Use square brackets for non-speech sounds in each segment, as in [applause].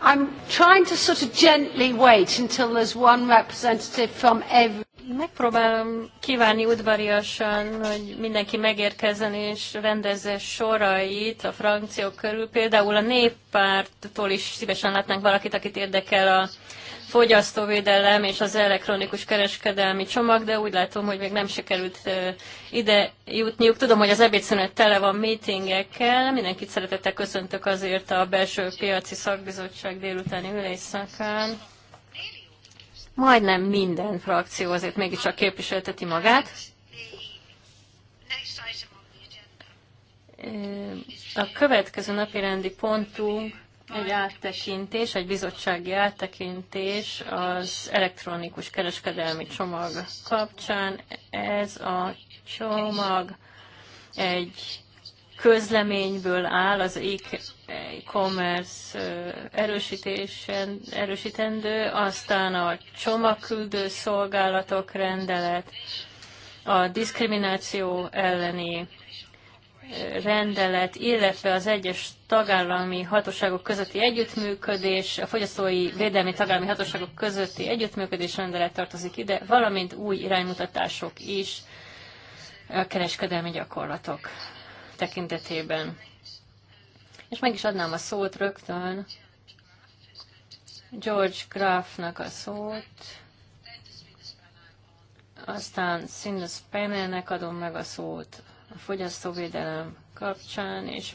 I'm trying to sort of gently wait until there's one representative from every... Megpróbálom kívánni udvariasan, hogy mindenki megérkezzen és rendezze sorait a frakciók körül. Például a néppárttól is szívesen látnánk valakit, akit érdekel a fogyasztóvédelem és az elektronikus kereskedelmi csomag, de úgy látom, hogy még nem sikerült ide jutniuk. Tudom, hogy az ebédszünet tele van meetingekkel. Mindenkit szeretettel köszöntök azért a belső piaci szakbizottság délutáni ülésszakán majdnem minden frakció azért mégiscsak képviselteti magát. A következő napi rendi pontunk egy áttekintés, egy bizottsági áttekintés az elektronikus kereskedelmi csomag kapcsán. Ez a csomag egy közleményből áll, az e-commerce e, erősítésen, erősítendő, aztán a csomagküldő szolgálatok rendelet, a diszkrimináció elleni e, rendelet, illetve az egyes tagállami hatóságok közötti együttműködés, a fogyasztói védelmi tagállami hatóságok közötti együttműködés rendelet tartozik ide, valamint új iránymutatások is a kereskedelmi gyakorlatok tekintetében. És meg is adnám a szót rögtön George Grafnak a szót, aztán Sinus Panelnek adom meg a szót a fogyasztóvédelem kapcsán, és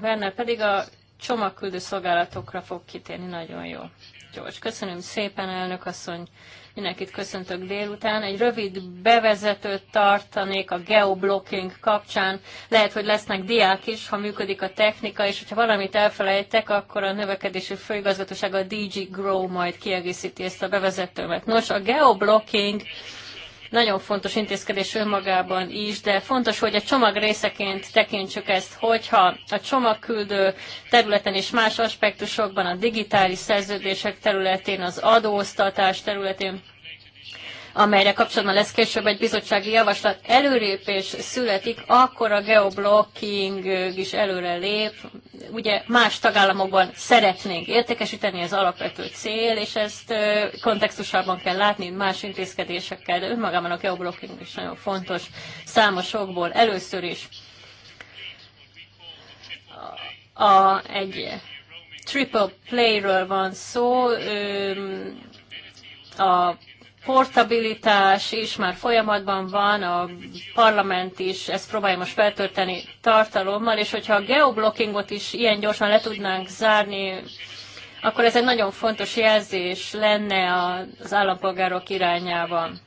Werner pedig a csomagküldő szolgálatokra fog kitérni nagyon jó. George, Köszönöm szépen, elnök asszony. Mindenkit köszöntök délután. Egy rövid bevezetőt tartanék a geoblocking kapcsán. Lehet, hogy lesznek diák is, ha működik a technika, és hogyha valamit elfelejtek, akkor a növekedési főigazgatóság a DG Grow majd kiegészíti ezt a bevezetőmet. Nos, a geoblocking nagyon fontos intézkedés önmagában is, de fontos, hogy a csomag részeként tekintsük ezt, hogyha a csomagküldő területen és más aspektusokban, a digitális szerződések területén, az adóztatás területén, amelyre kapcsolatban lesz később egy bizottsági javaslat, előrépés születik, akkor a geoblocking is előre lép. Ugye más tagállamokban szeretnénk értékesíteni, ez alapvető cél, és ezt kontextusában kell látni más intézkedésekkel, de önmagában a geoblocking is nagyon fontos számosokból. Először is a, egy triple playről van szó, a portabilitás is már folyamatban van, a parlament is ezt próbálja most feltölteni tartalommal, és hogyha a geoblockingot is ilyen gyorsan le tudnánk zárni, akkor ez egy nagyon fontos jelzés lenne az állampolgárok irányában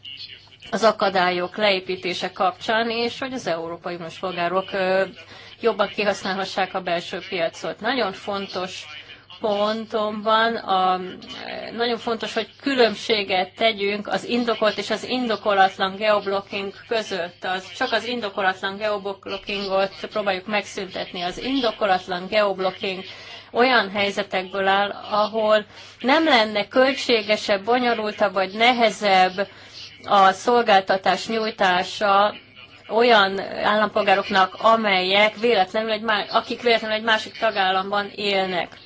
az akadályok leépítése kapcsán, és hogy az Európai Uniós polgárok jobban kihasználhassák a belső piacot. Nagyon fontos pontomban a, nagyon fontos, hogy különbséget tegyünk az indokolt és az indokolatlan geoblocking között. Az, csak az indokolatlan geoblockingot próbáljuk megszüntetni. Az indokolatlan geoblocking olyan helyzetekből áll, ahol nem lenne költségesebb, bonyolultabb vagy nehezebb a szolgáltatás nyújtása olyan állampolgároknak, amelyek véletlenül egy, akik véletlenül egy másik tagállamban élnek.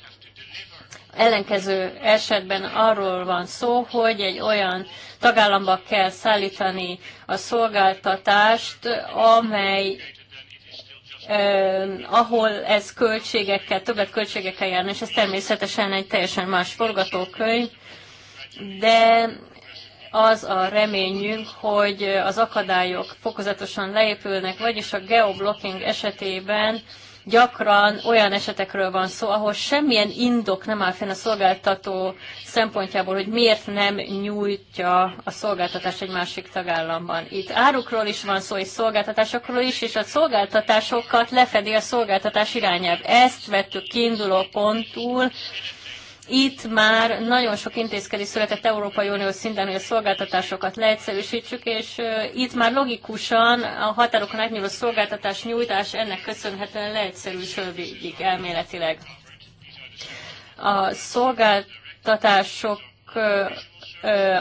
Ellenkező esetben arról van szó, hogy egy olyan tagállamba kell szállítani a szolgáltatást, amely Uh, ahol ez költségekkel, többet költségekkel járna, és ez természetesen egy teljesen más forgatókönyv, de az a reményünk, hogy az akadályok fokozatosan leépülnek, vagyis a geoblocking esetében gyakran olyan esetekről van szó, ahol semmilyen indok nem áll fenn a szolgáltató szempontjából, hogy miért nem nyújtja a szolgáltatást egy másik tagállamban. Itt árukról is van szó, és szolgáltatásokról is, és a szolgáltatásokat lefedi a szolgáltatás irányába. Ezt vettük kiinduló pontul, itt már nagyon sok intézkedés született Európai Unió szinten, hogy a szolgáltatásokat leegyszerűsítsük, és itt már logikusan a határokon átnyúló szolgáltatás nyújtás ennek köszönhetően leegyszerűsödik elméletileg. A szolgáltatások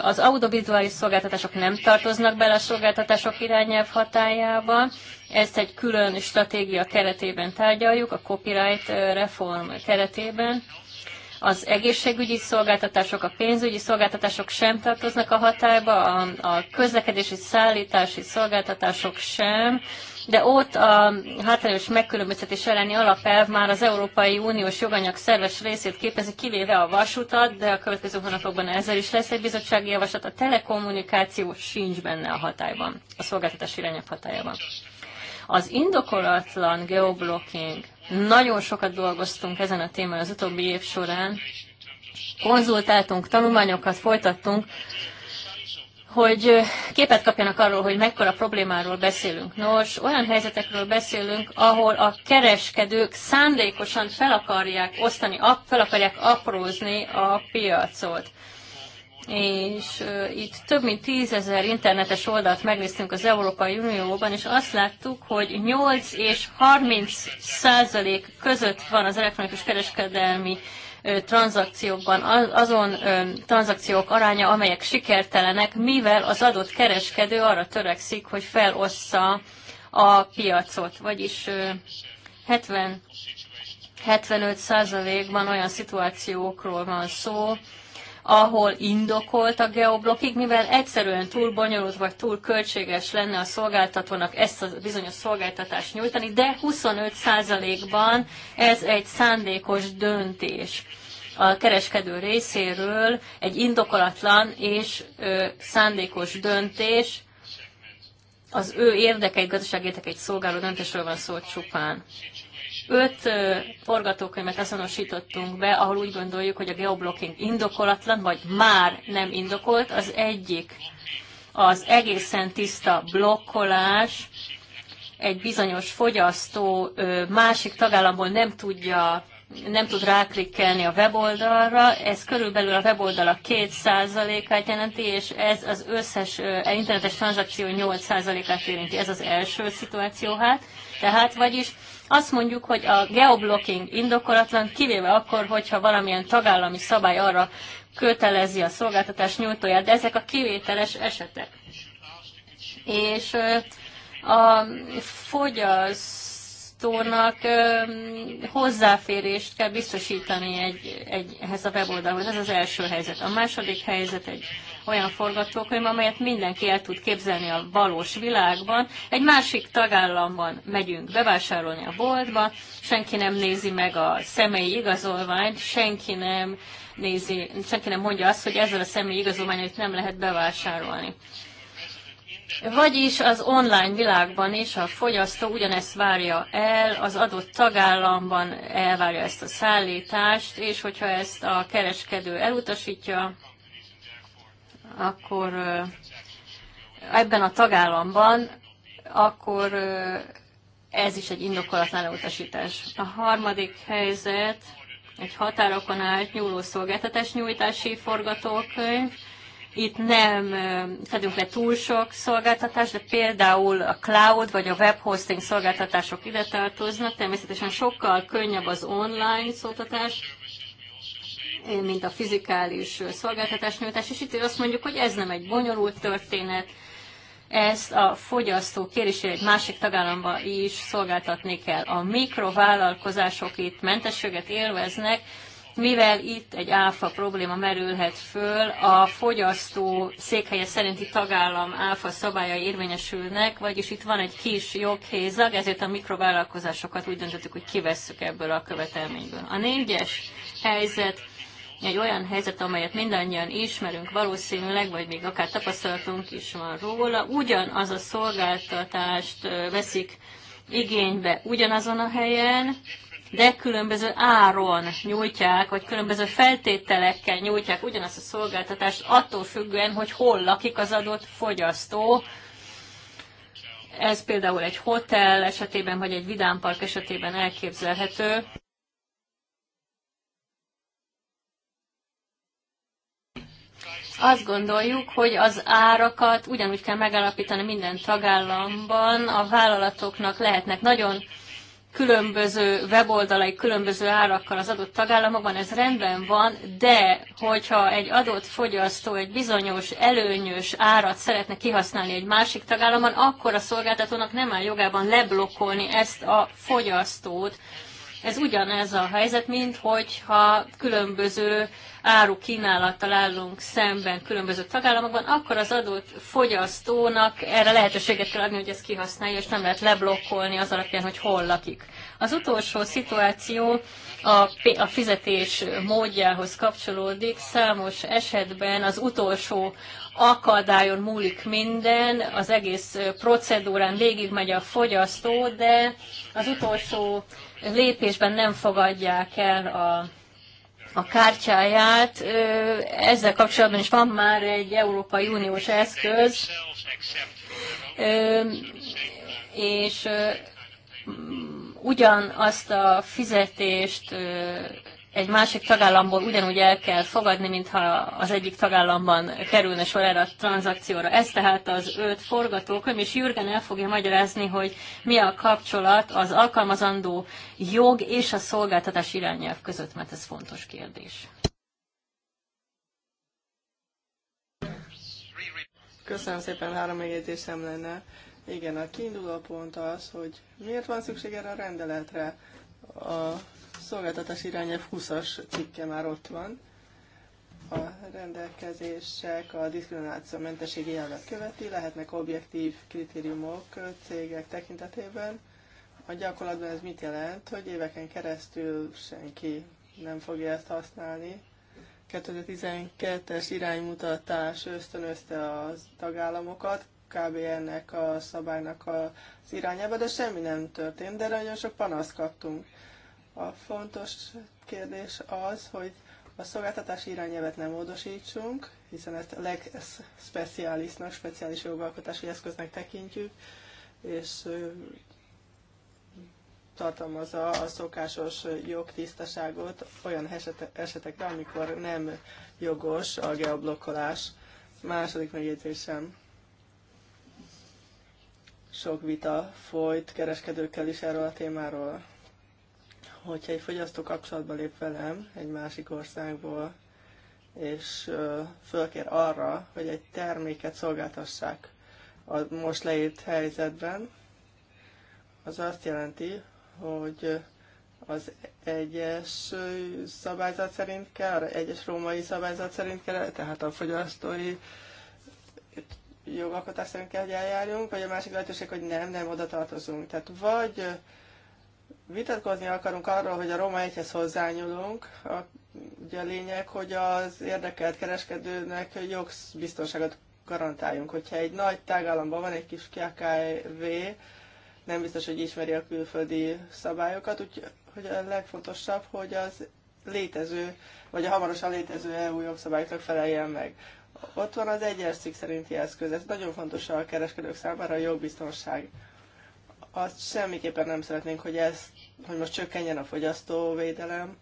az audiovizuális szolgáltatások nem tartoznak bele a szolgáltatások irányelv hatájába. Ezt egy külön stratégia keretében tárgyaljuk, a copyright reform keretében. Az egészségügyi szolgáltatások, a pénzügyi szolgáltatások sem tartoznak a hatályba, a, a közlekedési szállítási szolgáltatások sem, de ott a hátrányos megkülönböztetés elleni alapelv már az Európai Uniós joganyag szerves részét képezi, kivéve a vasutat, de a következő hónapokban ezzel is lesz egy bizottsági javaslat. A telekommunikáció sincs benne a hatályban, a szolgáltatás irányok hatályában. Az indokolatlan geoblocking nagyon sokat dolgoztunk ezen a témán az utóbbi év során, konzultáltunk, tanulmányokat folytattunk, hogy képet kapjanak arról, hogy mekkora problémáról beszélünk. Nos, olyan helyzetekről beszélünk, ahol a kereskedők szándékosan fel akarják osztani, fel akarják aprózni a piacot és itt több mint tízezer internetes oldalt megnéztünk az Európai Unióban, és azt láttuk, hogy 8 és 30 százalék között van az elektronikus kereskedelmi tranzakciókban azon tranzakciók aránya, amelyek sikertelenek, mivel az adott kereskedő arra törekszik, hogy felossza a piacot, vagyis 70 75 százalékban olyan szituációkról van szó, ahol indokolt a geoblokkig, mivel egyszerűen túl bonyolult vagy túl költséges lenne a szolgáltatónak ezt a bizonyos szolgáltatást nyújtani, de 25%-ban ez egy szándékos döntés a kereskedő részéről egy indokolatlan és ö, szándékos döntés, az ő érdekeit, gazdaság érdekeit szolgáló döntésről van szó csupán. Öt forgatókönyvet azonosítottunk be, ahol úgy gondoljuk, hogy a geoblocking indokolatlan, vagy már nem indokolt. Az egyik az egészen tiszta blokkolás, egy bizonyos fogyasztó másik tagállamból nem tudja nem tud ráklikkelni a weboldalra, ez körülbelül a weboldal a 2%-át jelenti, és ez az összes internetes tranzakció 8%-át érinti. Ez az első szituáció hát. Tehát vagyis azt mondjuk, hogy a geoblocking indokolatlan, kivéve akkor, hogyha valamilyen tagállami szabály arra kötelezi a szolgáltatás nyújtóját, de ezek a kivételes esetek. És a fogyasztónak hozzáférést kell biztosítani egy, egy, ehhez a weboldalhoz. Ez az első helyzet. A második helyzet egy olyan forgatókönyv, amelyet mindenki el tud képzelni a valós világban. Egy másik tagállamban megyünk bevásárolni a boltba, senki nem nézi meg a személyi igazolványt, senki nem nézi, senki nem mondja azt, hogy ezzel a személyi igazolványt nem lehet bevásárolni. Vagyis az online világban is a fogyasztó ugyanezt várja el, az adott tagállamban elvárja ezt a szállítást, és hogyha ezt a kereskedő elutasítja, akkor ebben a tagállamban, akkor ez is egy indokolatlan utasítás. A harmadik helyzet egy határokon átnyúló szolgáltatás nyújtási forgatókönyv. Itt nem fedünk le túl sok szolgáltatást, de például a cloud vagy a webhosting szolgáltatások ide tartoznak. Természetesen sokkal könnyebb az online szolgáltatás, mint a fizikális nyújtás, és itt azt mondjuk, hogy ez nem egy bonyolult történet, ezt a fogyasztó kérésére egy másik tagállamba is szolgáltatni kell. A mikrovállalkozások itt mentességet élveznek, mivel itt egy áfa probléma merülhet föl, a fogyasztó székhelye szerinti tagállam áfa szabályai érvényesülnek, vagyis itt van egy kis joghézag, ezért a mikrovállalkozásokat úgy döntöttük, hogy kivesszük ebből a követelményből. A négyes helyzet egy olyan helyzet, amelyet mindannyian ismerünk valószínűleg, vagy még akár tapasztalatunk is van róla, ugyanaz a szolgáltatást veszik igénybe ugyanazon a helyen, de különböző áron nyújtják, vagy különböző feltételekkel nyújtják ugyanazt a szolgáltatást, attól függően, hogy hol lakik az adott fogyasztó. Ez például egy hotel esetében, vagy egy vidámpark esetében elképzelhető. Azt gondoljuk, hogy az árakat ugyanúgy kell megállapítani minden tagállamban. A vállalatoknak lehetnek nagyon különböző weboldalai különböző árakkal az adott tagállamokban, ez rendben van, de hogyha egy adott fogyasztó egy bizonyos előnyös árat szeretne kihasználni egy másik tagállamban, akkor a szolgáltatónak nem áll jogában leblokkolni ezt a fogyasztót. Ez ugyanez a helyzet, mint hogyha különböző áru kínálattal állunk szemben különböző tagállamokban, akkor az adott fogyasztónak erre lehetőséget kell adni, hogy ezt kihasználja, és nem lehet leblokkolni az alapján, hogy hol lakik. Az utolsó szituáció a, a fizetés módjához kapcsolódik. Számos esetben az utolsó akadályon múlik minden, az egész procedúrán végigmegy a fogyasztó, de az utolsó lépésben nem fogadják el a a kártyáját. Ezzel kapcsolatban is van már egy Európai Uniós eszköz, és ugyanazt a fizetést egy másik tagállamból ugyanúgy el kell fogadni, mintha az egyik tagállamban kerülne sor erre a tranzakcióra. Ez tehát az öt forgatókönyv, és Jürgen el fogja magyarázni, hogy mi a kapcsolat az alkalmazandó jog és a szolgáltatás irányelv között, mert ez fontos kérdés. Köszönöm szépen, három megjegyzésem lenne. Igen, a kiinduló pont az, hogy miért van szükség erre a rendeletre. A szolgáltatás irányelv 20-as cikke már ott van. A rendelkezések a diszkrimináció mentességi elvet követi, lehetnek objektív kritériumok cégek tekintetében. A gyakorlatban ez mit jelent, hogy éveken keresztül senki nem fogja ezt használni. 2012-es iránymutatás ösztönözte a tagállamokat, kb. ennek a szabálynak az irányába, de semmi nem történt, de nagyon sok panaszt kaptunk. A fontos kérdés az, hogy a szolgáltatási irányelvet nem módosítsunk, hiszen ezt legspeciálisnak, speciális jogalkotási eszköznek tekintjük, és tartalmazza a szokásos jogtisztaságot olyan esetekre, amikor nem jogos a geoblokkolás. Második megjegyzésem. Sok vita folyt kereskedőkkel is erről a témáról hogyha egy fogyasztó kapcsolatba lép velem egy másik országból, és fölkér arra, hogy egy terméket szolgáltassák a most leírt helyzetben, az azt jelenti, hogy az egyes szabályzat szerint kell, egyes római szabályzat szerint kell, tehát a fogyasztói jogalkotás szerint kell, hogy eljárjunk, vagy a másik lehetőség, hogy nem, nem oda tartozunk. Tehát vagy vitatkozni akarunk arról, hogy a Roma egyhez hozzányúlunk, a, ugye a lényeg, hogy az érdekelt kereskedőnek jogbiztonságot garantáljunk. Hogyha egy nagy tágállamban van egy kis KKV, nem biztos, hogy ismeri a külföldi szabályokat, úgyhogy a legfontosabb, hogy az létező, vagy a hamarosan létező EU jogszabályoknak feleljen meg. Ott van az egyes cikk szerinti eszköz, ez nagyon fontos a kereskedők számára a jogbiztonság. Azt semmiképpen nem szeretnénk, hogy ezt hogy most csökkenjen a fogyasztóvédelem,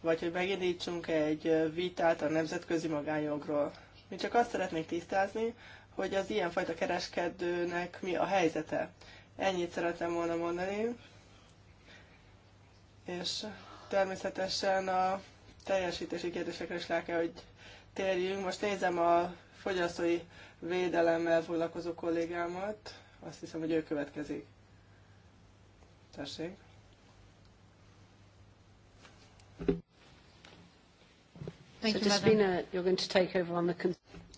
vagy hogy megindítsunk egy vitát a nemzetközi magánjogról. Mi csak azt szeretnénk tisztázni, hogy az ilyenfajta kereskedőnek mi a helyzete. Ennyit szeretem volna mondani, és természetesen a teljesítési kérdésekre is rá kell, hogy térjünk. Most nézem a fogyasztói védelemmel foglalkozó kollégámat, azt hiszem, hogy ő következik. Tessék.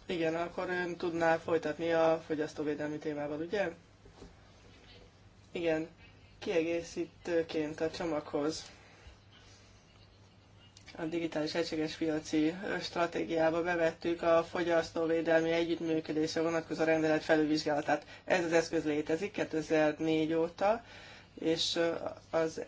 Igen, akkor ön tudná folytatni a fogyasztóvédelmi témával, ugye? Igen, kiegészítőként a csomaghoz a digitális egységes piaci stratégiába bevettük a fogyasztóvédelmi együttműködésre vonatkozó rendelet felülvizsgálatát. Ez az eszköz létezik 2004 óta, és az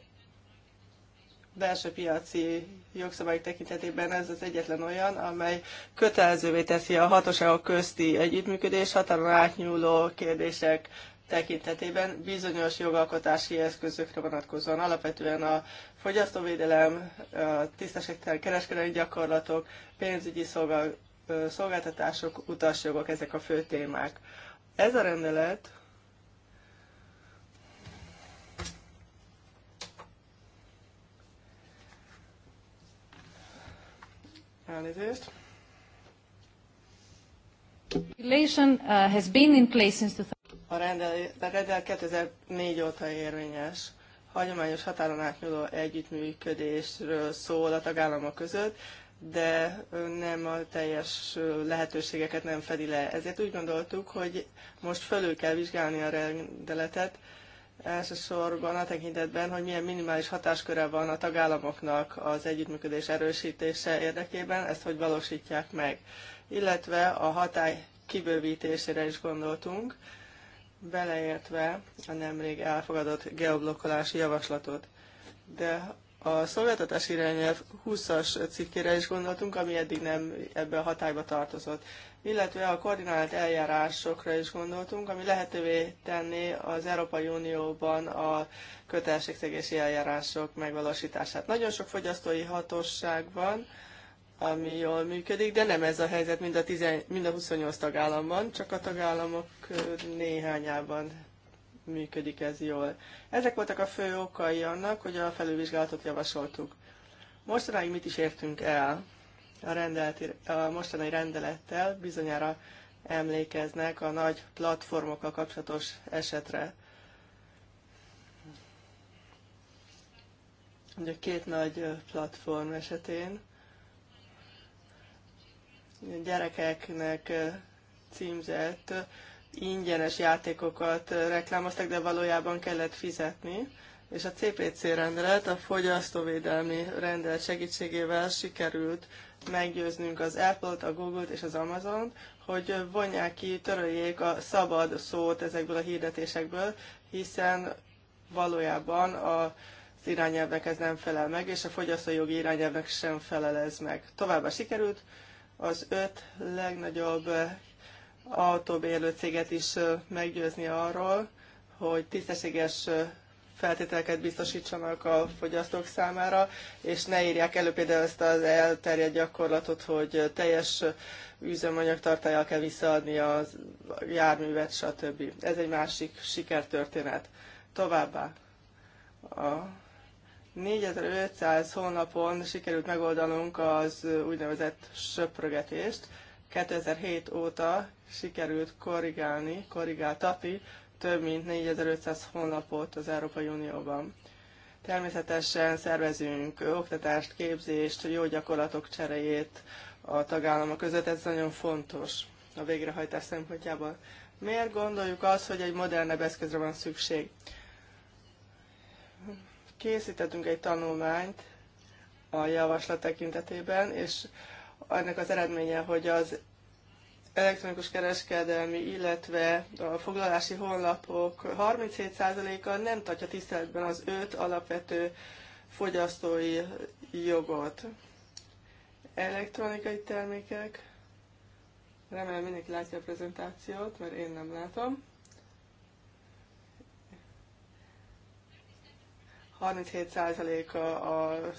belső piaci jogszabályok tekintetében ez az egyetlen olyan, amely kötelezővé teszi a hatóságok közti együttműködés határon átnyúló kérdések tekintetében bizonyos jogalkotási eszközökre vonatkozóan, alapvetően a fogyasztóvédelem, a tisztességtelen kereskedelmi gyakorlatok, pénzügyi szolgáltatások, utasjogok, ezek a fő témák. Ez a rendelet Elnézést. a rendelet uh, a rendel 2004 óta érvényes hagyományos határon átnyúló együttműködésről szól a tagállamok között, de nem a teljes lehetőségeket nem fedi le. Ezért úgy gondoltuk, hogy most fölül kell vizsgálni a rendeletet, elsősorban a tekintetben, hogy milyen minimális hatásköre van a tagállamoknak az együttműködés erősítése érdekében, ezt hogy valósítják meg. Illetve a hatály kibővítésére is gondoltunk, beleértve a nemrég elfogadott geoblokkolási javaslatot. De a szolgáltatás irányelv 20-as cikkére is gondoltunk, ami eddig nem ebbe a hatályba tartozott, illetve a koordinált eljárásokra is gondoltunk, ami lehetővé tenni az Európai Unióban a kötelességszegési eljárások megvalósítását. Nagyon sok fogyasztói hatóság van, ami jól működik, de nem ez a helyzet mind a, 10, mind a 28 tagállamban, csak a tagállamok néhányában működik ez jól. Ezek voltak a fő okai annak, hogy a felülvizsgálatot javasoltuk. Mostanáig mit is értünk el? A, rendeleti, a mostani rendelettel bizonyára emlékeznek a nagy platformokkal kapcsolatos esetre. Ugye két nagy platform esetén gyerekeknek címzett ingyenes játékokat reklámoztak, de valójában kellett fizetni, és a CPC rendelet a fogyasztóvédelmi rendelet segítségével sikerült meggyőznünk az Apple-t, a Google-t és az Amazon-t, hogy vonják ki, töröljék a szabad szót ezekből a hirdetésekből, hiszen valójában a az irányelvnek ez nem felel meg, és a jogi irányelvnek sem felelez meg. Továbbá sikerült az öt legnagyobb autóbérlő céget is meggyőzni arról, hogy tisztességes feltételeket biztosítsanak a fogyasztók számára, és ne írják elő például ezt az elterjedt gyakorlatot, hogy teljes üzemanyag tartalja kell visszaadni a járművet, stb. Ez egy másik sikertörténet. Továbbá a 4500 hónapon sikerült megoldanunk az úgynevezett söprögetést, 2007 óta sikerült korrigálni, korrigáltatni több mint 4500 honlapot az Európai Unióban. Természetesen szervezünk oktatást, képzést, jó gyakorlatok cseréjét a tagállamok között, ez nagyon fontos a végrehajtás szempontjából. Miért gondoljuk azt, hogy egy modernebb eszközre van szükség? Készítettünk egy tanulmányt a javaslat tekintetében, és ennek az eredménye, hogy az elektronikus kereskedelmi, illetve a foglalási honlapok 37%-a nem tartja tiszteletben az öt alapvető fogyasztói jogot. Elektronikai termékek, remélem mindenki látja a prezentációt, mert én nem látom. 37%-a a, a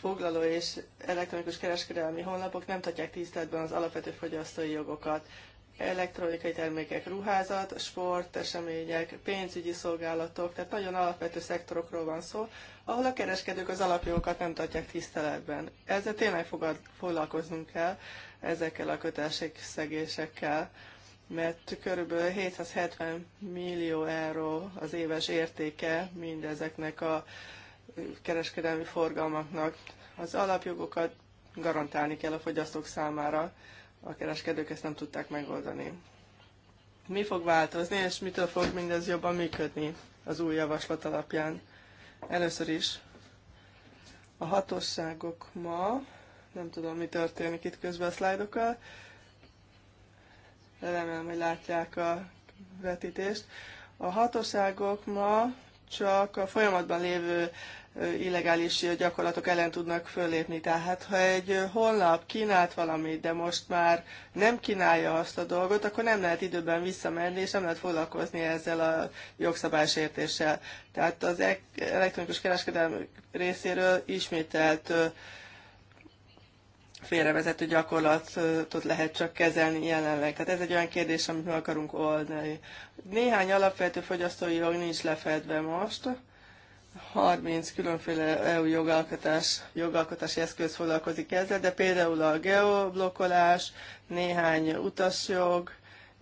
foglaló és elektronikus kereskedelmi honlapok nem tartják tiszteletben az alapvető fogyasztói jogokat. Elektronikai termékek, ruházat, sport, események, pénzügyi szolgálatok, tehát nagyon alapvető szektorokról van szó, ahol a kereskedők az alapjogokat nem tartják tiszteletben. Ezzel tényleg fogad, foglalkoznunk kell, ezekkel a szegésekkel, mert körülbelül 770 millió euró az éves értéke mindezeknek a kereskedelmi forgalmaknak. Az alapjogokat garantálni kell a fogyasztók számára, a kereskedők ezt nem tudták megoldani. Mi fog változni, és mitől fog mindez jobban működni az új javaslat alapján? Először is a hatóságok ma, nem tudom, mi történik itt közben a szlájdokkal, remélem, hogy látják a vetítést. A hatóságok ma csak a folyamatban lévő illegális gyakorlatok ellen tudnak fölépni. Tehát, ha egy honlap kínált valamit, de most már nem kínálja azt a dolgot, akkor nem lehet időben visszamenni, és nem lehet foglalkozni ezzel a jogszabálysértéssel. Tehát az elektronikus kereskedelmi részéről ismételt félrevezető gyakorlatot lehet csak kezelni jelenleg. Tehát ez egy olyan kérdés, amit meg akarunk oldani. Néhány alapvető fogyasztói jog nincs lefedve most. 30 különféle EU jogalkotás, jogalkotási eszköz foglalkozik ezzel, de például a geoblokkolás, néhány utasjog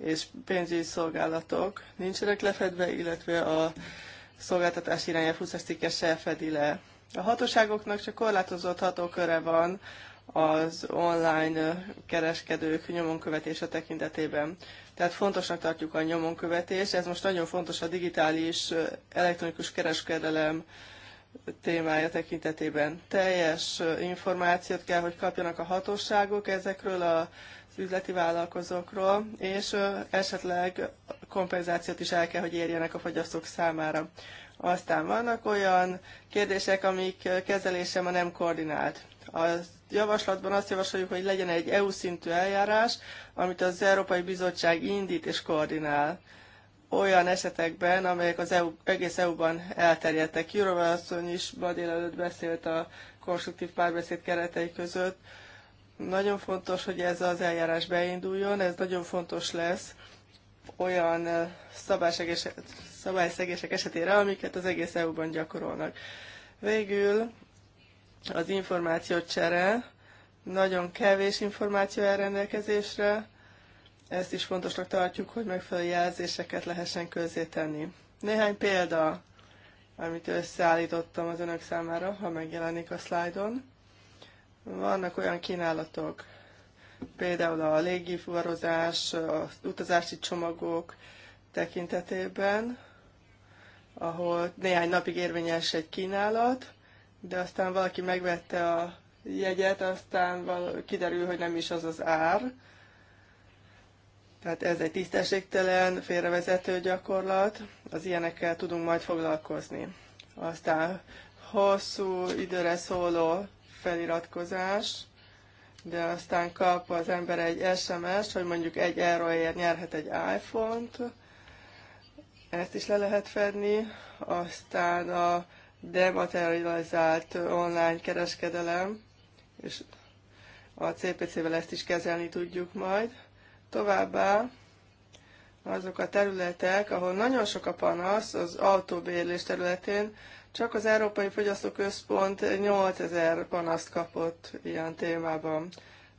és pénzügyi szolgálatok nincsenek lefedve, illetve a szolgáltatás irányelv 20 cikke se fedi le. A hatóságoknak csak korlátozott hatóköre van az online kereskedők nyomon követése tekintetében. Tehát fontosnak tartjuk a nyomon követés, Ez most nagyon fontos a digitális elektronikus kereskedelem témája tekintetében. Teljes információt kell, hogy kapjanak a hatóságok ezekről a az üzleti vállalkozókról, és esetleg kompenzációt is el kell, hogy érjenek a fogyasztók számára. Aztán vannak olyan kérdések, amik kezelése ma nem koordinált. A javaslatban azt javasoljuk, hogy legyen egy EU szintű eljárás, amit az Európai Bizottság indít és koordinál olyan esetekben, amelyek az EU, egész EU-ban elterjedtek. Jurova asszony is ma délelőtt beszélt a konstruktív párbeszéd keretei között. Nagyon fontos, hogy ez az eljárás beinduljon, ez nagyon fontos lesz olyan eh, szabályszegések esetére, amiket az egész EU-ban gyakorolnak. Végül az információ csere, nagyon kevés információ áll rendelkezésre, ezt is fontosnak tartjuk, hogy megfelelő jelzéseket lehessen közzétenni. Néhány példa, amit összeállítottam az önök számára, ha megjelenik a szlájdon. Vannak olyan kínálatok, például a légifuvarozás, az utazási csomagok tekintetében, ahol néhány napig érvényes egy kínálat, de aztán valaki megvette a jegyet, aztán kiderül, hogy nem is az az ár. Tehát ez egy tisztességtelen, félrevezető gyakorlat, az ilyenekkel tudunk majd foglalkozni. Aztán hosszú időre szóló feliratkozás, de aztán kap az ember egy SMS-t, hogy mondjuk egy euróért nyerhet egy iPhone-t, ezt is le lehet fedni, aztán a dematerializált online kereskedelem, és a CPC-vel ezt is kezelni tudjuk majd. Továbbá azok a területek, ahol nagyon sok a panasz, az autóbérlés területén, csak az Európai Fogyasztóközpont 8000 panaszt kapott ilyen témában.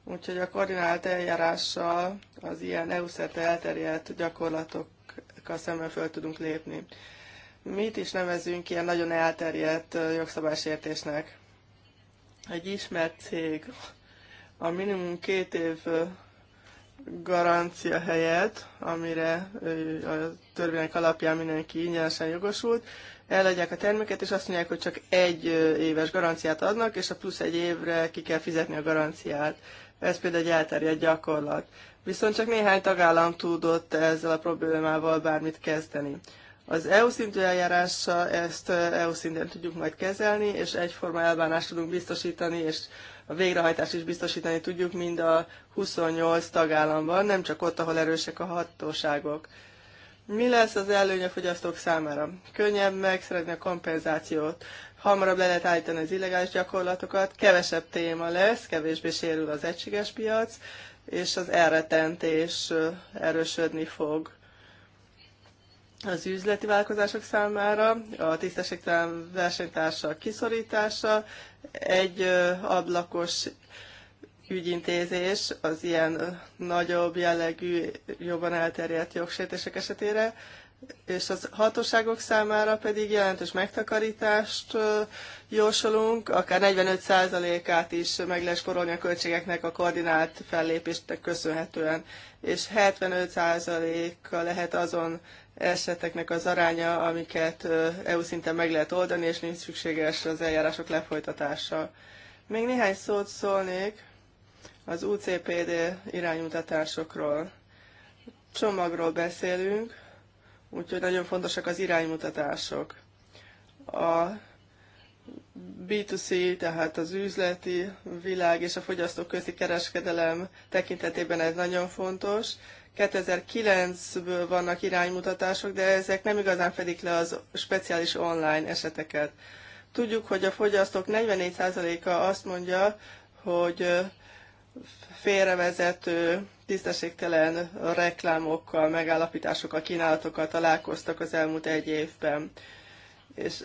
Úgyhogy a koordinált eljárással az ilyen EU-szerte elterjedt gyakorlatokkal szemben föl tudunk lépni. Mit is nevezünk ilyen nagyon elterjedt jogszabásértésnek? Egy ismert cég a minimum két év garancia helyett, amire a törvények alapján mindenki ingyenesen jogosult, eladják a terméket, és azt mondják, hogy csak egy éves garanciát adnak, és a plusz egy évre ki kell fizetni a garanciát. Ez például egy elterjedt gyakorlat. Viszont csak néhány tagállam tudott ezzel a problémával bármit kezdeni. Az EU szintű eljárással ezt EU e szinten tudjuk majd kezelni, és egyforma elbánást tudunk biztosítani, és a végrehajtást is biztosítani tudjuk mind a 28 tagállamban, nem csak ott, ahol erősek a hatóságok. Mi lesz az előny a fogyasztók számára? Könnyebb megszerezni a kompenzációt, hamarabb le lehet állítani az illegális gyakorlatokat, kevesebb téma lesz, kevésbé sérül az egységes piac, és az elretentés erősödni fog az üzleti vállalkozások számára, a tisztességtelen versenytársa kiszorítása, egy ablakos ügyintézés az ilyen nagyobb jellegű, jobban elterjedt jogsértések esetére, és az hatóságok számára pedig jelentős megtakarítást jósolunk, akár 45%-át is meg lehet sporolni a költségeknek a koordinált fellépésnek köszönhetően, és 75%-a lehet azon eseteknek az aránya, amiket EU szinten meg lehet oldani, és nincs szükséges az eljárások lefolytatása. Még néhány szót szólnék az UCPD iránymutatásokról. Csomagról beszélünk, úgyhogy nagyon fontosak az iránymutatások. A B2C, tehát az üzleti világ és a fogyasztók közti kereskedelem tekintetében ez nagyon fontos. 2009-ből vannak iránymutatások, de ezek nem igazán fedik le az speciális online eseteket. Tudjuk, hogy a fogyasztók 44%-a azt mondja, hogy félrevezető, tisztességtelen reklámokkal, megállapításokkal, kínálatokkal találkoztak az elmúlt egy évben. És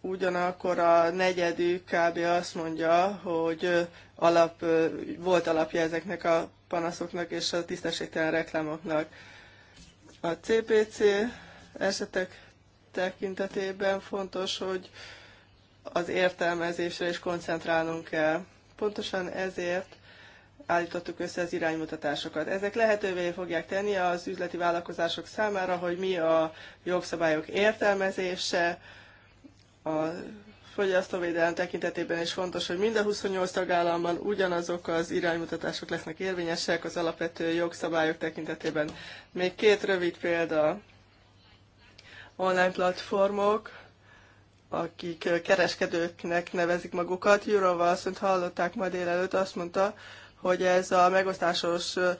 ugyanakkor a negyedük kb. azt mondja, hogy alap, volt alapja ezeknek a panaszoknak és a tisztességtelen reklámoknak. A CPC esetek tekintetében fontos, hogy az értelmezésre is koncentrálnunk kell pontosan ezért állítottuk össze az iránymutatásokat. Ezek lehetővé fogják tenni az üzleti vállalkozások számára, hogy mi a jogszabályok értelmezése, a fogyasztóvédelem tekintetében is fontos, hogy mind a 28 tagállamban ugyanazok az iránymutatások lesznek érvényesek az alapvető jogszabályok tekintetében. Még két rövid példa. Online platformok, akik eh, kereskedőknek nevezik magukat. Jurova asszonyt hallották ma délelőtt, azt mondta, hogy ez a megosztásos eh,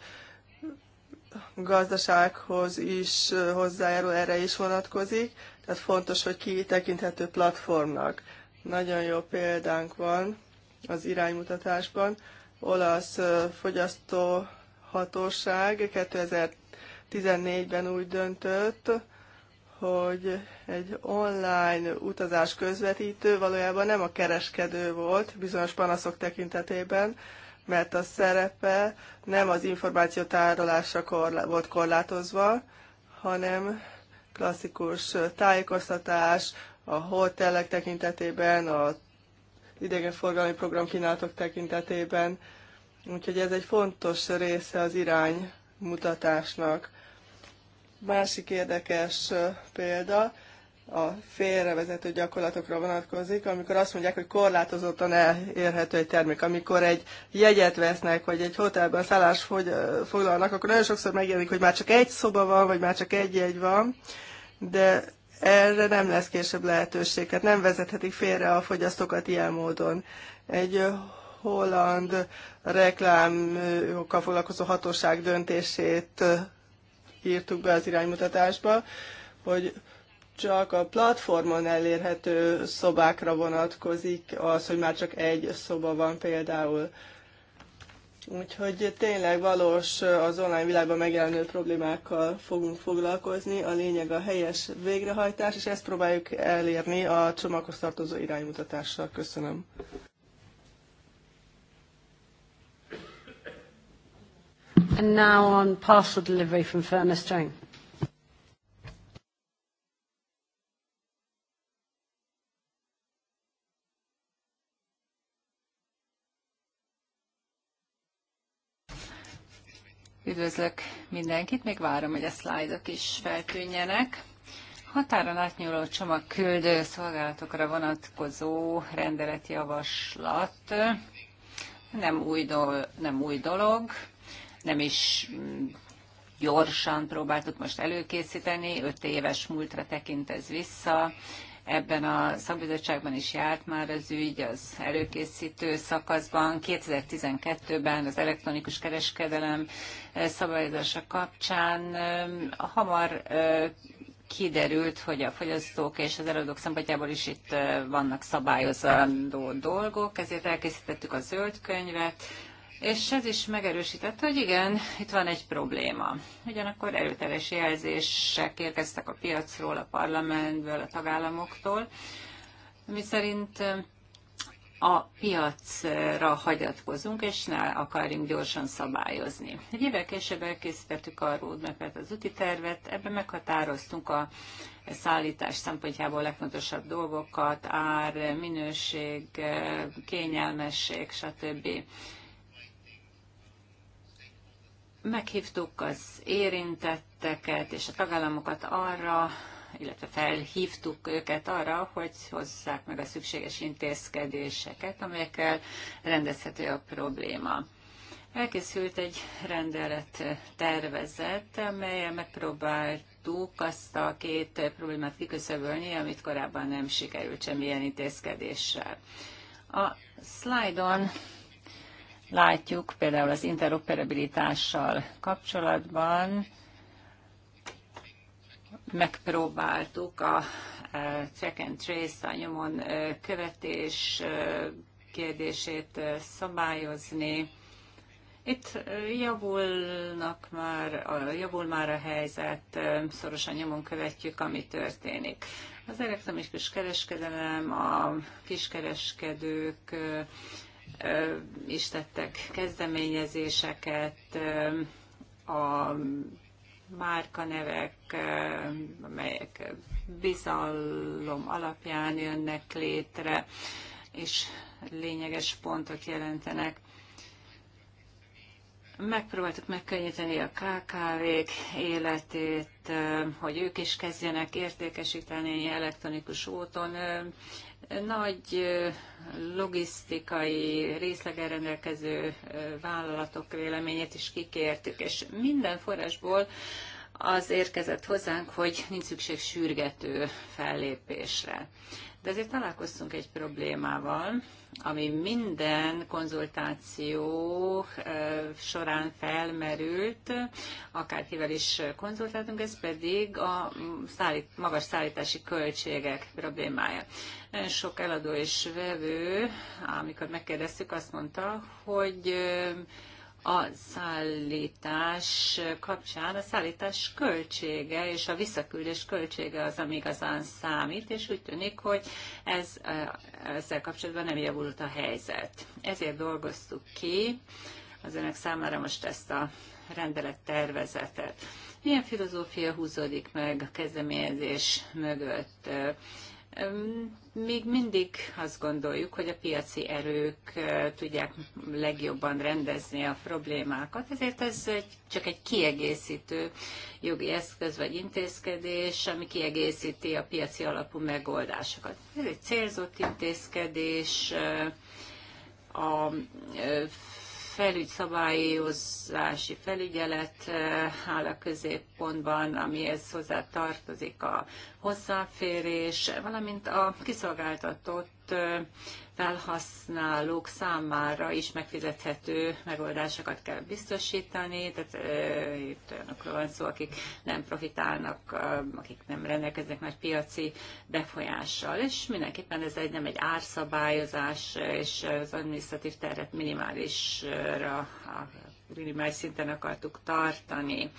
gazdasághoz is eh, hozzájárul, erre is vonatkozik, tehát fontos, hogy kitekinthető platformnak. Nagyon jó példánk van az iránymutatásban. Olasz fogyasztóhatóság 2014-ben úgy döntött, hogy egy online utazás közvetítő valójában nem a kereskedő volt bizonyos panaszok tekintetében, mert a szerepe nem az információ tárolása korla- volt korlátozva, hanem klasszikus tájékoztatás, a hotelek tekintetében, a idegenforgalmi programkínálatok tekintetében. Úgyhogy ez egy fontos része az iránymutatásnak. Másik érdekes példa a félrevezető gyakorlatokra vonatkozik, amikor azt mondják, hogy korlátozottan elérhető egy termék. Amikor egy jegyet vesznek, vagy egy hotelben szállást foglalnak, akkor nagyon sokszor megjelenik, hogy már csak egy szoba van, vagy már csak egy jegy van, de erre nem lesz később lehetőség, hát nem vezethetik félre a fogyasztókat ilyen módon. Egy holland reklámokkal foglalkozó hatóság döntését írtuk be az iránymutatásba, hogy csak a platformon elérhető szobákra vonatkozik az, hogy már csak egy szoba van például. Úgyhogy tényleg valós az online világban megjelenő problémákkal fogunk foglalkozni. A lényeg a helyes végrehajtás, és ezt próbáljuk elérni a csomaghoz tartozó iránymutatással. Köszönöm. And now on parcel delivery from Firma String. Üdvözlök mindenkit, még várom, hogy a szlájdok is feltűnjenek. Határon átnyúló csomagküldő szolgálatokra vonatkozó rendeletjavaslat nem új, dolog, nem új dolog, nem is mm, gyorsan próbáltuk most előkészíteni, öt éves múltra tekint ez vissza, ebben a szakbizottságban is járt már az ügy, az előkészítő szakaszban. 2012-ben az elektronikus kereskedelem eh, szabályozása kapcsán eh, hamar eh, kiderült, hogy a fogyasztók és az eladók szempontjából is itt vannak szabályozandó dolgok, ezért elkészítettük a zöld könyvet, és ez is megerősítette, hogy igen, itt van egy probléma. Ugyanakkor erőteljes jelzések érkeztek a piacról, a parlamentből, a tagállamoktól, mi szerint a piacra hagyatkozunk, és ne akarjunk gyorsan szabályozni. Egy évvel később elkészítettük a roadmap az úti tervet, ebben meghatároztunk a szállítás szempontjából legfontosabb dolgokat, ár, minőség, kényelmesség, stb. Meghívtuk az érintetteket és a tagállamokat arra, illetve felhívtuk őket arra, hogy hozzák meg a szükséges intézkedéseket, amelyekkel rendezhető a probléma. Elkészült egy rendelet tervezet, amelyel megpróbáltuk azt a két problémát kiküszöbölni, amit korábban nem sikerült semmilyen intézkedéssel. A szlájdon látjuk például az interoperabilitással kapcsolatban, megpróbáltuk a track e, and trace, a nyomon e, követés e, kérdését szabályozni. Itt javulnak már, javul már a helyzet, szorosan nyomon követjük, ami történik. Az elektronikus kereskedelem, a kiskereskedők is tettek kezdeményezéseket, a márkanevek, amelyek bizalom alapján jönnek létre, és lényeges pontot jelentenek. Megpróbáltuk megkönnyíteni a KKV-k életét, hogy ők is kezdjenek értékesíteni elektronikus úton nagy logisztikai részlegen rendelkező vállalatok véleményét is kikértük, és minden forrásból az érkezett hozzánk, hogy nincs szükség sürgető fellépésre. De azért találkoztunk egy problémával, ami minden konzultáció során felmerült, akárkivel is konzultáltunk, ez pedig a szállít, magas szállítási költségek problémája. Nagyon sok eladó és vevő, amikor megkérdeztük, azt mondta, hogy a szállítás kapcsán a szállítás költsége és a visszaküldés költsége az, ami igazán számít, és úgy tűnik, hogy ez, ezzel kapcsolatban nem javult a helyzet. Ezért dolgoztuk ki az önök számára most ezt a rendelet tervezetet. Milyen filozófia húzódik meg a kezdeményezés mögött? még mindig azt gondoljuk, hogy a piaci erők tudják legjobban rendezni a problémákat, ezért ez csak egy kiegészítő jogi eszköz vagy intézkedés, ami kiegészíti a piaci alapú megoldásokat. Ez egy célzott intézkedés, a felügyszabályozási felügyelet eh, áll a középpontban, amihez hozzá tartozik a hozzáférés, valamint a kiszolgáltatott felhasználók számára is megfizethető megoldásokat kell biztosítani, tehát itt olyanokról van szó, akik nem profitálnak, akik nem rendelkeznek nagy piaci befolyással, és mindenképpen ez egy nem egy árszabályozás, és az administratív terhet minimálisra, minimális szinten akartuk tartani.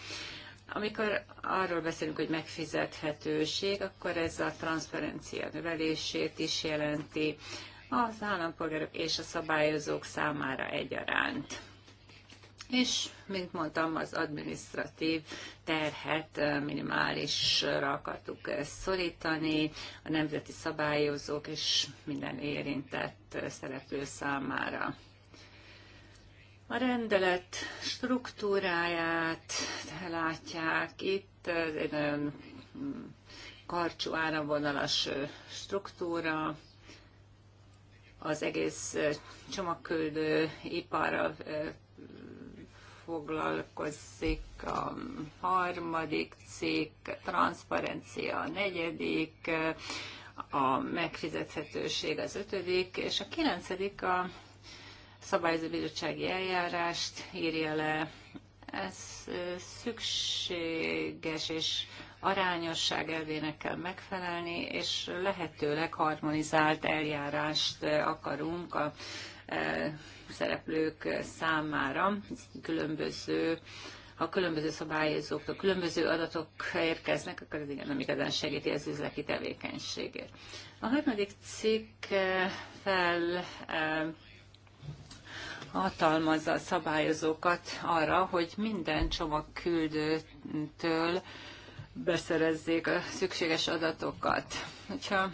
Amikor arról beszélünk, hogy megfizethetőség, akkor ez a transzparencia növelését is jelenti az állampolgárok és a szabályozók számára egyaránt. És, mint mondtam, az administratív terhet eh, minimálisra akartuk eh, szorítani a nemzeti szabályozók és minden érintett eh, szereplő számára. A rendelet struktúráját látják itt, ez egy nagyon mm, karcsú áramvonalas struktúra, az egész csomagküldő ipar foglalkozik a harmadik cikk, transzparencia a negyedik, a megfizethetőség az ötödik, és a kilencedik a szabályozóbizottsági eljárást írja le. Ez szükséges és arányosság elvének kell megfelelni, és lehetőleg harmonizált eljárást akarunk a szereplők számára, különböző ha különböző szabályozóktól különböző adatok érkeznek, akkor ez igen nem igazán segíti az üzleti tevékenységét. A harmadik cikk fel hatalmazza a szabályozókat arra, hogy minden csomagküldőtől beszerezzék a szükséges adatokat. Hogyha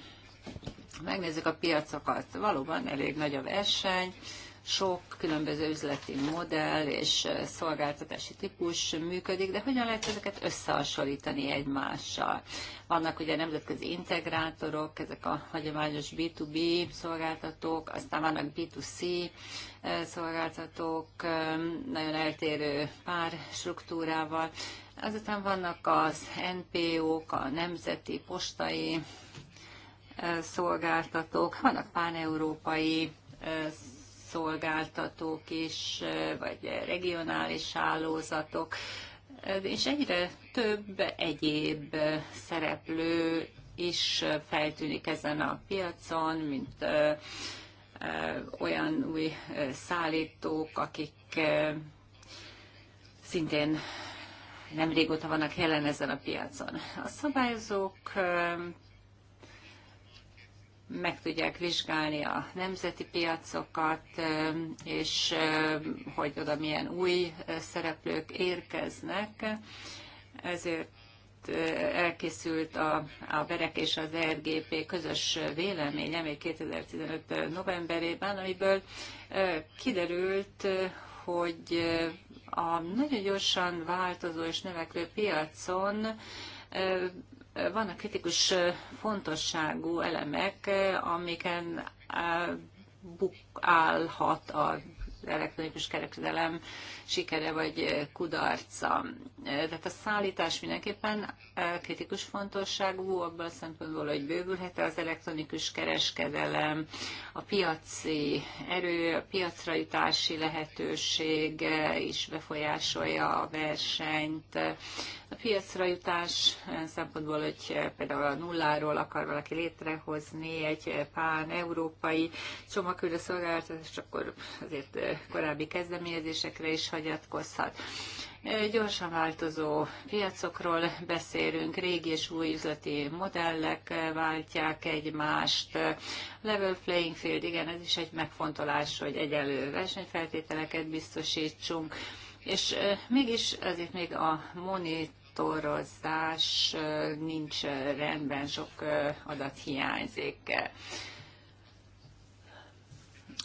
megnézzük a piacokat, valóban elég nagy a verseny, sok különböző üzleti modell és szolgáltatási típus működik, de hogyan lehet ezeket összehasonlítani egymással? Vannak ugye nemzetközi integrátorok, ezek a hagyományos B2B szolgáltatók, aztán vannak B2C szolgáltatók, nagyon eltérő pár struktúrával. Azután vannak az NPO-k, a nemzeti postai szolgáltatók, vannak páneurópai szolgáltatók is, vagy regionális hálózatok, és egyre több egyéb szereplő is feltűnik ezen a piacon, mint olyan új szállítók, akik szintén nem régóta vannak jelen ezen a piacon. A szabályozók meg tudják vizsgálni a nemzeti piacokat, és hogy oda milyen új szereplők érkeznek. Ezért elkészült a, a Berek és az RGP közös véleménye még 2015. novemberében, amiből kiderült, hogy a nagyon gyorsan változó és növekvő piacon vannak kritikus fontosságú elemek, amiken buk állhat a elektronikus kereskedelem sikere vagy kudarca. Tehát a szállítás mindenképpen kritikus fontosságú abban a szempontból, hogy bővülhet -e az elektronikus kereskedelem, a piaci erő, a piacra jutási lehetőség is befolyásolja a versenyt, a piacra jutás eh, szempontból, hogy eh, például a nulláról akar valaki létrehozni egy eh, pán-európai csomagküldőszolgáltatást, és akkor azért korábbi kezdeményezésekre is hagyatkozhat. Gyorsan változó piacokról beszélünk, régi és új üzleti modellek váltják egymást. Level playing field, igen, ez is egy megfontolás, hogy egyenlő versenyfeltételeket biztosítsunk. És mégis azért még a monit monitorozás nincs rendben, sok adat hiányzik.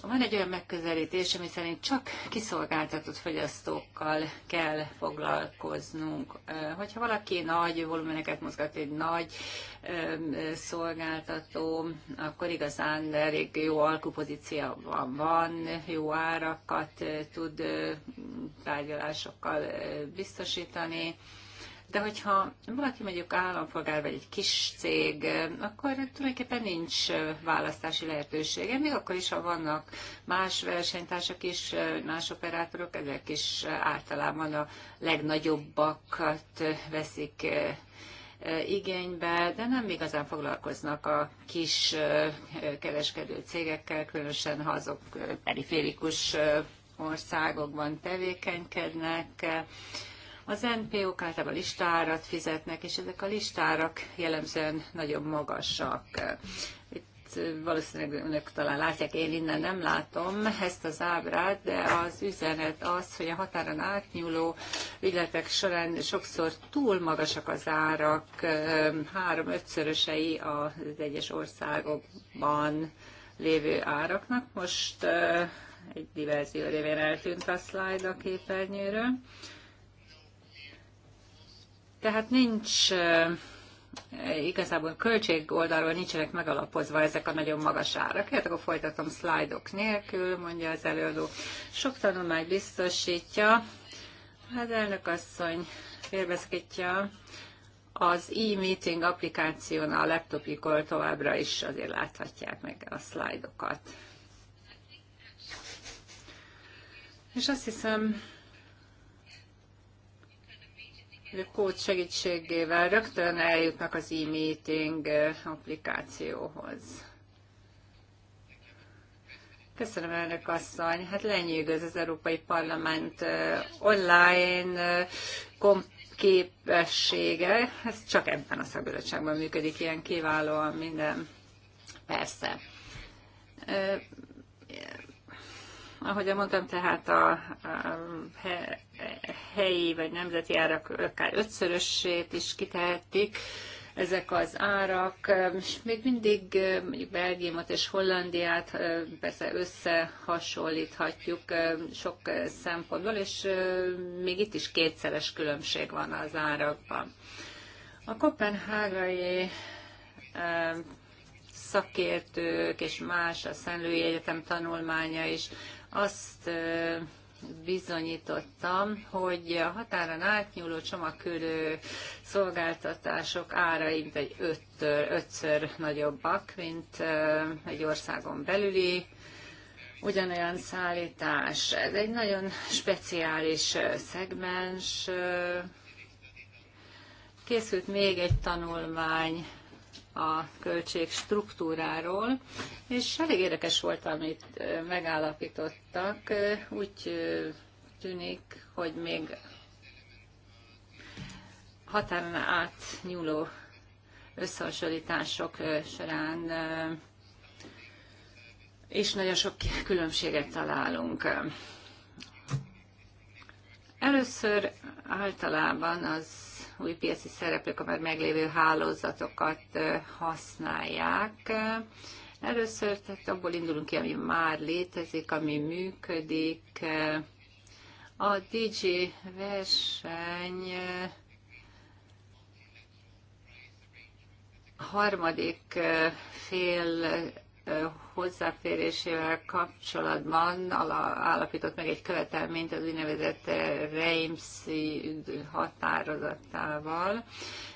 Van egy olyan megközelítés, ami szerint csak kiszolgáltatott fogyasztókkal kell foglalkoznunk. Hogyha valaki nagy volumeneket mozgat, egy nagy szolgáltató, akkor igazán elég jó alkupozíciában van, jó árakat tud tárgyalásokkal biztosítani de hogyha valaki mondjuk állampolgár vagy egy kis cég, akkor tulajdonképpen nincs választási lehetősége, még akkor is, ha vannak más versenytársak is, más operátorok, ezek is általában a legnagyobbakat veszik igénybe, de nem igazán foglalkoznak a kis kereskedő cégekkel, különösen ha azok periférikus országokban tevékenykednek az NPO-k általában listárat fizetnek, és ezek a listárak jellemzően nagyon magasak. Itt valószínűleg önök talán látják, én innen nem látom ezt az ábrát, de az üzenet az, hogy a határon átnyúló ügyletek során sokszor túl magasak az árak, három-ötszörösei az egyes országokban lévő áraknak. Most egy diverzió révén eltűnt a szlájd a képernyőről. Tehát nincs igazából költség oldalról nincsenek megalapozva ezek a nagyon magas árak. Hát akkor folytatom szlájdok nélkül, mondja az előadó. Sok tanulmány biztosítja, az hát elnök asszony félbeszkítja, az e-meeting applikáción a laptopikor továbbra is azért láthatják meg a szlájdokat. És azt hiszem, kód segítségével rögtön eljutnak az e-meeting applikációhoz. Köszönöm, elnök asszony. Hát lenyűgöz az Európai Parlament online képessége, ez csak ebben a szakbizottságban működik ilyen kiválóan minden. Persze ahogy mondtam, tehát a helyi vagy nemzeti árak akár ötszörösét is kitehették ezek az árak, és még mindig mondjuk Belgiumot és Hollandiát persze összehasonlíthatjuk sok szempontból, és még itt is kétszeres különbség van az árakban. A kopenhágai szakértők és más, a Szentlői Egyetem tanulmánya is azt bizonyítottam, hogy a határon átnyúló csomagkörű szolgáltatások árai egy öttör, ötször nagyobbak, mint egy országon belüli ugyanolyan szállítás. Ez egy nagyon speciális szegmens. Készült még egy tanulmány a költség struktúráról, és elég érdekes volt, amit megállapítottak. Úgy tűnik, hogy még határon átnyúló összehasonlítások során és nagyon sok különbséget találunk. Először általában az új piaci szereplők a már meglévő hálózatokat használják. Először tehát abból indulunk ki, ami már létezik, ami működik. A DJ verseny harmadik fél hozzáférésével kapcsolatban állapított meg egy követelményt az úgynevezett Reimszi határozatával.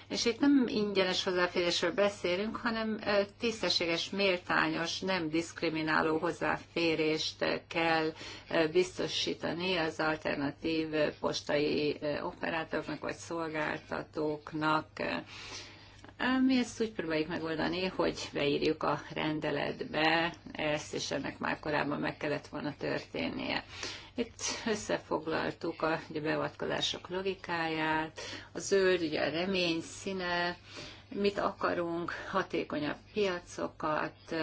És itt nem ingyenes hozzáférésről beszélünk, hanem tisztességes, méltányos, nem diszkrimináló hozzáférést kell biztosítani az alternatív postai operátoroknak vagy szolgáltatóknak mi ezt úgy próbáljuk megoldani, hogy beírjuk a rendeletbe ezt, és ennek már korábban meg kellett volna történnie. Itt összefoglaltuk a, ugye, beavatkozások logikáját, a zöld, ugye a remény színe, mit akarunk, hatékonyabb piacokat,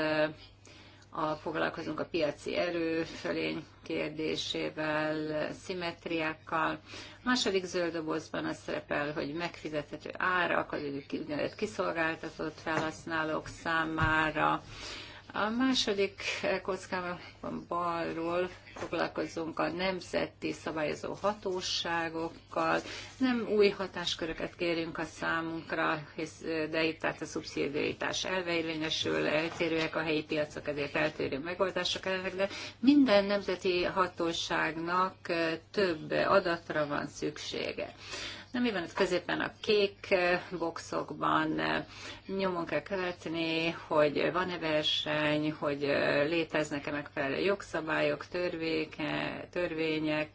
a, foglalkozunk a piaci erőfölény kérdésével, szimmetriákkal. A második zöld dobozban az szerepel, hogy megfizethető árak az úgynevezett kiszolgáltatott felhasználók számára, a második kockában balról foglalkozunk a nemzeti szabályozó hatóságokkal. Nem új hatásköröket kérünk a számunkra, hisz, de itt tehát a szubszidiaritás elveérvényesül, eltérőek a helyi piacok, ezért eltérő megoldások ellenek, de minden nemzeti hatóságnak eh, több adatra van szüksége. Na, mi van ott középen a kék eh, boxokban? Eh, nyomon kell követni, hogy van-e verseny, hogy eh, léteznek-e megfelelő jogszabályok, törvéke, törvények,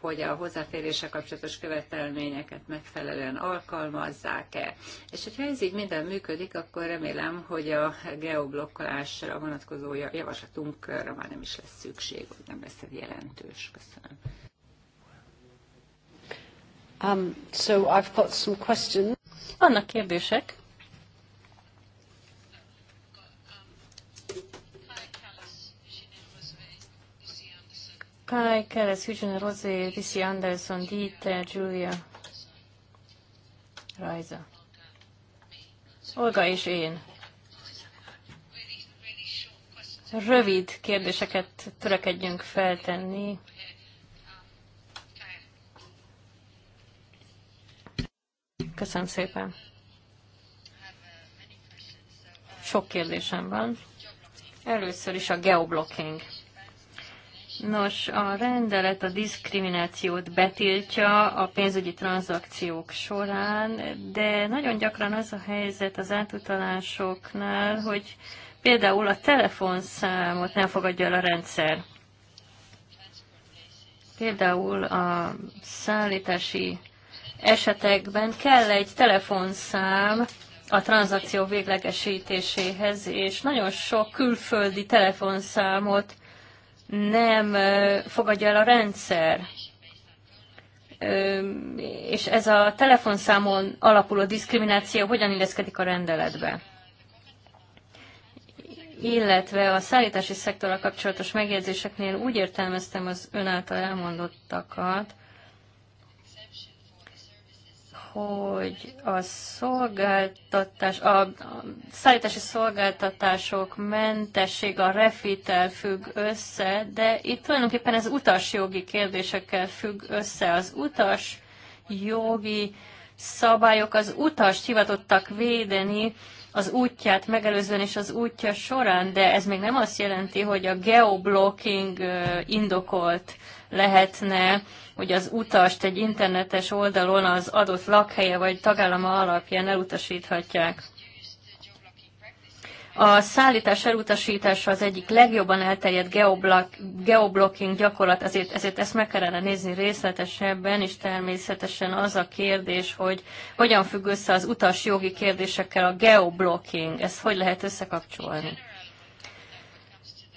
hogy a hozzáférése kapcsolatos követelményeket megfelelően alkalmazzák-e. És hogyha ez így minden működik, akkor remélem, hogy a geoblokkolásra vonatkozó javaslatunkra már nem is lesz szükség, hogy nem lesz ez jelentős. Köszönöm. Um, so I've got some questions. Vannak kérdések. Kai Keres, Eugene Rosé, Lizzie Anderson, Dieter, Julia, Rajza. Olga és én. Rövid kérdéseket törekedjünk feltenni. Köszönöm szépen. Sok kérdésem van. Először is a geoblocking. Nos, a rendelet a diszkriminációt betiltja a pénzügyi tranzakciók során, de nagyon gyakran az a helyzet az átutalásoknál, hogy például a telefonszámot nem fogadja el a rendszer. Például a szállítási esetekben kell egy telefonszám a tranzakció véglegesítéséhez, és nagyon sok külföldi telefonszámot nem fogadja el a rendszer. És ez a telefonszámon alapuló diszkrimináció hogyan illeszkedik a rendeletbe? illetve a szállítási szektorral kapcsolatos megjegyzéseknél úgy értelmeztem az ön által elmondottakat, hogy a szolgáltatás, a szállítási szolgáltatások mentesség a refitel függ össze, de itt tulajdonképpen ez utasjogi kérdésekkel függ össze. Az utas jogi szabályok az utast hivatottak védeni, az útját megelőzően és az útja során, de ez még nem azt jelenti, hogy a geoblocking indokolt lehetne, hogy az utast egy internetes oldalon az adott lakhelye vagy tagállama alapján elutasíthatják. A szállítás elutasítása az egyik legjobban elterjedt geoblocking gyakorlat, ezért, ezért ezt meg kellene nézni részletesebben, és természetesen az a kérdés, hogy hogyan függ össze az utas jogi kérdésekkel a geoblocking, ezt hogy lehet összekapcsolni.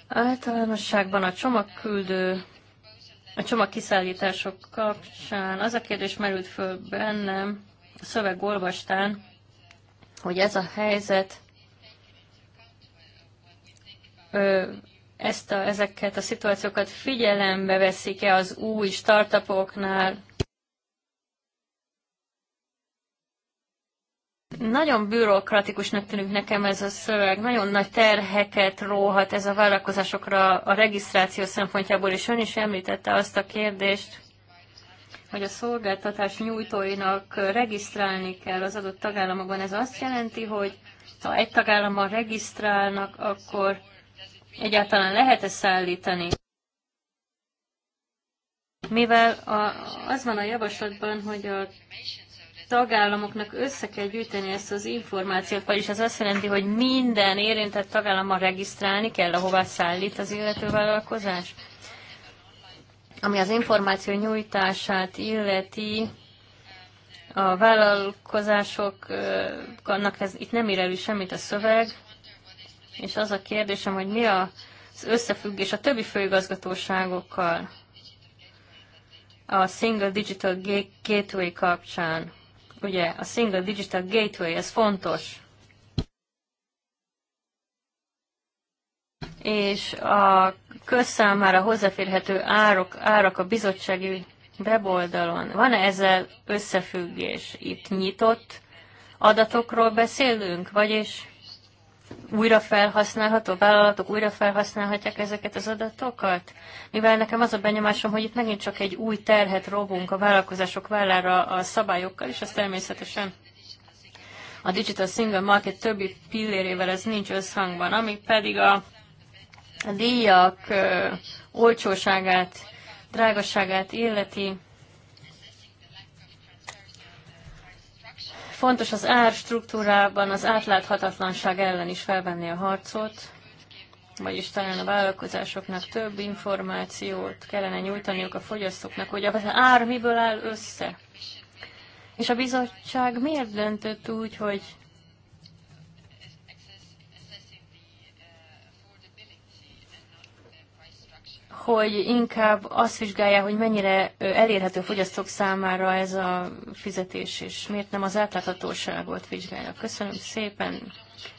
Általánosságban a csomagküldő a csomagkiszállítások kapcsán az a kérdés merült föl bennem, a szöveg olvastán, hogy ez a helyzet ezt a, ezeket a szituációkat figyelembe veszik-e az új startupoknál? Nagyon bürokratikusnak tűnik nekem ez a szöveg, nagyon nagy terheket róhat ez a vállalkozásokra a regisztráció szempontjából, és ön is említette azt a kérdést, hogy a szolgáltatás nyújtóinak regisztrálni kell az adott tagállamokban. Ez azt jelenti, hogy ha egy tagállamban regisztrálnak, akkor Egyáltalán lehet ezt szállítani? Mivel a, az van a javaslatban, hogy a tagállamoknak össze kell gyűjteni ezt az információt, vagyis ez azt jelenti, hogy minden érintett tagállammal regisztrálni kell, ahová szállít az illető vállalkozás. Ami az információ nyújtását illeti, a vállalkozások, annak ez, itt nem ír elő semmit a szöveg, és az a kérdésem, hogy mi az összefüggés a többi főigazgatóságokkal a Single Digital Gateway kapcsán. Ugye a Single Digital Gateway, ez fontos. És a közszámára hozzáférhető árak, árak a bizottsági weboldalon. Van-e ezzel összefüggés? Itt nyitott adatokról beszélünk, vagyis újra felhasználható, vállalatok újra felhasználhatják ezeket az adatokat? Mivel nekem az a benyomásom, hogy itt megint csak egy új terhet robunk a vállalkozások vállára a szabályokkal, és ez természetesen a Digital Single Market többi pillérével ez nincs összhangban, ami pedig a díjak olcsóságát, drágaságát, illeti. Fontos az árstruktúrában az átláthatatlanság ellen is felvenni a harcot, vagyis talán a vállalkozásoknak több információt kellene nyújtaniuk a fogyasztóknak, hogy az ár miből áll össze. És a bizottság miért döntött úgy, hogy hogy inkább azt vizsgálják, hogy mennyire elérhető fogyasztók számára ez a fizetés, és miért nem az átláthatóságot vizsgálja. Köszönöm szépen.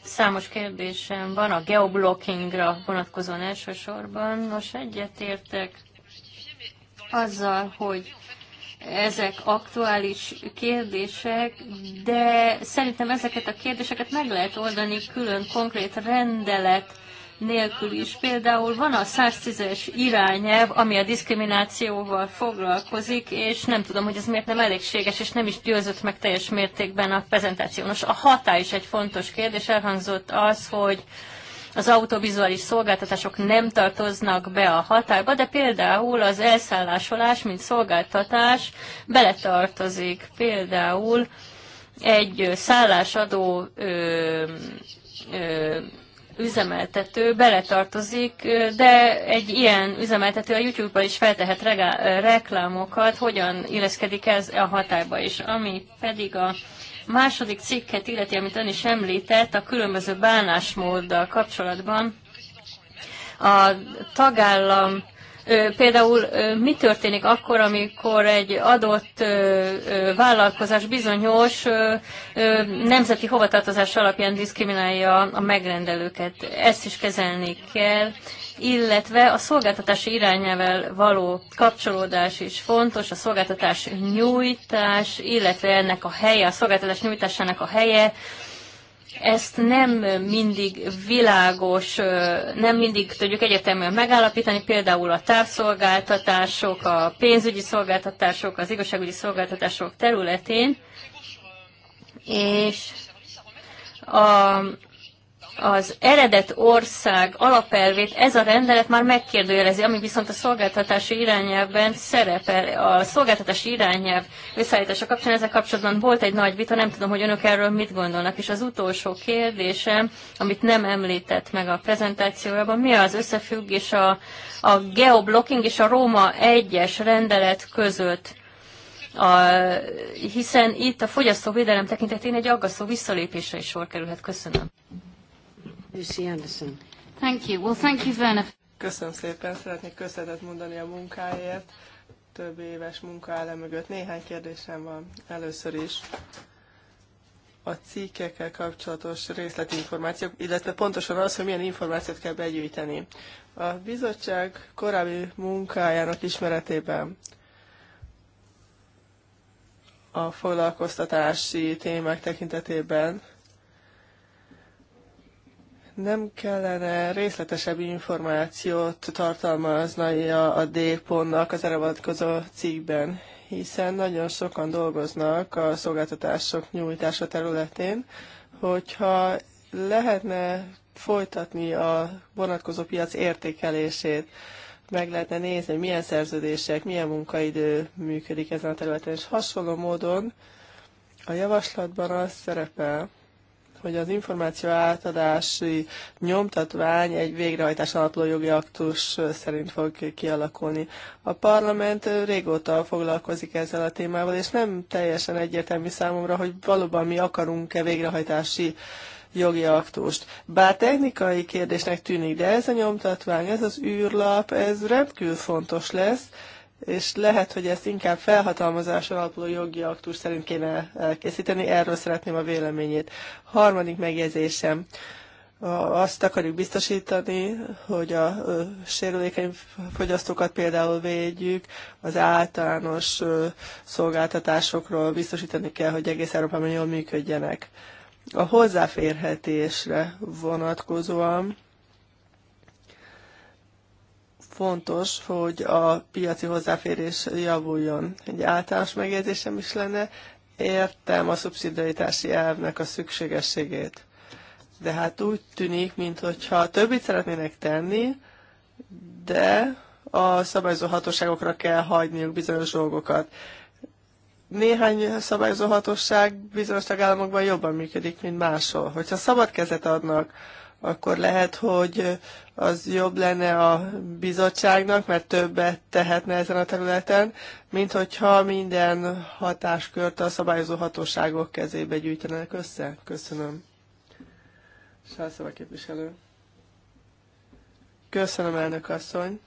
Számos kérdésem van a geoblockingra vonatkozóan elsősorban. Nos, egyetértek azzal, hogy ezek aktuális kérdések, de szerintem ezeket a kérdéseket meg lehet oldani külön konkrét rendelet nélkül is. Például van a 110-es irányelv, ami a diszkriminációval foglalkozik, és nem tudom, hogy ez miért nem elégséges, és nem is győzött meg teljes mértékben a Nos, A hatály is egy fontos kérdés, elhangzott az, hogy az autovizuális szolgáltatások nem tartoznak be a hatályba, de például az elszállásolás, mint szolgáltatás beletartozik például egy szállásadó ö, ö, üzemeltető beletartozik, de egy ilyen üzemeltető a YouTube-ban is feltehet reklámokat, hogyan illeszkedik ez a hatályba is. Ami pedig a második cikket illeti, amit ön is említett, a különböző bánásmóddal kapcsolatban a tagállam Például mi történik akkor, amikor egy adott vállalkozás bizonyos nemzeti hovatartozás alapján diszkriminálja a megrendelőket? Ezt is kezelni kell illetve a szolgáltatási irányával való kapcsolódás is fontos, a szolgáltatás nyújtás, illetve ennek a helye, a szolgáltatás nyújtásának a helye, ezt nem mindig világos, nem mindig tudjuk egyetemben megállapítani, például a távszolgáltatások, a pénzügyi szolgáltatások, az igazságügyi szolgáltatások területén, és a, az eredet ország alapelvét ez a rendelet már megkérdőjelezi, ami viszont a szolgáltatási irányelvben szerepel. A szolgáltatási irányelv összeállítása kapcsán ezzel kapcsolatban volt egy nagy vita, nem tudom, hogy önök erről mit gondolnak. És az utolsó kérdésem, amit nem említett meg a prezentációjában, mi az összefüggés a, a geoblocking és a Róma 1-es rendelet között? A, hiszen itt a fogyasztóvédelem tekintetén egy aggasztó visszalépésre is sor kerülhet. Köszönöm. Lucy Anderson. Thank you. Well, thank you, Köszönöm szépen, szeretnék köszönetet mondani a munkáért. Több éves munka áll e mögött. Néhány kérdésem van először is. A cikkekkel kapcsolatos részletinformációk, illetve pontosan az, hogy milyen információt kell begyűjteni. A bizottság korábbi munkájának ismeretében a foglalkoztatási témák tekintetében nem kellene részletesebb információt tartalmaznia a D-pontnak az erre vonatkozó cikkben, hiszen nagyon sokan dolgoznak a szolgáltatások nyújtása területén, hogyha lehetne folytatni a vonatkozó piac értékelését, meg lehetne nézni, hogy milyen szerződések, milyen munkaidő működik ezen a területen, és hasonló módon a javaslatban az szerepel, hogy az információ átadási nyomtatvány egy végrehajtás alapuló jogi aktus szerint fog kialakulni. A parlament régóta foglalkozik ezzel a témával, és nem teljesen egyértelmű számomra, hogy valóban mi akarunk-e végrehajtási jogi aktust. Bár technikai kérdésnek tűnik, de ez a nyomtatvány, ez az űrlap, ez rendkívül fontos lesz, és lehet, hogy ezt inkább felhatalmazás alapuló jogi aktus szerint kéne elkészíteni, erről szeretném a véleményét. Harmadik megjegyzésem. Azt akarjuk biztosítani, hogy a sérülékeny fogyasztókat például védjük, az általános szolgáltatásokról biztosítani kell, hogy egész Európában jól működjenek. A hozzáférhetésre vonatkozóan fontos, hogy a piaci hozzáférés javuljon. Egy általános megjegyzésem is lenne, értem a szubszidiaritási elvnek a szükségességét. De hát úgy tűnik, mintha többit szeretnének tenni, de a szabályozó hatóságokra kell hagyniuk bizonyos dolgokat. Néhány szabályozó hatóság bizonyos tagállamokban jobban működik, mint máshol. Hogyha szabad kezet adnak akkor lehet, hogy az jobb lenne a bizottságnak, mert többet tehetne ezen a területen, mint hogyha minden hatáskört a szabályozó hatóságok kezébe gyűjtenek össze. Köszönöm. Sászava képviselő. Köszönöm, elnök asszony.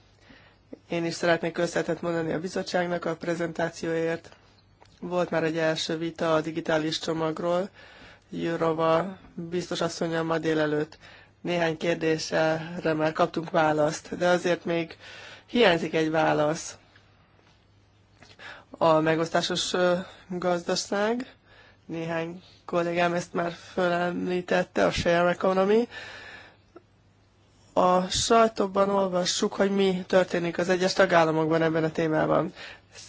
Én is szeretnék összetett mondani a bizottságnak a prezentációért. Volt már egy első vita a digitális csomagról, Jurova biztos asszonya ma délelőtt. Néhány kérdésre már kaptunk választ, de azért még hiányzik egy válasz. A megosztásos gazdaság, néhány kollégám ezt már fölemlítette, a share economy, a sajtóban olvassuk, hogy mi történik az egyes tagállamokban ebben a témában.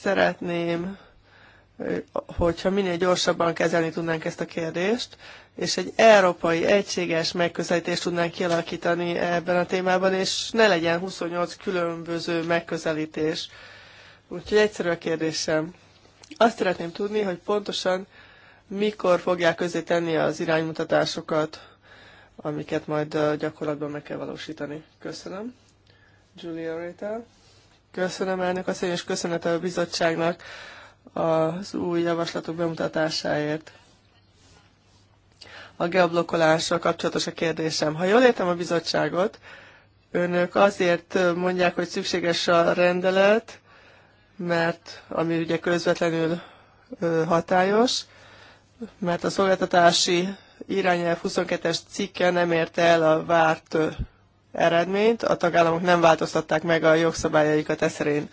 Szeretném, hogyha minél gyorsabban kezelni tudnánk ezt a kérdést, és egy európai egységes megközelítést tudnánk kialakítani ebben a témában, és ne legyen 28 különböző megközelítés. Úgyhogy egyszerű a kérdésem. Azt szeretném tudni, hogy pontosan mikor fogják közé tenni az iránymutatásokat, amiket majd gyakorlatban meg kell valósítani. Köszönöm. Julia Rétel. Köszönöm elnök a és köszönet a bizottságnak az új javaslatok bemutatásáért a geoblokkolással kapcsolatos a kérdésem. Ha jól értem a bizottságot, önök azért mondják, hogy szükséges a rendelet, mert ami ugye közvetlenül hatályos, mert a szolgáltatási irányelv 22-es cikke nem érte el a várt eredményt, a tagállamok nem változtatták meg a jogszabályaikat e szerint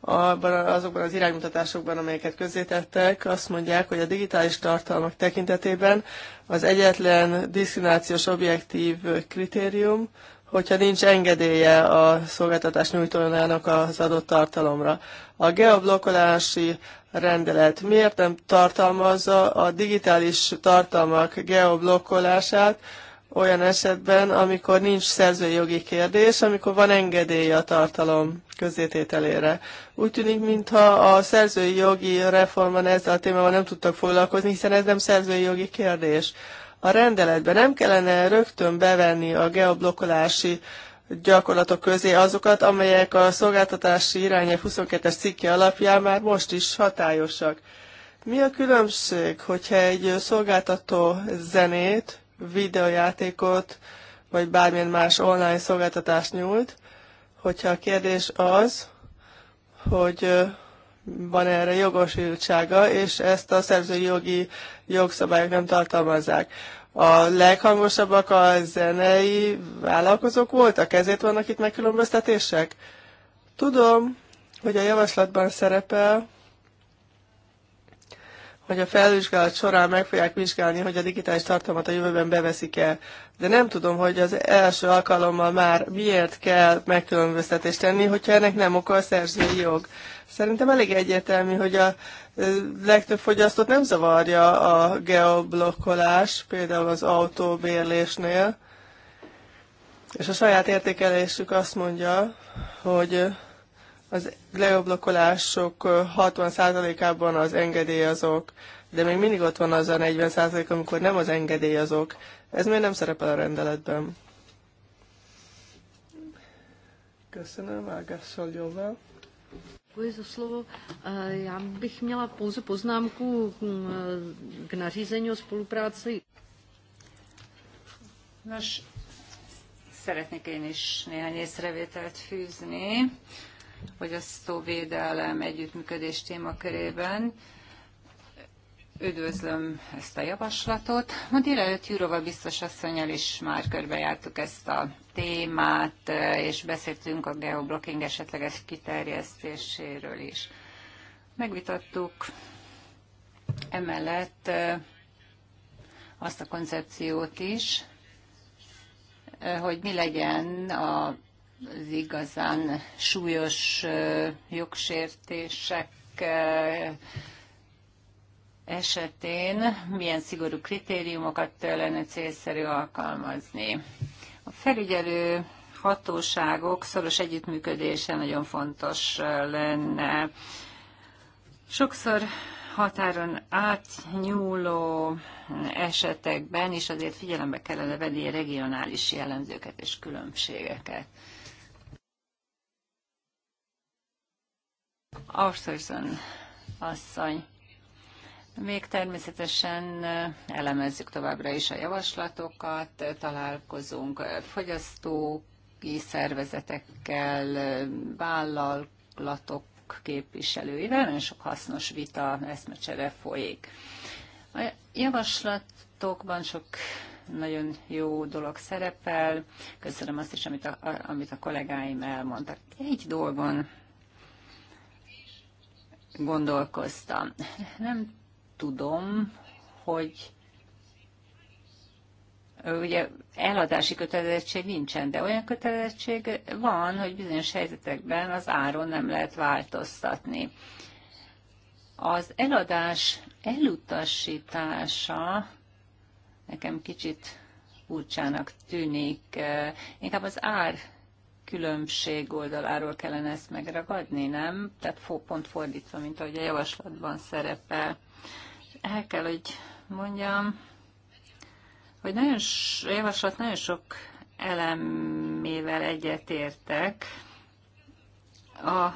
azokban az iránymutatásokban, amelyeket közzétettek, azt mondják, hogy a digitális tartalmak tekintetében az egyetlen diszkriminációs objektív kritérium, hogyha nincs engedélye a szolgáltatás nyújtójának az adott tartalomra. A geoblokkolási rendelet miért nem tartalmazza a digitális tartalmak geoblokkolását, olyan esetben, amikor nincs szerzői jogi kérdés, amikor van engedély a tartalom közzétételére. Úgy tűnik, mintha a szerzői jogi reformban ezzel a témával nem tudtak foglalkozni, hiszen ez nem szerzői jogi kérdés. A rendeletben nem kellene rögtön bevenni a geoblokkolási gyakorlatok közé azokat, amelyek a szolgáltatási irányek 22-es cikke alapján már most is hatályosak. Mi a különbség, hogyha egy szolgáltató zenét videojátékot, vagy bármilyen más online szolgáltatást nyújt, hogyha a kérdés az, hogy van erre jogosultsága, és ezt a szerzői jogi jogszabályok nem tartalmazzák. A leghangosabbak a zenei vállalkozók voltak, ezért vannak itt megkülönböztetések? Tudom, hogy a javaslatban szerepel, hogy a felvizsgálat során meg fogják vizsgálni, hogy a digitális tartalmat a jövőben beveszik-e. De nem tudom, hogy az első alkalommal már miért kell megkülönböztetést tenni, hogyha ennek nem oka a szerzői jog. Szerintem elég egyértelmű, hogy a legtöbb fogyasztót nem zavarja a geoblokkolás, például az autóbérlésnél. És a saját értékelésük azt mondja, hogy az leoblokolások 60%-ában az engedély azok, de még mindig ott van az a 40%, amikor nem az engedély azok. Ez miért nem szerepel a rendeletben? Köszönöm, Ágással jóval. Děkuji za slovo. E, já bych měla pouze poznámku hm, e, k nařízení o spolupráci. Nos, szeretnék én is néhány észrevételt fűzni fogyasztóvédelem együttműködés témakörében. Üdvözlöm ezt a javaslatot. Ma délelőtt Jurova biztos asszonyal is már körbejártuk ezt a témát, és beszéltünk a geoblocking esetleges kiterjesztéséről is. Megvitattuk emellett eh, azt a koncepciót is, eh, hogy mi legyen a az igazán súlyos jogsértések esetén milyen szigorú kritériumokat lenne célszerű alkalmazni. A felügyelő hatóságok szoros együttműködése nagyon fontos lenne. Sokszor határon átnyúló esetekben is azért figyelembe kellene venni a regionális jellemzőket és különbségeket. Arthurson asszony. Még természetesen eh, elemezzük továbbra is a javaslatokat, eh, találkozunk eh, fogyasztói szervezetekkel, vállalatok képviselőivel, nagyon sok hasznos vita, eszmecsere folyik. A javaslatokban sok nagyon jó dolog szerepel. Köszönöm azt is, amit a, amit a kollégáim elmondtak. Egy dolgon gondolkoztam. Nem tudom, hogy ugye eladási kötelezettség nincsen, de olyan kötelezettség van, hogy bizonyos helyzetekben az áron nem lehet változtatni. Az eladás elutasítása nekem kicsit furcsának tűnik, inkább az ár különbség oldaláról kellene ezt megragadni, nem? Tehát pont fordítva, mint ahogy a javaslatban szerepel. El kell, hogy mondjam, hogy nagyon, a javaslat nagyon sok elemével egyetértek. A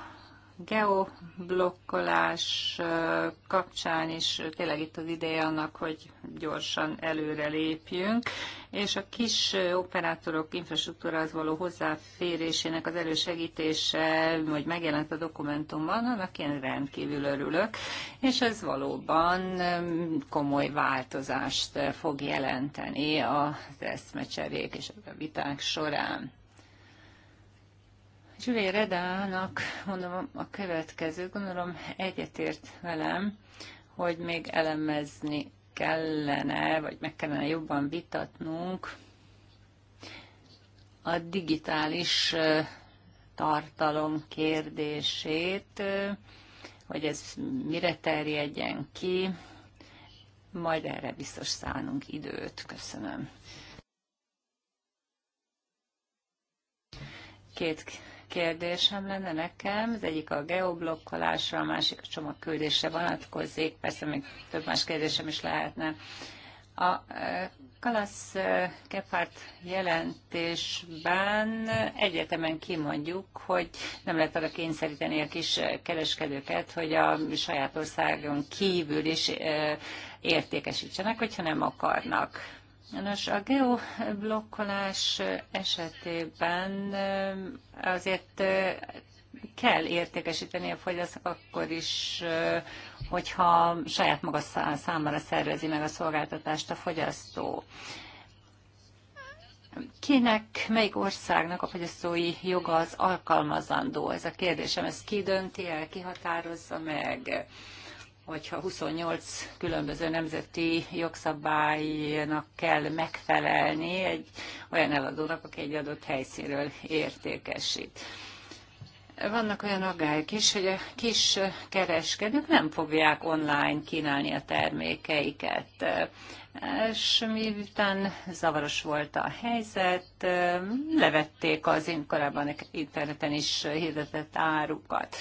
geoblokkolás kapcsán is tényleg itt az ideje annak, hogy gyorsan előre lépjünk, és a kis operátorok infrastruktúrához való hozzáférésének az elősegítése, hogy megjelent a dokumentumban, annak én rendkívül örülök, és ez valóban komoly változást fog jelenteni az eszmecserék és a viták során. Julie Redának mondom a következő, gondolom egyetért velem, hogy még elemezni kellene, vagy meg kellene jobban vitatnunk a digitális tartalom kérdését, hogy ez mire terjedjen ki, majd erre biztos szánunk időt. Köszönöm. Két kérdésem lenne nekem. Az egyik a geoblokkolásra, a másik a csomagküldésre vonatkozik. Persze még több más kérdésem is lehetne. A e, Kalasz e, Gephardt jelentésben egyetemen kimondjuk, hogy nem lehet arra kényszeríteni a kis kereskedőket, hogy a saját országon kívül is e, értékesítsenek, hogyha nem akarnak. Nos, a geoblokkolás esetében eh, azért eh, kell értékesíteni a fogyasztók akkor is, eh, hogyha saját maga számára szervezi meg a szolgáltatást a fogyasztó. Kinek, melyik országnak a fogyasztói joga az alkalmazandó? Ez a kérdésem, ez ki dönti el, ki határozza meg? hogyha 28 különböző nemzeti jogszabálynak kell megfelelni egy olyan eladónak, aki egy adott helyszínről értékesít. Vannak olyan aggályok is, hogy a kis kereskedők nem fogják online kínálni a termékeiket. És miután zavaros volt a helyzet, levették az korábban interneten is hirdetett árukat.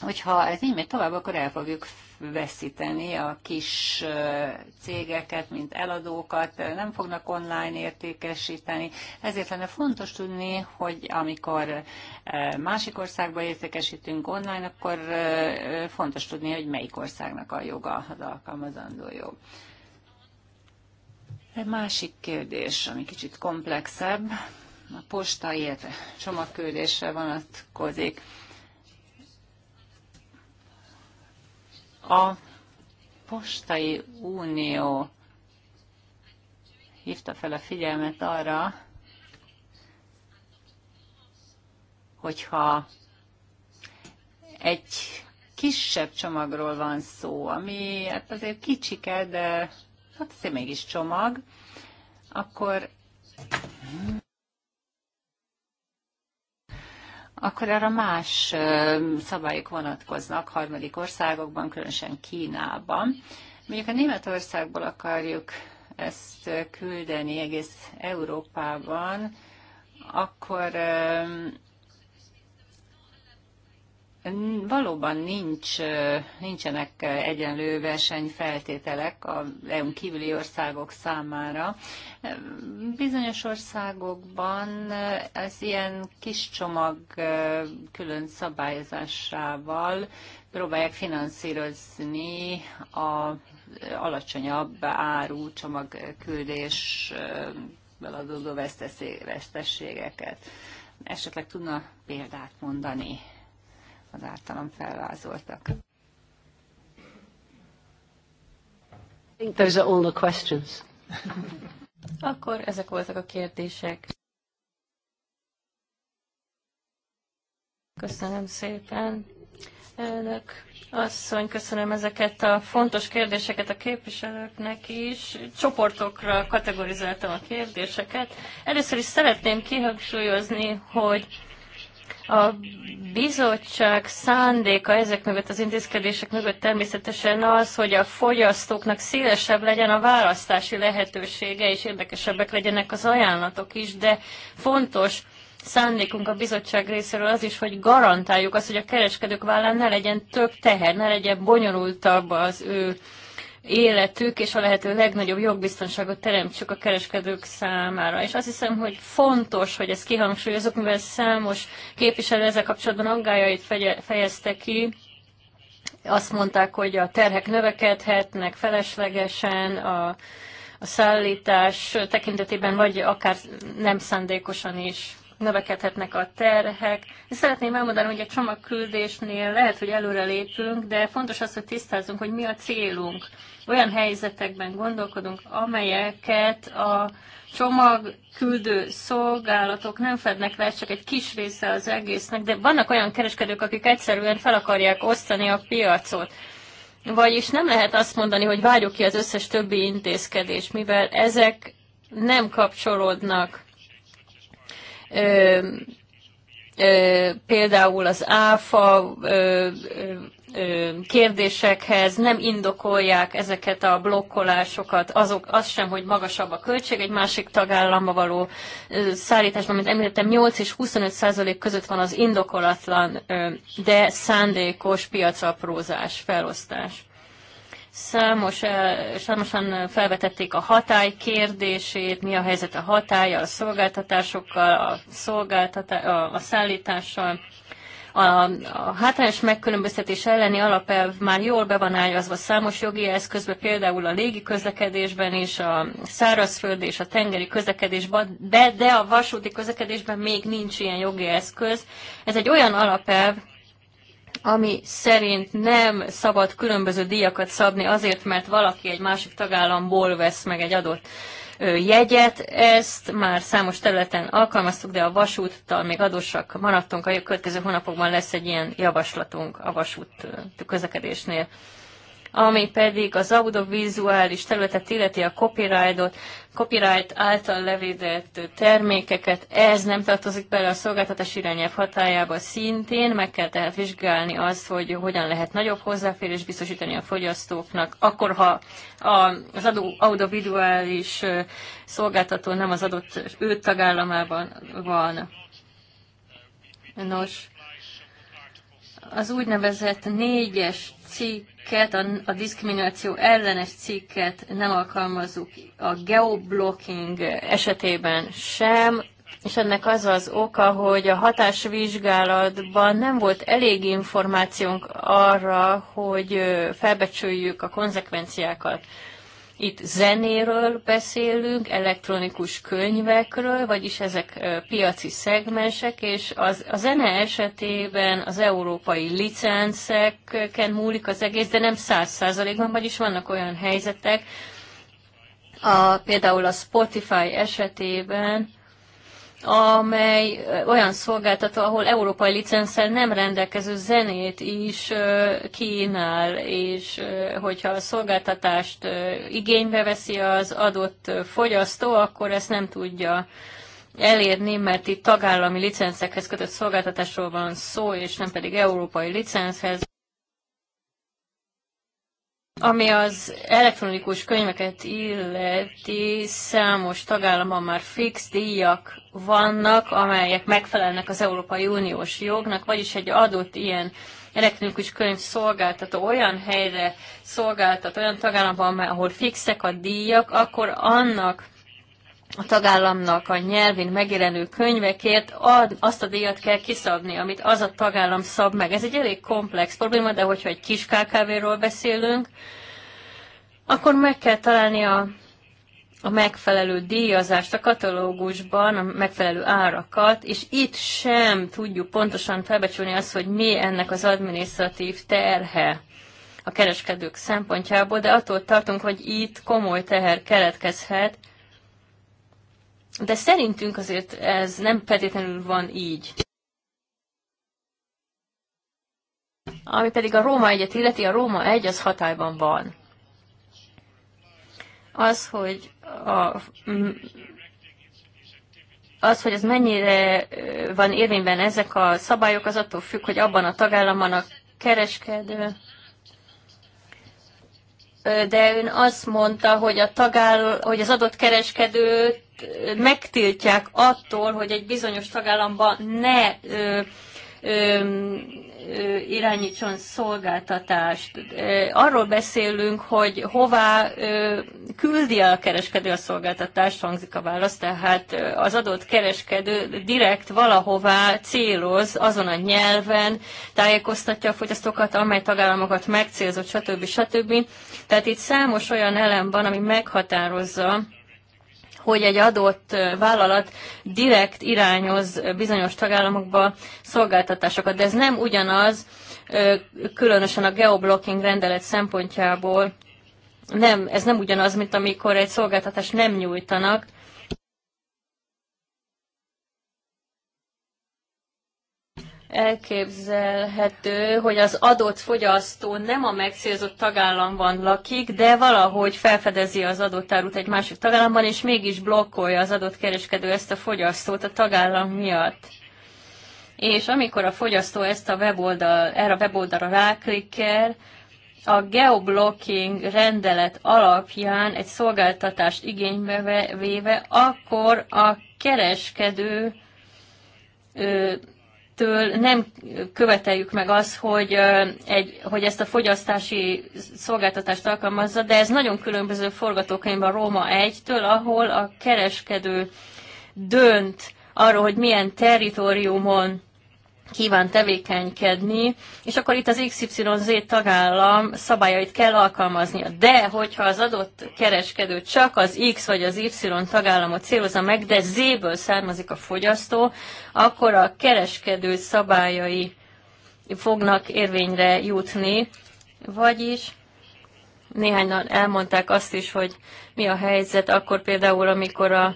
Hogyha ez így megy tovább, akkor el fogjuk veszíteni a kis cégeket, mint eladókat, nem fognak online értékesíteni. Ezért lenne fontos tudni, hogy amikor másik országba értékesítünk online, akkor fontos tudni, hogy melyik országnak a joga az alkalmazandó jog. Egy másik kérdés, ami kicsit komplexebb, a posta, illetve csomagküldésre vonatkozik. A postai unió hívta fel a figyelmet arra, hogyha egy kisebb csomagról van szó, ami hát azért kicsike, de hát azért mégis csomag, akkor akkor arra más szabályok vonatkoznak harmadik országokban, különösen Kínában. Mondjuk a Németországból akarjuk ezt küldeni egész Európában, akkor valóban nincs, nincsenek egyenlő versenyfeltételek az EU kívüli országok számára. Bizonyos országokban az ilyen kis csomag külön szabályozásával próbálják finanszírozni a alacsonyabb áru csomagküldés adódó veszteségeket. Esetleg tudna példát mondani az általam felvázoltak. I think those are all the questions. [laughs] Akkor ezek voltak a kérdések. Köszönöm szépen. Elnök asszony, köszönöm ezeket a fontos kérdéseket a képviselőknek is. Csoportokra kategorizáltam a kérdéseket. Először is szeretném kihangsúlyozni, hogy a bizottság szándéka ezek mögött, az intézkedések mögött természetesen az, hogy a fogyasztóknak szélesebb legyen a választási lehetősége, és érdekesebbek legyenek az ajánlatok is, de fontos szándékunk a bizottság részéről az is, hogy garantáljuk azt, hogy a kereskedők vállán ne legyen több teher, ne legyen bonyolultabb az ő életük, és a lehető legnagyobb jogbiztonságot teremtsük a kereskedők számára. És azt hiszem, hogy fontos, hogy ezt kihangsúlyozok, mivel számos képviselő ezzel kapcsolatban aggájait fejezte ki, azt mondták, hogy a terhek növekedhetnek feleslegesen, a, a szállítás tekintetében, vagy akár nem szándékosan is növekedhetnek a terhek. Én szeretném elmondani, hogy egy csomagküldésnél lehet, hogy előre lépünk, de fontos az, hogy tisztázzunk, hogy mi a célunk olyan helyzetekben gondolkodunk, amelyeket a csomagküldő szolgálatok nem fednek le, csak egy kis része az egésznek, de vannak olyan kereskedők, akik egyszerűen fel akarják osztani a piacot. Vagyis nem lehet azt mondani, hogy várjuk ki az összes többi intézkedés, mivel ezek nem kapcsolódnak ö, ö, például az áfa ö, ö, kérdésekhez, nem indokolják ezeket a blokkolásokat, azok, az sem, hogy magasabb a költség egy másik tagállamba való szállításban, mint említettem, 8 és 25 százalék között van az indokolatlan, de szándékos piacaprózás, felosztás. Számos, számosan felvetették a hatály kérdését, mi a helyzet a hatája a szolgáltatásokkal, a, szolgáltatá- a, a szállítással, a, a hátrányos megkülönböztetés elleni alapelv már jól be van ágyazva számos jogi eszközbe, például a légi közlekedésben is, a szárazföld és a tengeri közlekedésben, de, de a vasúti közlekedésben még nincs ilyen jogi eszköz. Ez egy olyan alapelv, ami szerint nem szabad különböző díjakat szabni azért, mert valaki egy másik tagállamból vesz meg egy adott jegyet, ezt már számos területen alkalmaztuk, de a vasúttal még adósak maradtunk. A következő hónapokban lesz egy ilyen javaslatunk a vasút közlekedésnél ami pedig az audiovizuális területet illeti a copyrightot, copyright által levédett termékeket, ez nem tartozik bele a szolgáltatás irányelv hatájába szintén, meg kell tehát vizsgálni azt, hogy hogyan lehet nagyobb hozzáférés biztosítani a fogyasztóknak, akkor ha az adó, audiovizuális szolgáltató nem az adott ő tagállamában van. Nos, az úgynevezett négyes cikket, a, a diszkrimináció ellenes cikket nem alkalmazzuk a geoblocking esetében sem, és ennek az az oka, hogy a hatásvizsgálatban nem volt elég információnk arra, hogy felbecsüljük a konzekvenciákat itt zenéről beszélünk, elektronikus könyvekről, vagyis ezek piaci szegmensek, és az, a zene esetében az európai licenszeken múlik az egész, de nem száz százalékban, vagyis vannak olyan helyzetek, a, például a Spotify esetében, amely olyan szolgáltató, ahol európai licenszel nem rendelkező zenét is kínál, és hogyha a szolgáltatást igénybe veszi az adott fogyasztó, akkor ezt nem tudja elérni, mert itt tagállami licenszekhez kötött szolgáltatásról van szó, és nem pedig európai licenszhez. Ami az elektronikus könyveket illeti, számos tagállamban már fix díjak vannak, amelyek megfelelnek az Európai Uniós jognak, vagyis egy adott ilyen elektronikus könyv szolgáltató olyan helyre szolgáltat, olyan tagállamban, ahol fixek a díjak, akkor annak a tagállamnak a nyelvén megjelenő könyvekért ad, azt a díjat kell kiszabni, amit az a tagállam szab meg. Ez egy elég komplex probléma, de hogyha egy kis KKV-ról beszélünk, akkor meg kell találni a, a megfelelő díjazást a katalógusban, a megfelelő árakat, és itt sem tudjuk pontosan felbecsülni azt, hogy mi ennek az adminisztratív terhe a kereskedők szempontjából, de attól tartunk, hogy itt komoly teher keletkezhet, de szerintünk azért ez nem feltétlenül van így. Ami pedig a Róma egyet illeti, a Róma egy az hatályban van. Az, hogy a, az, hogy ez mennyire van érvényben ezek a szabályok, az attól függ, hogy abban a tagállamban a kereskedő. De ön azt mondta, hogy, a tagáll, hogy az adott kereskedőt megtiltják attól, hogy egy bizonyos tagállamba ne ö, ö, irányítson szolgáltatást. Arról beszélünk, hogy hová küldi a kereskedő a szolgáltatást, hangzik a válasz, tehát az adott kereskedő direkt valahová céloz azon a nyelven, tájékoztatja a fogyasztókat, amely tagállamokat megcélzott, stb. stb. Tehát itt számos olyan elem van, ami meghatározza, hogy egy adott vállalat direkt irányoz bizonyos tagállamokba szolgáltatásokat. De ez nem ugyanaz, különösen a geoblocking rendelet szempontjából, nem, ez nem ugyanaz, mint amikor egy szolgáltatást nem nyújtanak, elképzelhető, hogy az adott fogyasztó nem a megszélzott tagállamban lakik, de valahogy felfedezi az adott árut egy másik tagállamban, és mégis blokkolja az adott kereskedő ezt a fogyasztót a tagállam miatt. És amikor a fogyasztó ezt a weboldal, erre a weboldalra ráklikkel, a geoblocking rendelet alapján egy szolgáltatást igénybe véve, akkor a kereskedő ettől nem követeljük meg azt, hogy, egy, hogy ezt a fogyasztási szolgáltatást alkalmazza, de ez nagyon különböző forgatókönyv a Róma 1-től, ahol a kereskedő dönt arról, hogy milyen territóriumon kíván tevékenykedni, és akkor itt az XYZ tagállam szabályait kell alkalmaznia. De hogyha az adott kereskedő csak az X vagy az Y tagállamot célozza meg, de Z-ből származik a fogyasztó, akkor a kereskedő szabályai fognak érvényre jutni, vagyis néhányan elmondták azt is, hogy mi a helyzet akkor például, amikor a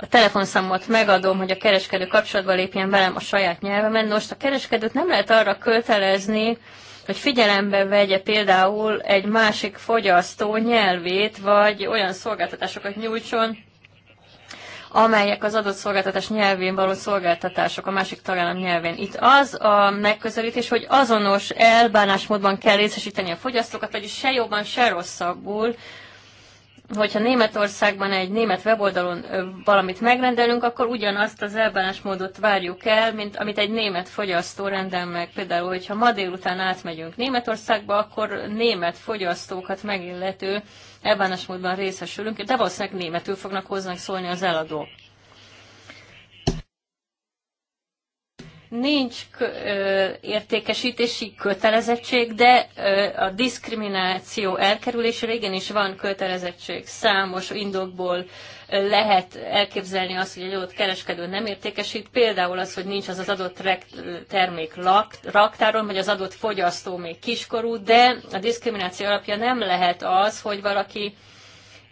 a telefonszámot megadom, hogy a kereskedő kapcsolatba lépjen velem a saját nyelvemen. Nos, a kereskedőt nem lehet arra kötelezni, hogy figyelembe vegye például egy másik fogyasztó nyelvét, vagy olyan szolgáltatásokat nyújtson, amelyek az adott szolgáltatás nyelvén való szolgáltatások a másik tagállam nyelvén. Itt az a megközelítés, hogy azonos elbánásmódban kell részesíteni a fogyasztókat, vagyis se jobban, se rosszabbul, hogyha Németországban egy német weboldalon valamit megrendelünk, akkor ugyanazt az elbánásmódot várjuk el, mint amit egy német fogyasztó rendel meg. Például, hogyha ma délután átmegyünk Németországba, akkor német fogyasztókat megillető elbánásmódban részesülünk, de valószínűleg németül fognak hozzánk szólni az eladók. nincs értékesítési kötelezettség, de a diszkrimináció elkerülésére igenis van kötelezettség. Számos indokból lehet elképzelni azt, hogy egy adott kereskedő nem értékesít, például az, hogy nincs az az adott termék raktáron, vagy az adott fogyasztó még kiskorú, de a diszkrimináció alapja nem lehet az, hogy valaki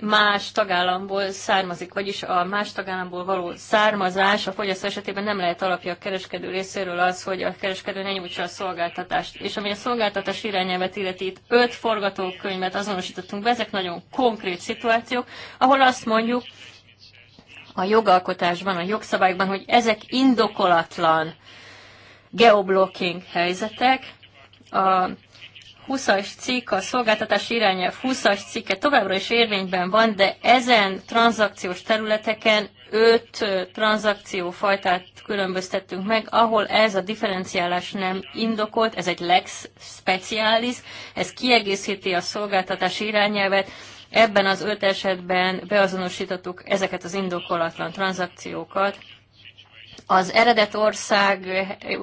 más tagállamból származik, vagyis a más tagállamból való származás a fogyasztó esetében nem lehet alapja a kereskedő részéről az, hogy a kereskedő ne nyújtsa a szolgáltatást. És ami a szolgáltatás irányelvet illeti, itt öt forgatókönyvet azonosítottunk be, ezek nagyon konkrét szituációk, ahol azt mondjuk a jogalkotásban, a jogszabályokban, hogy ezek indokolatlan geoblocking helyzetek, a 20-as cikk, a szolgáltatási irányelv 20-as cikke továbbra is érvényben van, de ezen tranzakciós területeken öt tranzakciófajtát különböztettünk meg, ahol ez a differenciálás nem indokolt, ez egy lex specialis, ez kiegészíti a szolgáltatási irányelvet, ebben az öt esetben beazonosítottuk ezeket az indokolatlan tranzakciókat, az eredet ország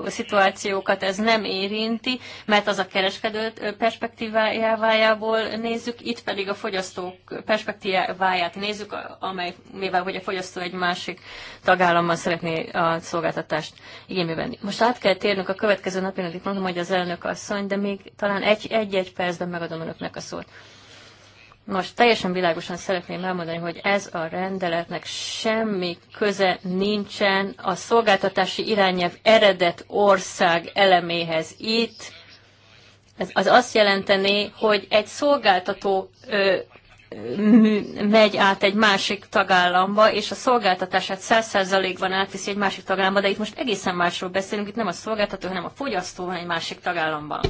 szituációkat ez nem érinti, mert az a kereskedő perspektívájából nézzük, itt pedig a fogyasztók perspektíváját nézzük, amely, mivel hogy a fogyasztó egy másik tagállammal szeretné a szolgáltatást igénybe venni. Most át kell térnünk a következő napi, mondom, hogy az elnök asszony, de még talán egy-egy percben megadom önöknek a szót. Most teljesen világosan szeretném elmondani, hogy ez a rendeletnek semmi köze nincsen a szolgáltatási irányelv eredet ország eleméhez. Itt ez, az azt jelenteni, hogy egy szolgáltató ö, megy át egy másik tagállamba, és a szolgáltatását 100 átviszi egy másik tagállamba, de itt most egészen másról beszélünk, itt nem a szolgáltató, hanem a fogyasztó van egy másik tagállamban.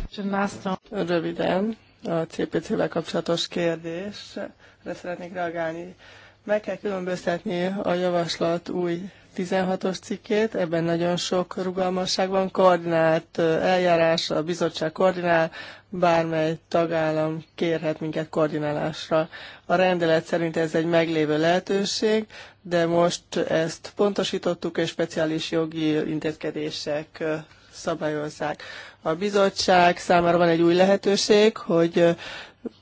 Röviden, a CPC-vel kapcsolatos kérdésre szeretnék reagálni. Meg kell különböztetni a javaslat új 16-os cikkét, ebben nagyon sok rugalmasság van, koordinált eljárás, a bizottság koordinál, bármely tagállam kérhet minket koordinálásra. A rendelet szerint ez egy meglévő lehetőség, de most ezt pontosítottuk, és speciális jogi intézkedések szabályozzák. A bizottság számára van egy új lehetőség, hogy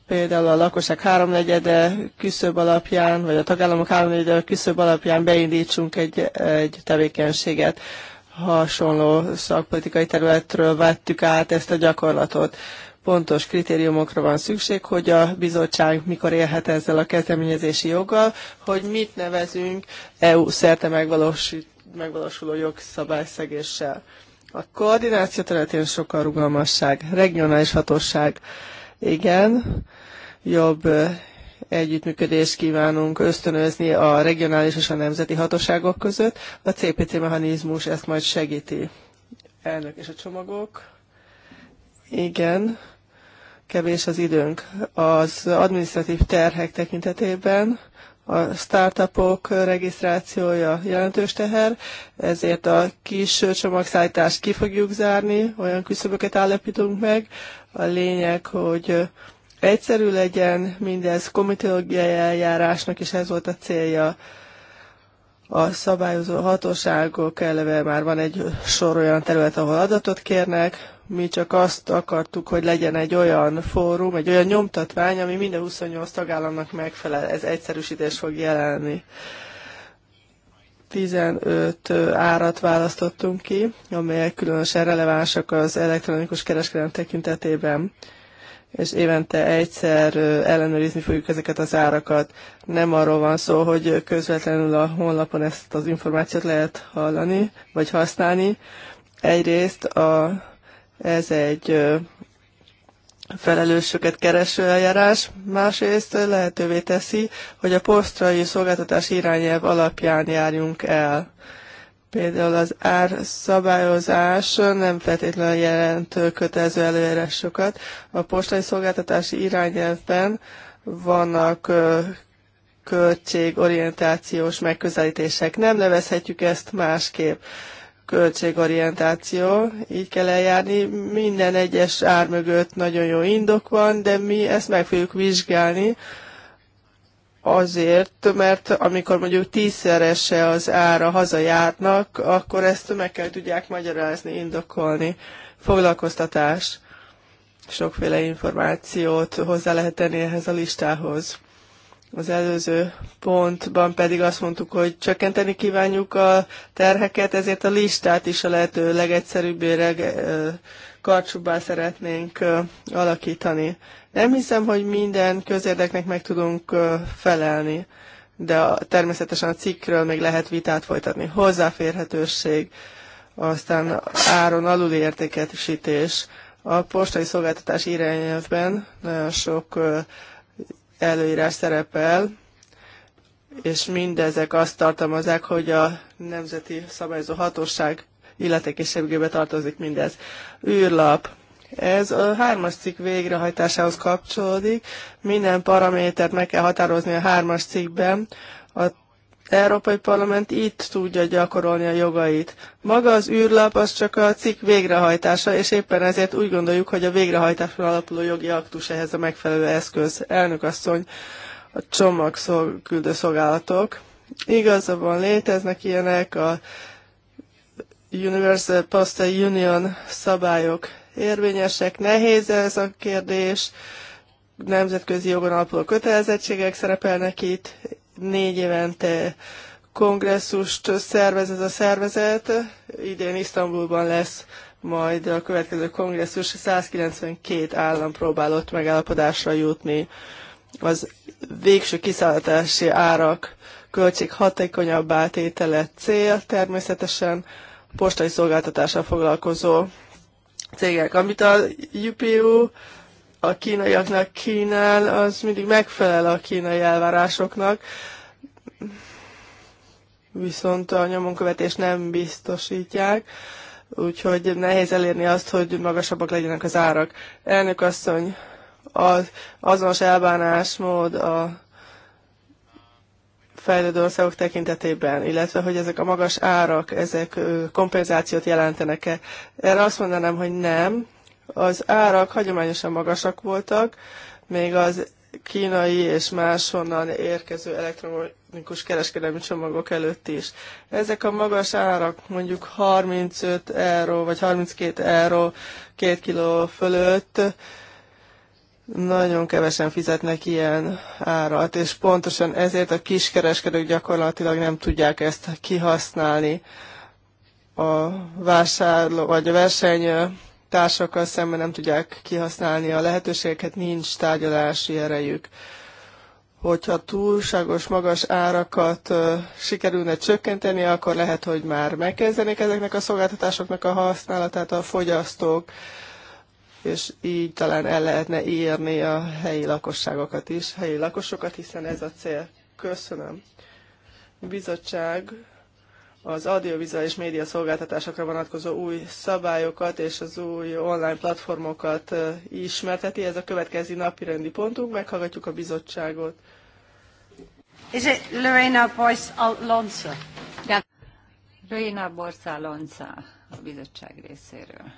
például a lakosság háromnegyede küszöb alapján, vagy a tagállamok háromnegyede küszöb alapján beindítsunk egy, egy tevékenységet. Hasonló szakpolitikai területről vettük át ezt a gyakorlatot. Pontos kritériumokra van szükség, hogy a bizottság mikor élhet ezzel a kezdeményezési joggal, hogy mit nevezünk EU szerte megvalósuló jogszabályszegéssel. A koordináció területén sokkal rugalmasság, regionális hatóság, igen, jobb együttműködést kívánunk ösztönözni a regionális és a nemzeti hatóságok között. A CPC mechanizmus ezt majd segíti. Elnök és a csomagok. Igen, kevés az időnk. Az administratív terhek tekintetében a startupok regisztrációja jelentős teher, ezért a kis csomagszállítást ki fogjuk zárni, olyan küszöböket állapítunk meg. A lényeg, hogy egyszerű legyen mindez, komitológiai eljárásnak is ez volt a célja a szabályozó hatóságok eleve már van egy sor olyan terület, ahol adatot kérnek, mi csak azt akartuk, hogy legyen egy olyan fórum, egy olyan nyomtatvány, ami minden 28 tagállamnak megfelel. Ez egyszerűsítés fog jelenni. 15 árat választottunk ki, amelyek különösen relevánsak az elektronikus kereskedelem tekintetében és évente egyszer ellenőrizni fogjuk ezeket az árakat. Nem arról van szó, hogy közvetlenül a honlapon ezt az információt lehet hallani, vagy használni. Egyrészt a, ez egy felelősöket kereső eljárás, másrészt lehetővé teszi, hogy a posztrai szolgáltatás irányelv alapján járjunk el. Például az árszabályozás nem feltétlenül jelent kötelező előírásokat. A postai szolgáltatási irányelvben vannak költségorientációs megközelítések. Nem nevezhetjük ezt másképp költségorientáció, így kell eljárni. Minden egyes ár mögött nagyon jó indok van, de mi ezt meg fogjuk vizsgálni, azért, mert amikor mondjuk tízszerese az ára hazajárnak, akkor ezt meg kell tudják magyarázni, indokolni. Foglalkoztatás. Sokféle információt hozzá lehet tenni ehhez a listához. Az előző pontban pedig azt mondtuk, hogy csökkenteni kívánjuk a terheket, ezért a listát is a lehető legegyszerűbbére karcsúbbá szeretnénk alakítani. Nem hiszem, hogy minden közérdeknek meg tudunk felelni, de a, természetesen a cikkről még lehet vitát folytatni. Hozzáférhetőség, aztán áron aluli értékesítés. A postai szolgáltatás irányelvben nagyon sok előírás szerepel, és mindezek azt tartalmazzák, hogy a Nemzeti Szabályozó Hatóság illetékességébe tartozik mindez. űrlap. Ez a hármas cikk végrehajtásához kapcsolódik. Minden paramétert meg kell határozni a hármas cikkben. A Európai Parlament itt tudja gyakorolni a jogait. Maga az űrlap az csak a cikk végrehajtása, és éppen ezért úgy gondoljuk, hogy a végrehajtásra alapuló jogi aktus ehhez a megfelelő eszköz. Elnök asszony, a csomagszolgáltatók. Igazából léteznek ilyenek, a Universal Postal Union szabályok érvényesek. Nehéz ez a kérdés. Nemzetközi jogon alapuló kötelezettségek szerepelnek itt. Négy évente kongresszust szervez ez a szervezet. Idén Isztambulban lesz majd a következő kongresszus 192 állam próbálott megállapodásra jutni. Az végső kiszállítási árak költség hatékonyabb átétele cél természetesen, postai szolgáltatással foglalkozó cégek. Amit a UPU a kínaiaknak kínál, az mindig megfelel a kínai elvárásoknak, viszont a nyomonkövetés nem biztosítják, úgyhogy nehéz elérni azt, hogy magasabbak legyenek az árak. Elnök asszony, az azonos elbánásmód a fejlődő országok tekintetében, illetve hogy ezek a magas árak, ezek kompenzációt jelentenek-e. Erre azt mondanám, hogy nem. Az árak hagyományosan magasak voltak, még az kínai és máshonnan érkező elektronikus kereskedelmi csomagok előtt is. Ezek a magas árak mondjuk 35 euró vagy 32 euró két kiló fölött nagyon kevesen fizetnek ilyen árat, és pontosan ezért a kiskereskedők gyakorlatilag nem tudják ezt kihasználni. A vásárló vagy a verseny társakkal szemben nem tudják kihasználni a lehetőségeket, nincs tárgyalási erejük. Hogyha túlságos magas árakat sikerülne csökkenteni, akkor lehet, hogy már megkezdenék ezeknek a szolgáltatásoknak a használatát a fogyasztók és így talán el lehetne írni a helyi lakosságokat is, helyi lakosokat, hiszen ez a cél. Köszönöm. Bizottság az audiovizuális média szolgáltatásokra vonatkozó új szabályokat és az új online platformokat ismerteti. Ez a következő napi rendi pontunk. Meghallgatjuk a bizottságot. Is it Lorena Boyce Alonso? Yeah. Lorena Borsa Alonso a bizottság részéről.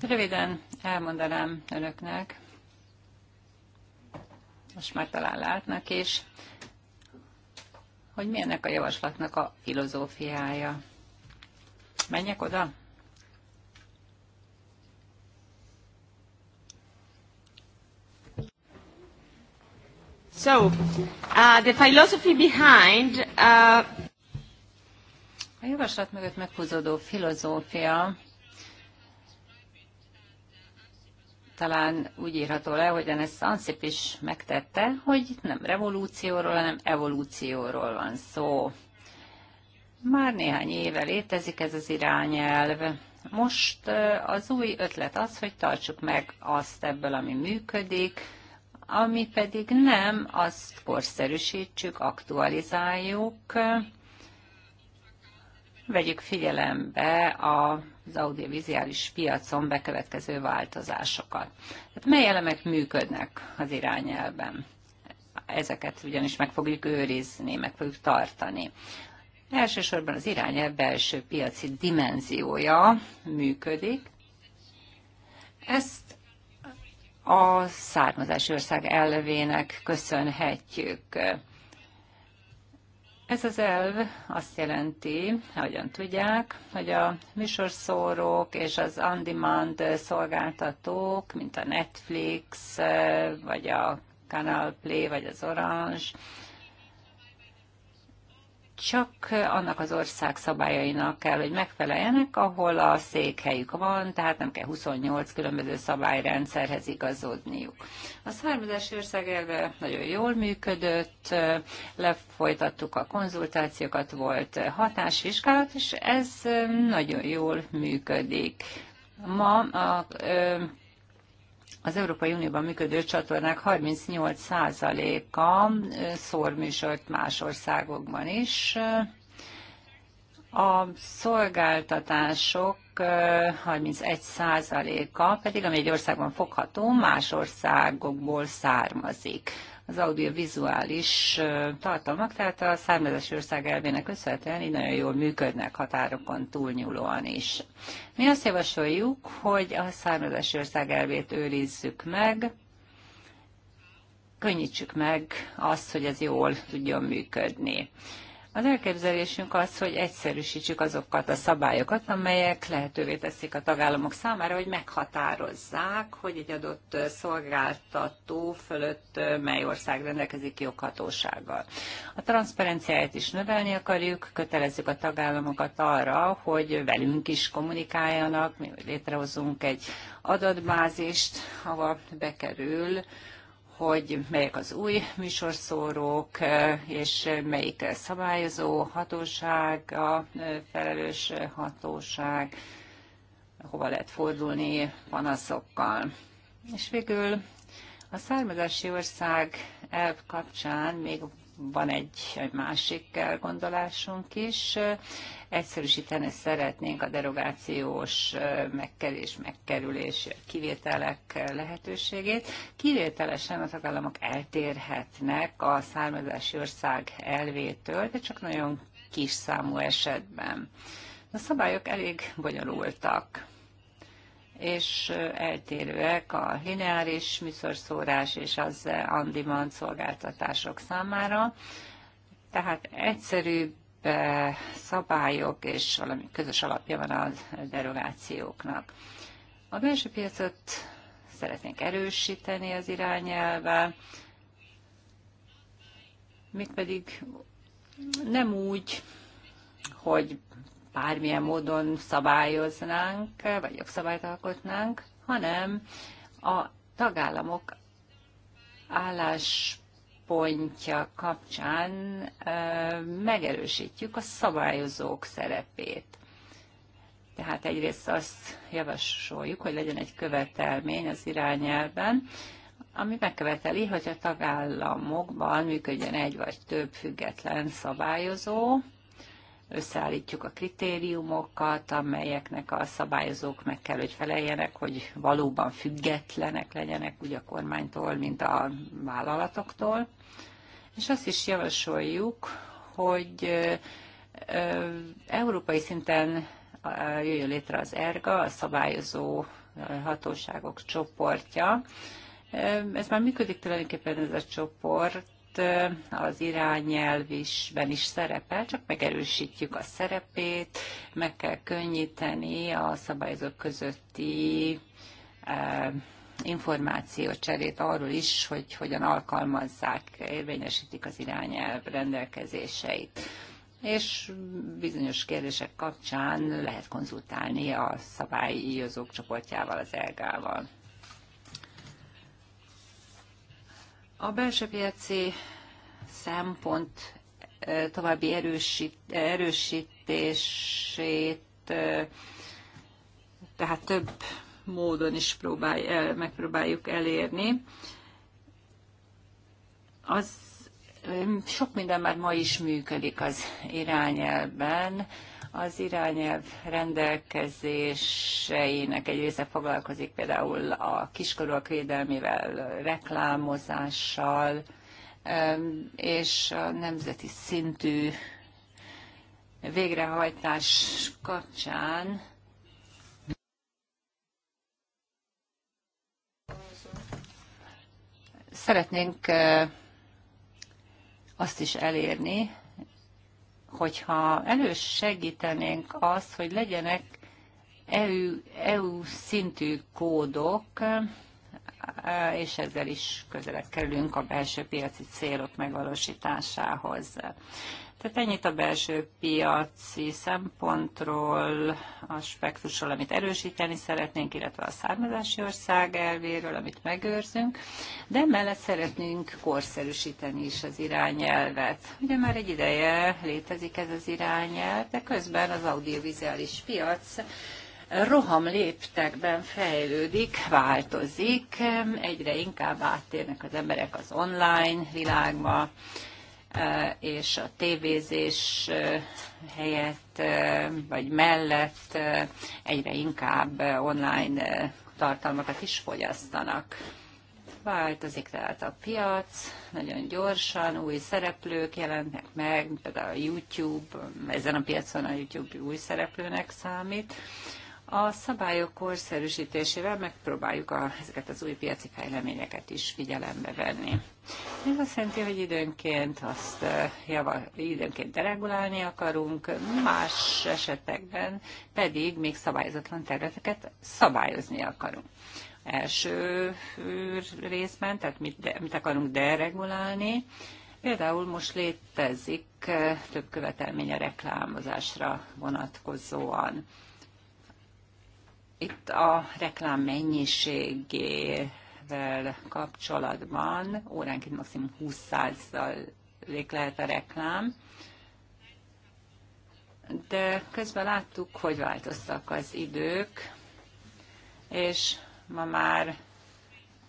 Röviden elmondanám önöknek, most már talán látnak is, hogy mi ennek a javaslatnak a filozófiája. Menjek oda? So, uh, the philosophy behind uh, a javaslat mögött meghúzódó filozófia talán úgy írható le, hogy ezt Anszip is megtette, hogy itt nem revolúcióról, hanem evolúcióról van szó. Már néhány éve létezik ez az irányelv. Most az új ötlet az, hogy tartsuk meg azt ebből, ami működik, ami pedig nem, azt korszerűsítsük, aktualizáljuk, vegyük figyelembe az audiovizuális piacon bekövetkező változásokat. Hát mely elemek működnek az irányelben? Ezeket ugyanis meg fogjuk őrizni, meg fogjuk tartani. Elsősorban az irányelv belső piaci dimenziója működik. Ezt a származási ország elvének köszönhetjük ez az elv azt jelenti, ahogyan tudják, hogy a műsorszórók és az on-demand szolgáltatók, mint a Netflix, vagy a Canal Play, vagy az Orange, csak annak az ország szabályainak kell, hogy megfeleljenek, ahol a székhelyük van, tehát nem kell 28 különböző szabályrendszerhez igazodniuk. A származási ország elve nagyon jól működött, lefolytattuk a konzultációkat, volt hatásvizsgálat, és ez nagyon jól működik. Ma a az Európai Unióban működő csatornák 38%-a szór műsort más országokban is. A szolgáltatások 31%-a pedig, ami egy országban fogható, más országokból származik az audiovizuális tartalmak, tehát a származási ország elvének köszönhetően így nagyon jól működnek határokon túlnyúlóan is. Mi azt javasoljuk, hogy a származási ország elvét őrizzük meg, könnyítsük meg azt, hogy ez jól tudjon működni. Az elképzelésünk az, hogy egyszerűsítsük azokat a szabályokat, amelyek lehetővé teszik a tagállamok számára, hogy meghatározzák, hogy egy adott szolgáltató fölött mely ország rendelkezik joghatósággal. A transzparenciáját is növelni akarjuk, kötelezzük a tagállamokat arra, hogy velünk is kommunikáljanak, mi létrehozunk egy adatbázist, ahova bekerül hogy melyek az új műsorszórók, és melyik szabályozó hatóság, a felelős hatóság, hova lehet fordulni panaszokkal. És végül a származási ország elv kapcsán még van egy másik elgondolásunk is. Egyszerűsíteni szeretnénk a derogációs megkerülés, megkerülés, kivételek lehetőségét. Kivételesen a tagállamok eltérhetnek a származási ország elvétől, de csak nagyon kis számú esetben. A szabályok elég bonyolultak és eltérőek a lineáris műszorszórás és az on-demand szolgáltatások számára. Tehát egyszerűbb szabályok és valami közös alapja van a derogációknak. A belső piacot szeretnénk erősíteni az irányelvel, mégpedig nem úgy, hogy bármilyen módon szabályoznánk, vagy jogszabályt alkotnánk, hanem a tagállamok álláspontja kapcsán megerősítjük a szabályozók szerepét. Tehát egyrészt azt javasoljuk, hogy legyen egy követelmény az irányelben, ami megköveteli, hogy a tagállamokban működjön egy vagy több független szabályozó, összeállítjuk a kritériumokat, amelyeknek a szabályozók meg kell, hogy feleljenek, hogy valóban függetlenek legyenek úgy a kormánytól, mint a vállalatoktól. És azt is javasoljuk, hogy európai szinten jöjjön létre az ERGA, a szabályozó hatóságok csoportja. Ez már működik tulajdonképpen ez a csoport, az irányelvisben is szerepel, csak megerősítjük a szerepét, meg kell könnyíteni a szabályozók közötti információcserét arról is, hogy hogyan alkalmazzák, érvényesítik az irányelv rendelkezéseit. És bizonyos kérdések kapcsán lehet konzultálni a szabályozók csoportjával, az elgával. A belső piaci szempont további erősít, erősítését tehát több módon is próbál, megpróbáljuk elérni. Az sok minden már ma is működik az irányelben, az irányelv rendelkezéseinek egy része foglalkozik például a kiskorúak védelmével, reklámozással, és a nemzeti szintű végrehajtás kapcsán szeretnénk eh, azt is elérni, hogyha elősegítenénk azt, hogy legyenek EU, EU szintű kódok, és ezzel is közelebb kerülünk a belső piaci célok megvalósításához. Tehát ennyit a belső piaci szempontról, a aspektusról, amit erősíteni szeretnénk, illetve a származási ország elvéről, amit megőrzünk, de mellett szeretnénk korszerűsíteni is az irányelvet. Ugye már egy ideje létezik ez az irányelv, de közben az audiovizuális piac roham léptekben fejlődik, változik, egyre inkább áttérnek az emberek az online világba, és a tévézés helyett vagy mellett egyre inkább online tartalmakat is fogyasztanak. Változik tehát a piac, nagyon gyorsan új szereplők jelentnek meg, például a YouTube, ezen a piacon a YouTube új szereplőnek számít, a szabályok korszerűsítésével megpróbáljuk a, ezeket az új piaci fejleményeket is figyelembe venni. Ez azt jelenti, hogy időnként azt java, időnként deregulálni akarunk, más esetekben pedig még szabályozatlan területeket szabályozni akarunk. Első részben, tehát mit, de, mit akarunk deregulálni, Például most létezik több követelmény a reklámozásra vonatkozóan. Itt a reklám mennyiségével kapcsolatban óránként maximum 20% lehet a reklám, de közben láttuk, hogy változtak az idők, és ma már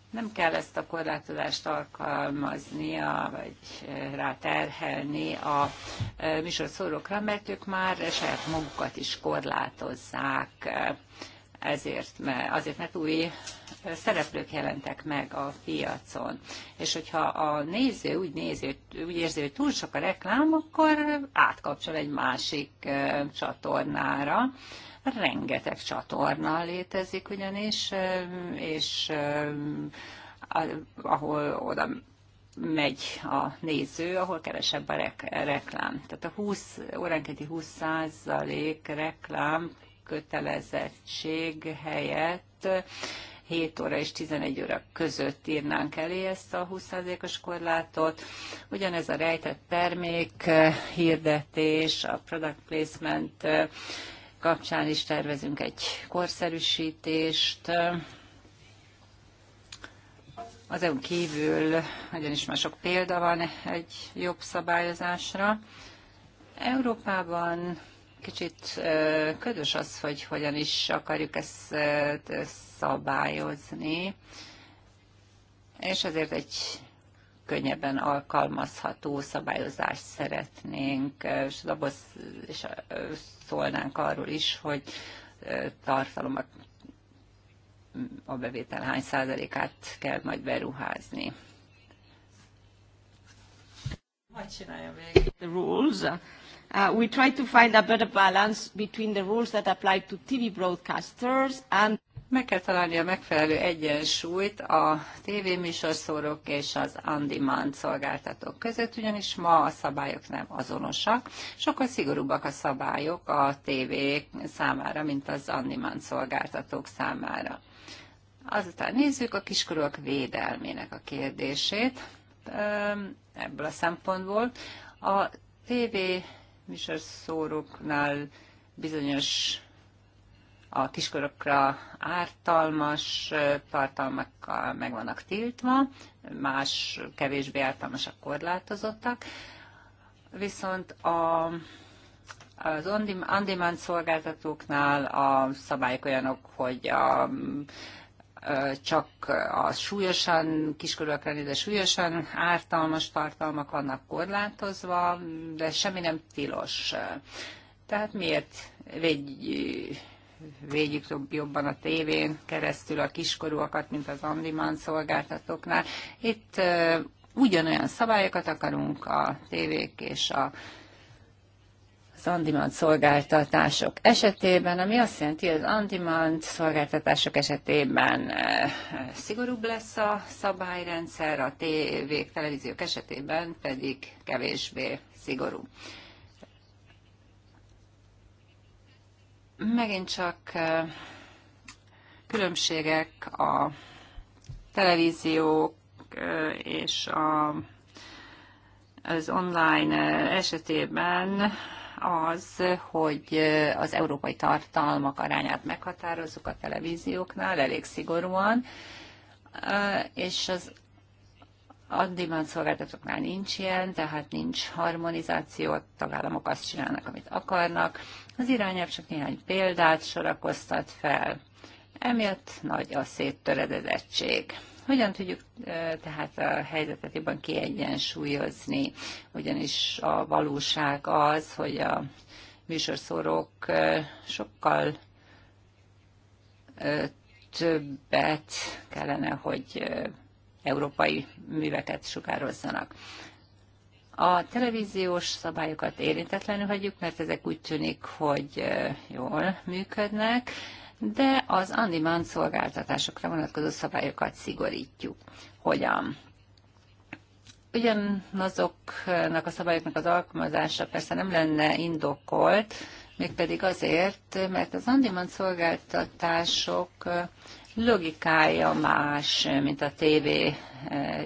nem kell ezt a korlátozást alkalmaznia, vagy eh, ráterhelni a eh, műsorszórókra, mert ők már saját magukat is korlátozzák ezért, mert, azért, mert új szereplők jelentek meg a piacon. És hogyha a néző úgy, nézi, úgy érzi, hogy túl sok a reklám, akkor átkapcsol egy másik csatornára. Rengeteg csatorna létezik ugyanis, és ahol oda megy a néző, ahol kevesebb a rek- reklám. Tehát a 20, óránkéti 20% reklám kötelezettség helyett 7 óra és 11 óra között írnánk elé ezt a 20%-os korlátot. Ugyanez a rejtett termék eh, hirdetés, a product placement eh, kapcsán is tervezünk egy korszerűsítést. Az EU kívül ugyanis már sok példa van egy jobb szabályozásra. Európában Kicsit ködös az, hogy hogyan is akarjuk ezt szabályozni, és ezért egy könnyebben alkalmazható szabályozást szeretnénk, és abból és szólnánk arról is, hogy tartalom a bevétel hány százalékát kell majd beruházni. Hogy csináljam végig? The rules. Uh, Uh, we try to find a better balance between the rules that apply to TV broadcasters and meg kell találni a megfelelő egyensúlyt a tévéműsorszórók és az on-demand szolgáltatók között, ugyanis ma a szabályok nem azonosak, sokkal szigorúbbak a szabályok a tévé számára, mint az on-demand szolgáltatók számára. Azután nézzük a kiskorúak védelmének a kérdését. Ebből a szempontból a TV Michel szóroknál bizonyos a kiskorokra ártalmas tartalmak meg vannak tiltva, más kevésbé ártalmasak korlátozottak, viszont a, az on-demand szolgáltatóknál a szabályok olyanok, hogy a csak a súlyosan, kiskorúak lenni, de súlyosan ártalmas tartalmak vannak korlátozva, de semmi nem tilos. Tehát miért védjük, védjük jobban a tévén keresztül a kiskorúakat, mint az on szolgáltatóknál. Itt ugyanolyan szabályokat akarunk a tévék és a on-demand szolgáltatások esetében, ami azt jelenti, hogy az on-demand szolgáltatások esetében eh, szigorúbb lesz a szabályrendszer, a tévék, televíziók esetében pedig kevésbé szigorú. Megint csak eh, különbségek a televíziók eh, és a az online esetében az, hogy az európai tartalmak arányát meghatározzuk a televízióknál elég szigorúan, és az on-demand szolgáltatóknál nincs ilyen, tehát nincs harmonizáció, a tagállamok azt csinálnak, amit akarnak. Az irányelv csak néhány példát sorakoztat fel. Emiatt nagy a széttöredezettség. Hogyan tudjuk tehát a helyzetet jobban kiegyensúlyozni? Ugyanis a valóság az, hogy a műsorszórók sokkal többet kellene, hogy európai műveket sugározzanak. A televíziós szabályokat érintetlenül hagyjuk, mert ezek úgy tűnik, hogy jól működnek, de az on szolgáltatásokra vonatkozó szabályokat szigorítjuk. Hogyan? Ugyanazoknak a szabályoknak az alkalmazása persze nem lenne indokolt, mégpedig azért, mert az on szolgáltatások logikája más, mint a TV eh,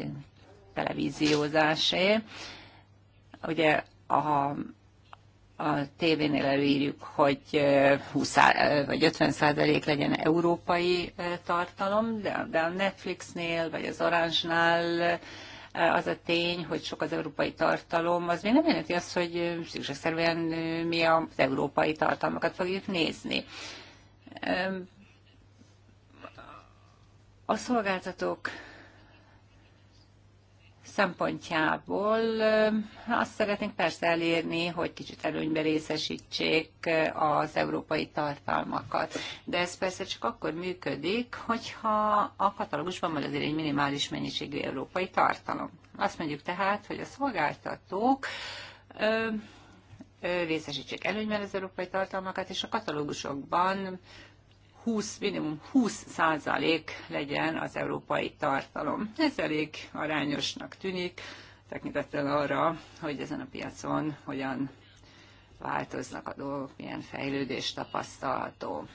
televíziózásé. Ugye a a tévénél előírjuk, hogy 20 vagy 50 százalék legyen európai tartalom, de a Netflixnél vagy az Orange-nál az a tény, hogy sok az európai tartalom, az még nem jelenti azt, hogy szükségszerűen mi az európai tartalmakat fogjuk nézni. A szolgáltatók szempontjából azt szeretnénk persze elérni, hogy kicsit előnybe részesítsék az európai tartalmakat. De ez persze csak akkor működik, hogyha a katalógusban van azért egy minimális mennyiségű európai tartalom. Azt mondjuk tehát, hogy a szolgáltatók részesítsék előnyben az európai tartalmakat, és a katalógusokban 20, minimum 20 százalék legyen az európai tartalom. Ez elég arányosnak tűnik, tekintettel arra, hogy ezen a piacon hogyan változnak a dolgok, milyen fejlődés tapasztalható.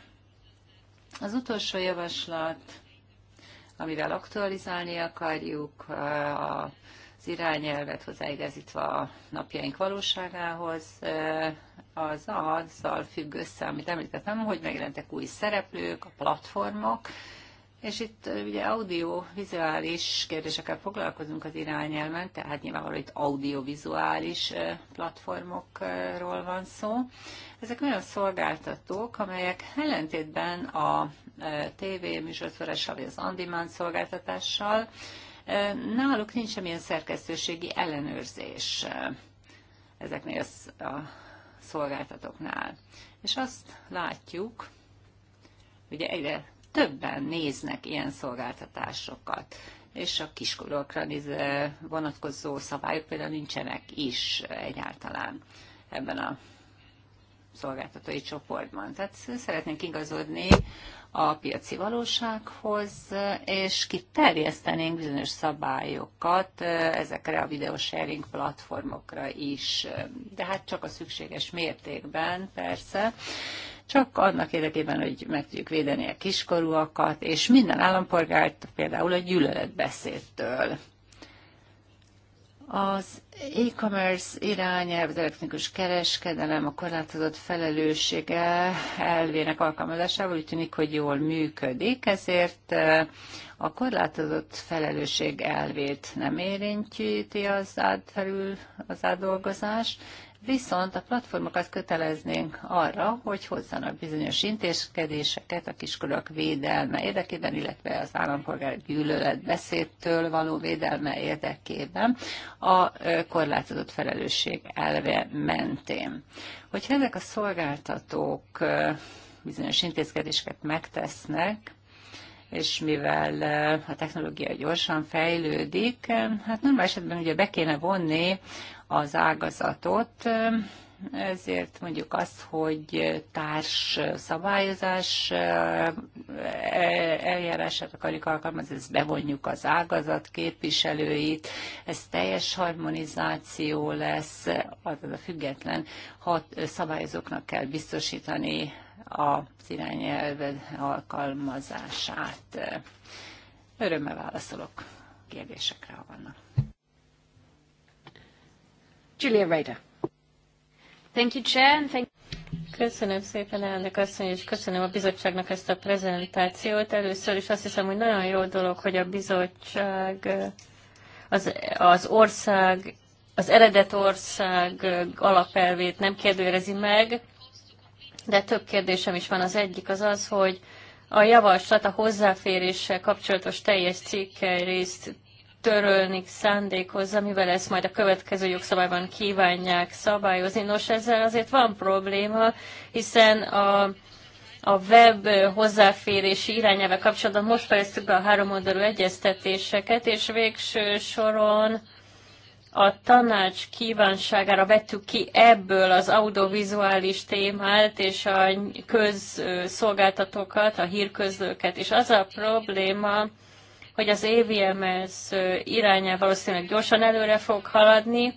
Az utolsó javaslat, amivel aktualizálni akarjuk az irányelvet hozzáigazítva a napjaink valóságához, az azzal függ össze, amit említettem, hogy megjelentek új szereplők, a platformok, és itt ugye audio-vizuális kérdésekkel foglalkozunk az irányelven, tehát nyilvánvalóan itt audio-vizuális platformokról van szó. Ezek olyan szolgáltatók, amelyek ellentétben a TV műsorszorással vagy az on-demand szolgáltatással náluk nincs semmilyen szerkesztőségi ellenőrzés ezeknél az, a szolgáltatóknál. És azt látjuk, hogy egyre többen néznek ilyen szolgáltatásokat, és a kiskorúakra vonatkozó szabályok például nincsenek is egyáltalán ebben a szolgáltatói csoportban. Tehát szeretnénk igazodni a piaci valósághoz, és kiterjesztenénk bizonyos szabályokat ezekre a videosharing platformokra is. De hát csak a szükséges mértékben, persze csak annak érdekében, hogy meg tudjuk védeni a kiskorúakat, és minden állampolgárt például a gyűlöletbeszédtől. Az e-commerce irányelv, az elektronikus kereskedelem, a korlátozott felelőssége elvének alkalmazásával úgy tűnik, hogy jól működik, ezért eh, a korlátozott felelősség elvét nem érinti az átfelül az átdolgozás, viszont a platformokat köteleznénk arra, hogy hozzanak bizonyos intézkedéseket a kiskorok védelme érdekében, illetve az állampolgár beszédtől való védelme érdekében a korlátozott felelősség elve mentén. Hogyha ezek a szolgáltatók bizonyos intézkedéseket megtesznek, és mivel a technológia gyorsan fejlődik, hát normális esetben ugye be kéne vonni az ágazatot, ezért mondjuk azt, hogy társ szabályozás e, eljárását akarjuk alkalmazni, ezt bevonjuk az ágazat képviselőit, ez teljes harmonizáció lesz, azaz a független hat szabályozóknak kell biztosítani az irányelv alkalmazását. Örömmel válaszolok kérdésekre, ha vannak. Julia Rader. Thank you, Chair, and thank Köszönöm szépen, elnök asszony, és köszönöm a bizottságnak ezt a prezentációt. Először is azt hiszem, hogy nagyon jó dolog, hogy a bizottság az, az ország, az eredet ország alapelvét nem kérdőrezi meg, de több kérdésem is van. Az egyik az az, hogy a javaslat a hozzáféréssel kapcsolatos teljes cikkel részt törölni szándékozza, mivel ezt majd a következő jogszabályban kívánják szabályozni. Nos, ezzel azért van probléma, hiszen a a web hozzáférési irányelve kapcsolatban most fejeztük be a oldalú egyeztetéseket, és végső soron a tanács kívánságára vettük ki ebből az audiovizuális témát és a közszolgáltatókat, a hírközlőket. És az a probléma, hogy az AVMS irányá valószínűleg gyorsan előre fog haladni,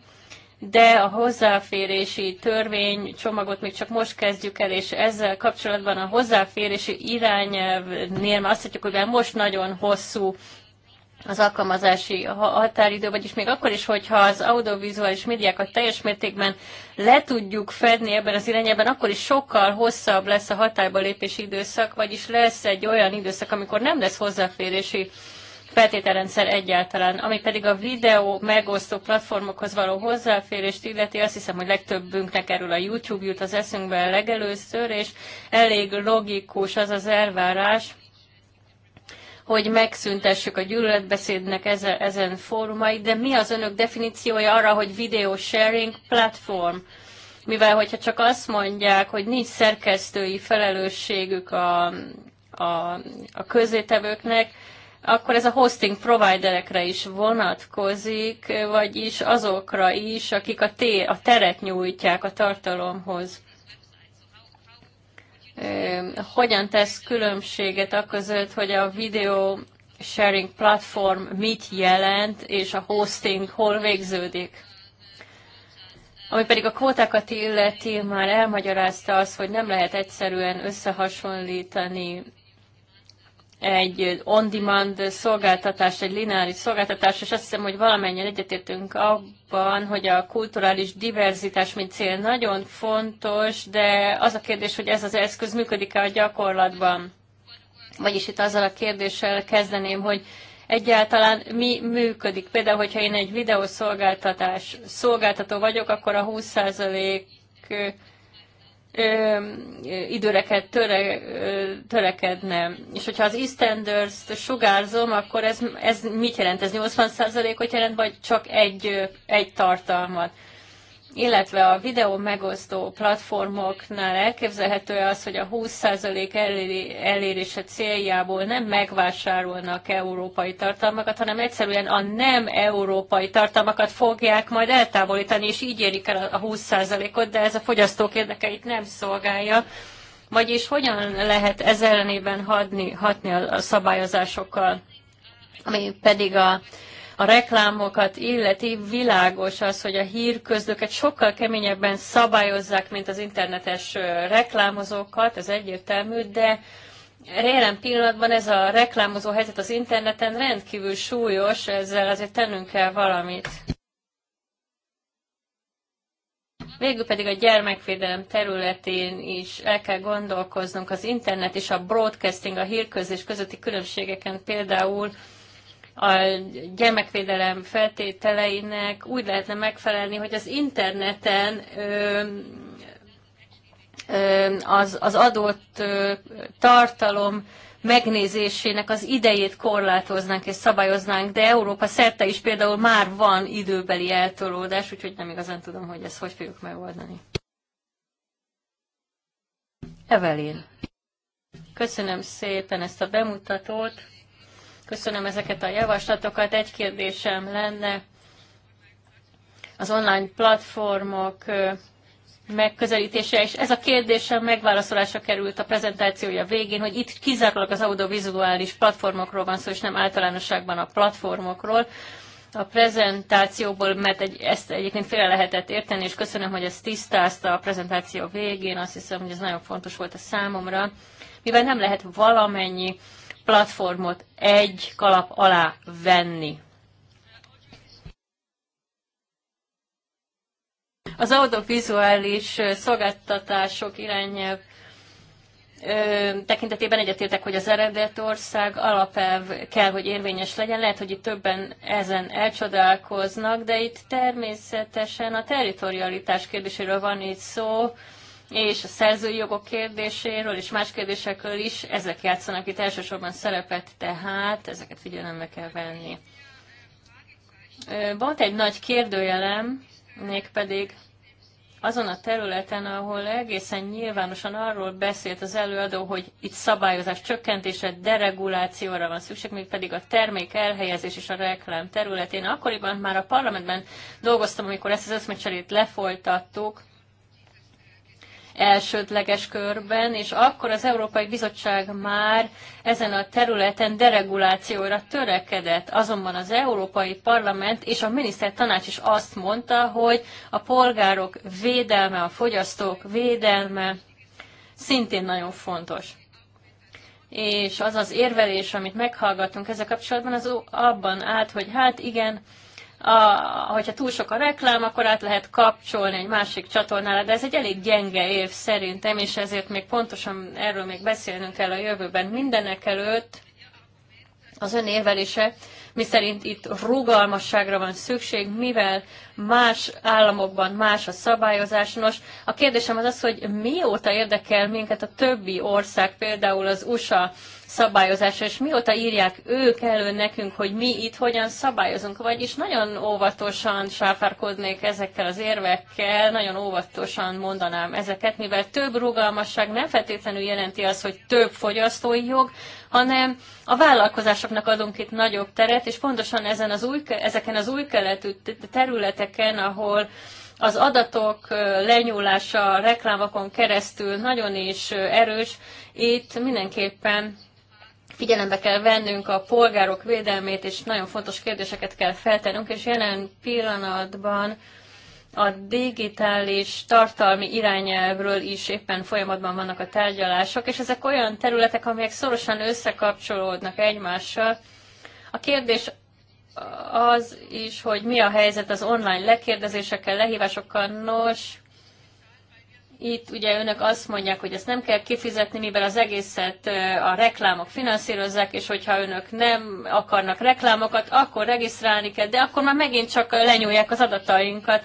de a hozzáférési törvény csomagot még csak most kezdjük el, és ezzel kapcsolatban a hozzáférési irányelvnél már azt mondjuk, hogy már most nagyon hosszú az alkalmazási határidő, vagyis még akkor is, hogyha az audiovizuális médiákat teljes mértékben le tudjuk fedni ebben az irányában, akkor is sokkal hosszabb lesz a hatályba lépési időszak, vagyis lesz egy olyan időszak, amikor nem lesz hozzáférési feltételrendszer egyáltalán. Ami pedig a videó megosztó platformokhoz való hozzáférést illeti, azt hiszem, hogy legtöbbünknek erről a YouTube jut az eszünkbe legelőször, és elég logikus az az elvárás, hogy megszüntessük a gyűlöletbeszédnek ezen, ezen fórumait, de mi az önök definíciója arra, hogy video sharing platform? Mivel hogyha csak azt mondják, hogy nincs szerkesztői felelősségük a, a, a közétevőknek, akkor ez a hosting providerekre is vonatkozik, vagyis azokra is, akik a, té- a teret nyújtják a tartalomhoz. Hogyan tesz különbséget a között, hogy a video sharing platform mit jelent, és a hosting hol végződik? Ami pedig a kvótákat illeti, már elmagyarázta az, hogy nem lehet egyszerűen összehasonlítani egy on-demand szolgáltatás, egy lineáris szolgáltatás, és azt hiszem, hogy valamennyien egyetértünk abban, hogy a kulturális diverzitás, mint cél nagyon fontos, de az a kérdés, hogy ez az eszköz működik-e a gyakorlatban. Vagyis itt azzal a kérdéssel kezdeném, hogy egyáltalán mi működik. Például, hogyha én egy videószolgáltatás szolgáltató vagyok, akkor a 20 időreket töre, törekedne. És hogyha az Eastenders-t sugárzom, akkor ez, ez mit jelent? Ez 80%-ot jelent, vagy csak egy, egy tartalmat? illetve a videó megosztó platformoknál elképzelhető az, hogy a 20% elérése céljából nem megvásárolnak európai tartalmakat, hanem egyszerűen a nem európai tartalmakat fogják majd eltávolítani, és így érik el a 20%-ot, de ez a fogyasztók érdekeit nem szolgálja. Vagyis hogyan lehet ez ellenében hadni, hatni a szabályozásokkal, ami pedig a a reklámokat illeti, világos az, hogy a hírközlőket sokkal keményebben szabályozzák, mint az internetes reklámozókat, ez egyértelmű, de Jelen pillanatban ez a reklámozó helyzet az interneten rendkívül súlyos, ezzel azért tennünk kell valamit. Végül pedig a gyermekvédelem területén is el kell gondolkoznunk az internet és a broadcasting, a hírközlés közötti különbségeken például a gyermekvédelem feltételeinek úgy lehetne megfelelni, hogy az interneten ö, ö, az, az adott ö, tartalom megnézésének az idejét korlátoznánk és szabályoznánk, de Európa szerte is például már van időbeli eltolódás, úgyhogy nem igazán tudom, hogy ezt hogy fogjuk megoldani. Evelyn. Köszönöm szépen ezt a bemutatót. Köszönöm ezeket a javaslatokat. Egy kérdésem lenne az online platformok megközelítése, és ez a kérdésem megválaszolásra került a prezentációja végén, hogy itt kizárólag az audiovizuális platformokról van szó, és nem általánosságban a platformokról. A prezentációból, mert egy, ezt egyébként félre lehetett érteni, és köszönöm, hogy ezt tisztázta a prezentáció végén, azt hiszem, hogy ez nagyon fontos volt a számomra, mivel nem lehet valamennyi platformot egy kalap alá venni. Az audiovizuális szolgáltatások irányelv tekintetében egyetértek, hogy az eredet ország alapelv kell, hogy érvényes legyen. Lehet, hogy itt többen ezen elcsodálkoznak, de itt természetesen a territorialitás kérdéséről van itt szó, és a szerzői jogok kérdéséről és más kérdésekről is ezek játszanak itt elsősorban szerepet, tehát ezeket figyelembe kell venni. Volt egy nagy kérdőjelem, mégpedig azon a területen, ahol egészen nyilvánosan arról beszélt az előadó, hogy itt szabályozás csökkentése, deregulációra van szükség, még pedig a termék elhelyezés és a reklám területén. Akkoriban már a parlamentben dolgoztam, amikor ezt az összmecserét lefolytattuk, elsődleges körben, és akkor az Európai Bizottság már ezen a területen deregulációra törekedett. Azonban az Európai Parlament és a miniszter tanács is azt mondta, hogy a polgárok védelme, a fogyasztók védelme szintén nagyon fontos és az az érvelés, amit meghallgattunk ezzel kapcsolatban, az abban állt, hogy hát igen, a, hogyha túl sok a reklám, akkor át lehet kapcsolni egy másik csatornára, de ez egy elég gyenge év szerintem, és ezért még pontosan erről még beszélnünk kell a jövőben. Mindenek előtt az ön érvelése, miszerint itt rugalmasságra van szükség, mivel más államokban más a szabályozás. Nos, a kérdésem az az, hogy mióta érdekel minket a többi ország, például az USA, szabályozása, és mióta írják ők elő nekünk, hogy mi itt hogyan szabályozunk, vagyis nagyon óvatosan sáfárkodnék ezekkel az érvekkel, nagyon óvatosan mondanám ezeket, mivel több rugalmasság nem feltétlenül jelenti azt, hogy több fogyasztói jog, hanem a vállalkozásoknak adunk itt nagyobb teret, és pontosan ezen az új, ezeken az új keletű területeken, ahol az adatok lenyúlása reklámokon keresztül nagyon is erős, itt mindenképpen figyelembe kell vennünk a polgárok védelmét, és nagyon fontos kérdéseket kell feltennünk, és jelen pillanatban a digitális tartalmi irányelvről is éppen folyamatban vannak a tárgyalások, és ezek olyan területek, amelyek szorosan összekapcsolódnak egymással. A kérdés az is, hogy mi a helyzet az online lekérdezésekkel, lehívásokkal, nos, itt ugye önök azt mondják, hogy ezt nem kell kifizetni, mivel az egészet a reklámok finanszírozzák, és hogyha önök nem akarnak reklámokat, akkor regisztrálni kell, de akkor már megint csak lenyúlják az adatainkat.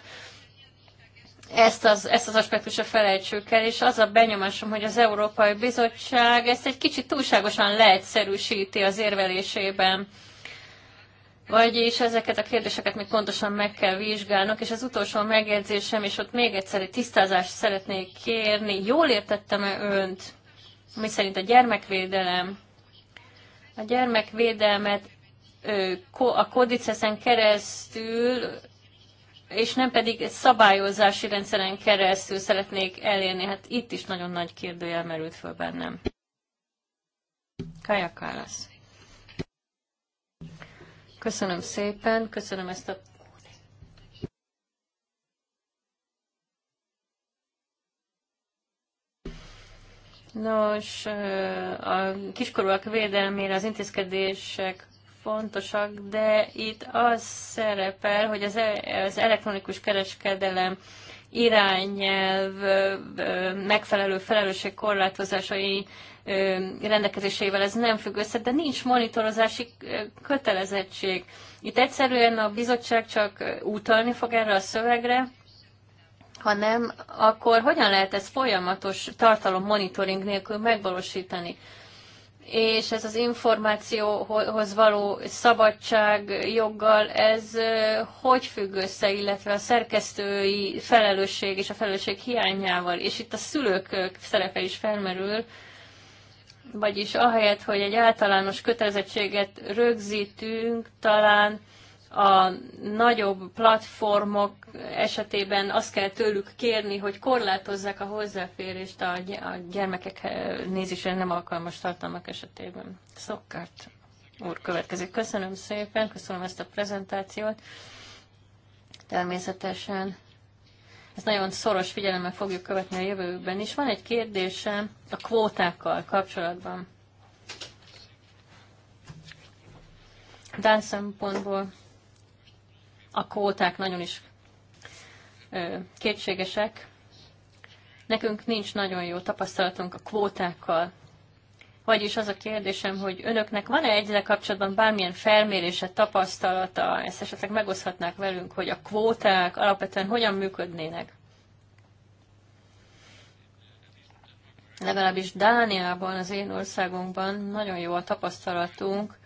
Ezt az, ezt az aspektusra felejtsük el, és az a benyomásom, hogy az Európai Bizottság ezt egy kicsit túlságosan leegyszerűsíti az érvelésében vagyis ezeket a kérdéseket még pontosan meg kell vizsgálnunk, és az utolsó megjegyzésem, és ott még egyszer egy tisztázást szeretnék kérni. Jól értettem-e önt, mi szerint a gyermekvédelem, a gyermekvédelmet a kodiceszen keresztül, és nem pedig egy szabályozási rendszeren keresztül szeretnék elérni. Hát itt is nagyon nagy kérdőjel merült föl bennem. Kaja Kálasz. Köszönöm szépen, köszönöm ezt a Nos, a kiskorúak védelmére az intézkedések fontosak, de itt az szerepel, hogy az, e- az elektronikus kereskedelem irányelv megfelelő felelősség korlátozásai rendelkezésével ez nem függ össze, de nincs monitorozási kötelezettség. Itt egyszerűen a bizottság csak utalni fog erre a szövegre, hanem akkor hogyan lehet ezt folyamatos tartalom monitoring nélkül megvalósítani? és ez az információhoz való szabadság joggal, ez hogy függ össze, illetve a szerkesztői felelősség és a felelősség hiányával, és itt a szülők szerepe is felmerül, vagyis ahelyett, hogy egy általános kötelezettséget rögzítünk, talán a nagyobb platformok esetében azt kell tőlük kérni, hogy korlátozzák a hozzáférést a gyermekek eh, nézésre nem alkalmas tartalmak esetében. Szokkárt úr következik. Köszönöm szépen, köszönöm ezt a prezentációt. Természetesen ezt nagyon szoros figyelemmel fogjuk követni a jövőben is. Van egy kérdésem a kvótákkal kapcsolatban. Dán szempontból a kvóták nagyon is kétségesek. Nekünk nincs nagyon jó tapasztalatunk a kvótákkal vagyis az a kérdésem, hogy önöknek van-e egyre kapcsolatban bármilyen felmérése, tapasztalata, ezt esetleg megoszthatnák velünk, hogy a kvóták alapvetően hogyan működnének? Legalábbis Dániában, az én országunkban nagyon jó a tapasztalatunk,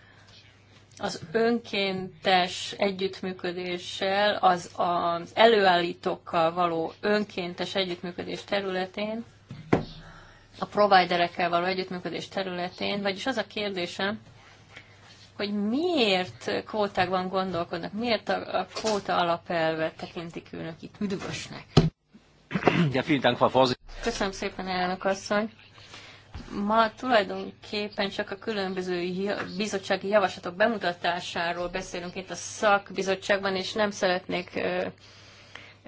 az önkéntes együttműködéssel, az, az előállítókkal való önkéntes együttműködés területén, a providerekkel való együttműködés területén, vagyis az a kérdésem, hogy miért kvótákban gondolkodnak, miért a, a kvóta alapelvet tekintik őnök itt üdvösnek. Köszönöm szépen, elnök asszony. Ma tulajdonképpen csak a különböző bizottsági javaslatok bemutatásáról beszélünk itt a szakbizottságban, és nem szeretnék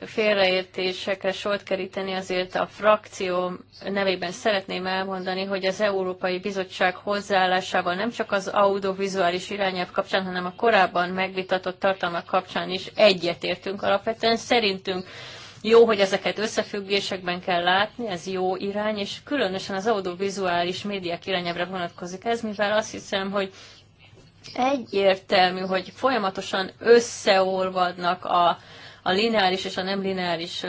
félreértésekre sort keríteni, azért a frakció nevében szeretném elmondani, hogy az Európai Bizottság hozzáállásával nem csak az audiovizuális irányelv kapcsán, hanem a korábban megvitatott tartalmak kapcsán is egyetértünk alapvetően. Szerintünk jó, hogy ezeket összefüggésekben kell látni, ez jó irány, és különösen az audiovizuális médiák irányelvre vonatkozik ez, mivel azt hiszem, hogy egyértelmű, hogy folyamatosan összeolvadnak a, a lineáris és a nem lineáris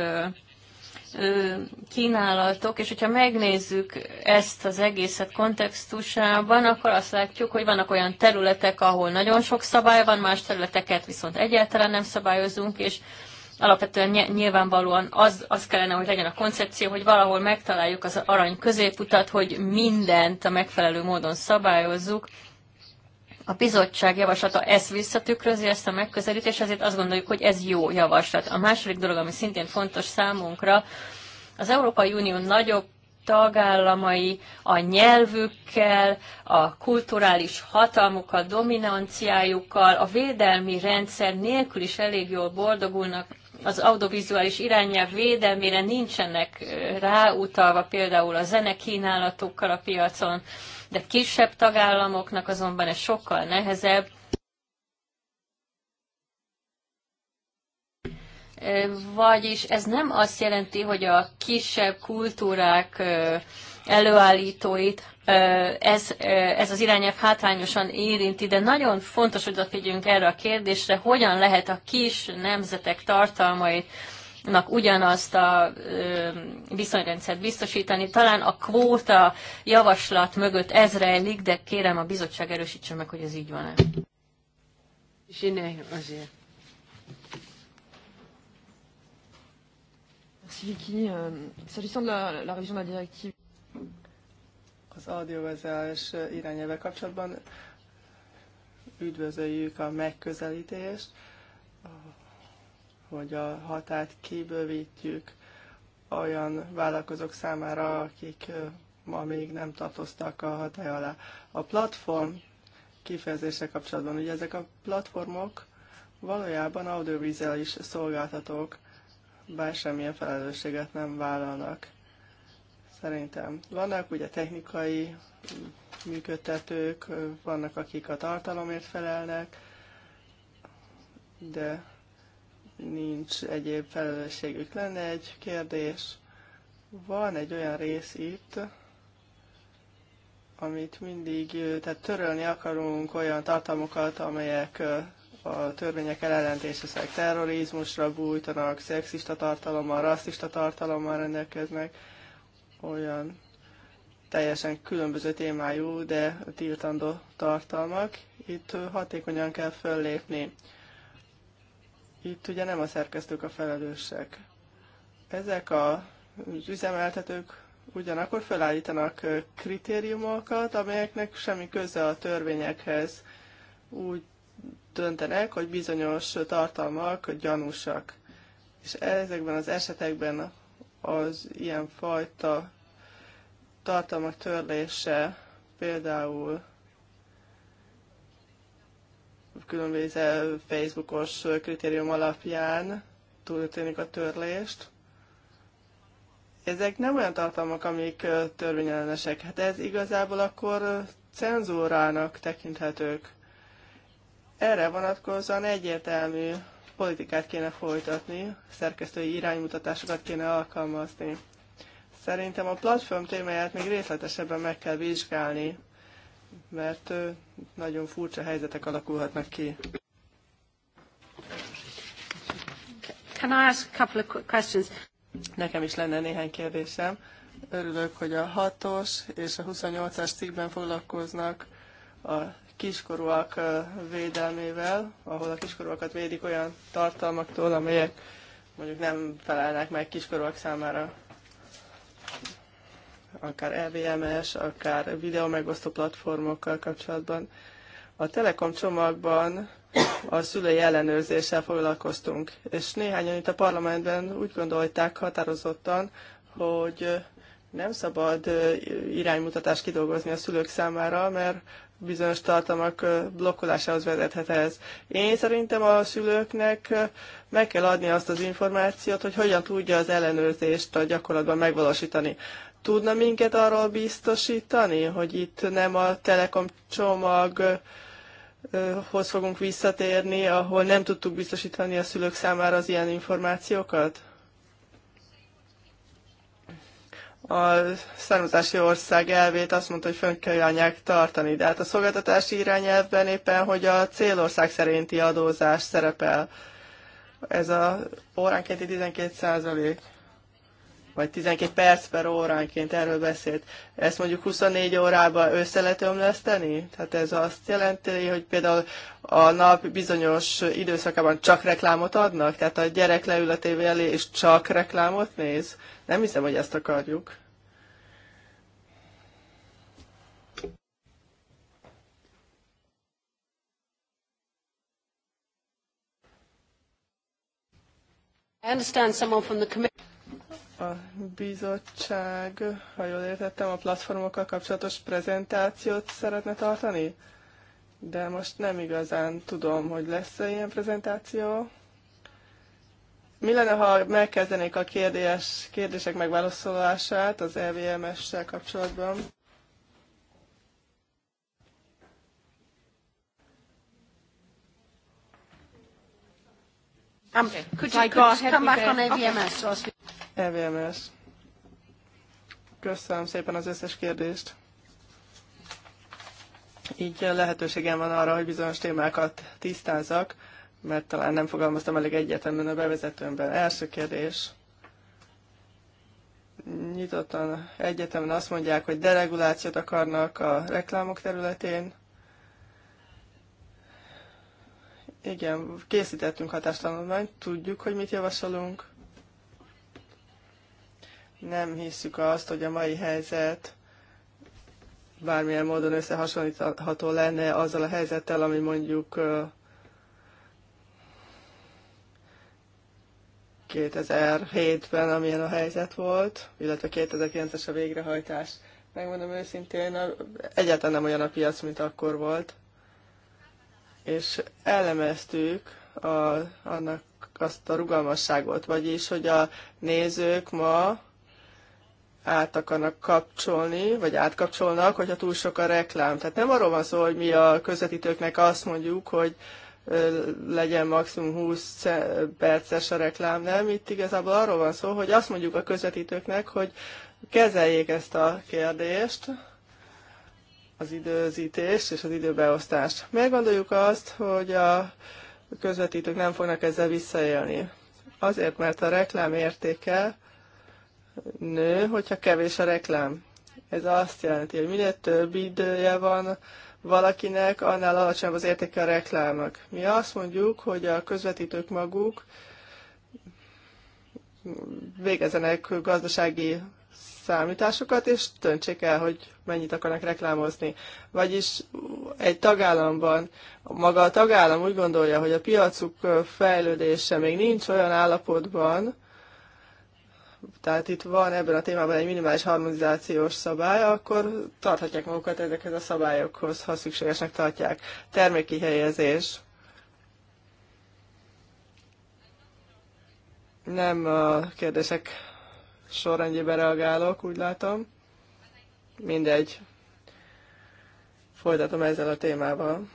kínálatok, és hogyha megnézzük ezt az egészet kontextusában, akkor azt látjuk, hogy vannak olyan területek, ahol nagyon sok szabály van, más területeket viszont egyáltalán nem szabályozunk, és alapvetően nyilvánvalóan az, az kellene, hogy legyen a koncepció, hogy valahol megtaláljuk az arany középutat, hogy mindent a megfelelő módon szabályozzuk, a bizottság javaslata ezt visszatükrözi, ezt a megközelítést, ezért azt gondoljuk, hogy ez jó javaslat. A második dolog, ami szintén fontos számunkra, az Európai Unió nagyobb tagállamai a nyelvükkel, a kulturális hatalmukkal, dominanciájukkal, a védelmi rendszer nélkül is elég jól boldogulnak, az audiovizuális irányelv védelmére nincsenek eh, ráutalva például a zenekínálatukkal a piacon, de kisebb tagállamoknak azonban ez sokkal nehezebb, Vagyis ez nem azt jelenti, hogy a kisebb kultúrák előállítóit ez, ez az irányelv hátrányosan érinti, de nagyon fontos, hogy odafigyünk erre a kérdésre, hogyan lehet a kis nemzetek tartalmait nak ugyanazt a viszonyrendszert biztosítani. Talán a kvóta javaslat mögött ez rejlik, de kérem a bizottság erősítse meg, hogy ez így van-e. Zsiné azért. Merci Vicky. Euh, s'agissant de la, la révision de la directive. Az audiovizuális irányelve kapcsolatban üdvözöljük a megközelítést hogy a határt kibővítjük olyan vállalkozók számára, akik ma még nem tartoztak a hatály alá. A platform kifejezése kapcsolatban, ugye ezek a platformok valójában audiovizuális szolgáltatók, bár semmilyen felelősséget nem vállalnak. Szerintem vannak ugye technikai működtetők, vannak akik a tartalomért felelnek, de nincs egyéb felelősségük. Lenne egy kérdés. Van egy olyan rész itt, amit mindig, tehát törölni akarunk olyan tartalmokat, amelyek a törvények ellentétesek terrorizmusra bújtanak, szexista tartalommal, rasszista tartalommal rendelkeznek, olyan teljesen különböző témájú, de tiltandó tartalmak. Itt hatékonyan kell föllépni. Itt ugye nem a szerkesztők a felelősek. Ezek a üzemeltetők ugyanakkor felállítanak kritériumokat, amelyeknek semmi köze a törvényekhez. Úgy döntenek, hogy bizonyos tartalmak gyanúsak. És ezekben az esetekben az ilyenfajta tartalmak törlése például különböző Facebookos kritérium alapján történik a törlést. Ezek nem olyan tartalmak, amik törvényellenesek. Hát ez igazából akkor cenzúrának tekinthetők. Erre vonatkozóan egyértelmű politikát kéne folytatni, szerkesztői iránymutatásokat kéne alkalmazni. Szerintem a platform témáját még részletesebben meg kell vizsgálni mert nagyon furcsa helyzetek alakulhatnak ki. Can I ask a couple of quick questions? Nekem is lenne néhány kérdésem. Örülök, hogy a 6-os és a 28-as cikkben foglalkoznak a kiskorúak védelmével, ahol a kiskorúakat védik olyan tartalmaktól, amelyek mondjuk nem felelnek meg kiskorúak számára akár LVMS, akár videó megosztó platformokkal kapcsolatban. A Telekom csomagban a szülői ellenőrzéssel foglalkoztunk, és néhányan itt a parlamentben úgy gondolták határozottan, hogy nem szabad iránymutatást kidolgozni a szülők számára, mert bizonyos tartalmak blokkolásához vezethet ez. Én szerintem a szülőknek meg kell adni azt az információt, hogy hogyan tudja az ellenőrzést a gyakorlatban megvalósítani tudna minket arról biztosítani, hogy itt nem a Telekom csomag hoz fogunk visszatérni, ahol nem tudtuk biztosítani a szülők számára az ilyen információkat? A származási ország elvét azt mondta, hogy kell anyák tartani, de hát a szolgáltatási irányelvben éppen, hogy a célország szerinti adózás szerepel. Ez a óránkénti 12 százalék vagy 12 perc per óránként erről beszélt. Ezt mondjuk 24 órába össze lehet ömleszteni? Tehát ez azt jelenti, hogy például a nap bizonyos időszakában csak reklámot adnak? Tehát a gyerek leül a tévé elé és csak reklámot néz? Nem hiszem, hogy ezt akarjuk. I understand someone from the committee a bizottság, ha jól értettem, a platformokkal kapcsolatos prezentációt szeretne tartani? De most nem igazán tudom, hogy lesz-e ilyen prezentáció. Mi lenne, ha megkezdenék a kérdés, kérdések megválaszolását az EVMS-sel kapcsolatban? Um, okay. Could you, I could go ahead come back on AVMS? E EVMS. Köszönöm szépen az összes kérdést. Így lehetőségem van arra, hogy bizonyos témákat tisztázzak, mert talán nem fogalmaztam elég egyetemben a bevezetőmben. Első kérdés. Nyitottan egyetemben azt mondják, hogy deregulációt akarnak a reklámok területén. Igen, készítettünk hatástanulmányt, tudjuk, hogy mit javasolunk nem hisszük azt, hogy a mai helyzet bármilyen módon összehasonlítható lenne azzal a helyzettel, ami mondjuk 2007-ben, amilyen a helyzet volt, illetve 2009-es a végrehajtás. Megmondom őszintén, egyáltalán nem olyan a piac, mint akkor volt. És elemeztük a, annak azt a rugalmasságot, vagyis, hogy a nézők ma át akarnak kapcsolni, vagy átkapcsolnak, hogyha túl sok a reklám. Tehát nem arról van szó, hogy mi a közvetítőknek azt mondjuk, hogy legyen maximum 20 perces a reklám, nem? Itt igazából arról van szó, hogy azt mondjuk a közvetítőknek, hogy kezeljék ezt a kérdést, az időzítést és az időbeosztást. Miért gondoljuk azt, hogy a közvetítők nem fognak ezzel visszaélni? Azért, mert a reklám értéke nő, hogyha kevés a reklám. Ez azt jelenti, hogy minél több idője van valakinek, annál alacsonyabb az értéke a reklámnak. Mi azt mondjuk, hogy a közvetítők maguk végezenek gazdasági számításokat, és döntsék el, hogy mennyit akarnak reklámozni. Vagyis egy tagállamban, maga a tagállam úgy gondolja, hogy a piacuk fejlődése még nincs olyan állapotban, tehát itt van ebben a témában egy minimális harmonizációs szabály, akkor tarthatják magukat ezekhez a szabályokhoz, ha szükségesnek tartják. Termékkihelyezés. Nem a kérdések sorrendjében reagálok, úgy látom. Mindegy. Folytatom ezzel a témával.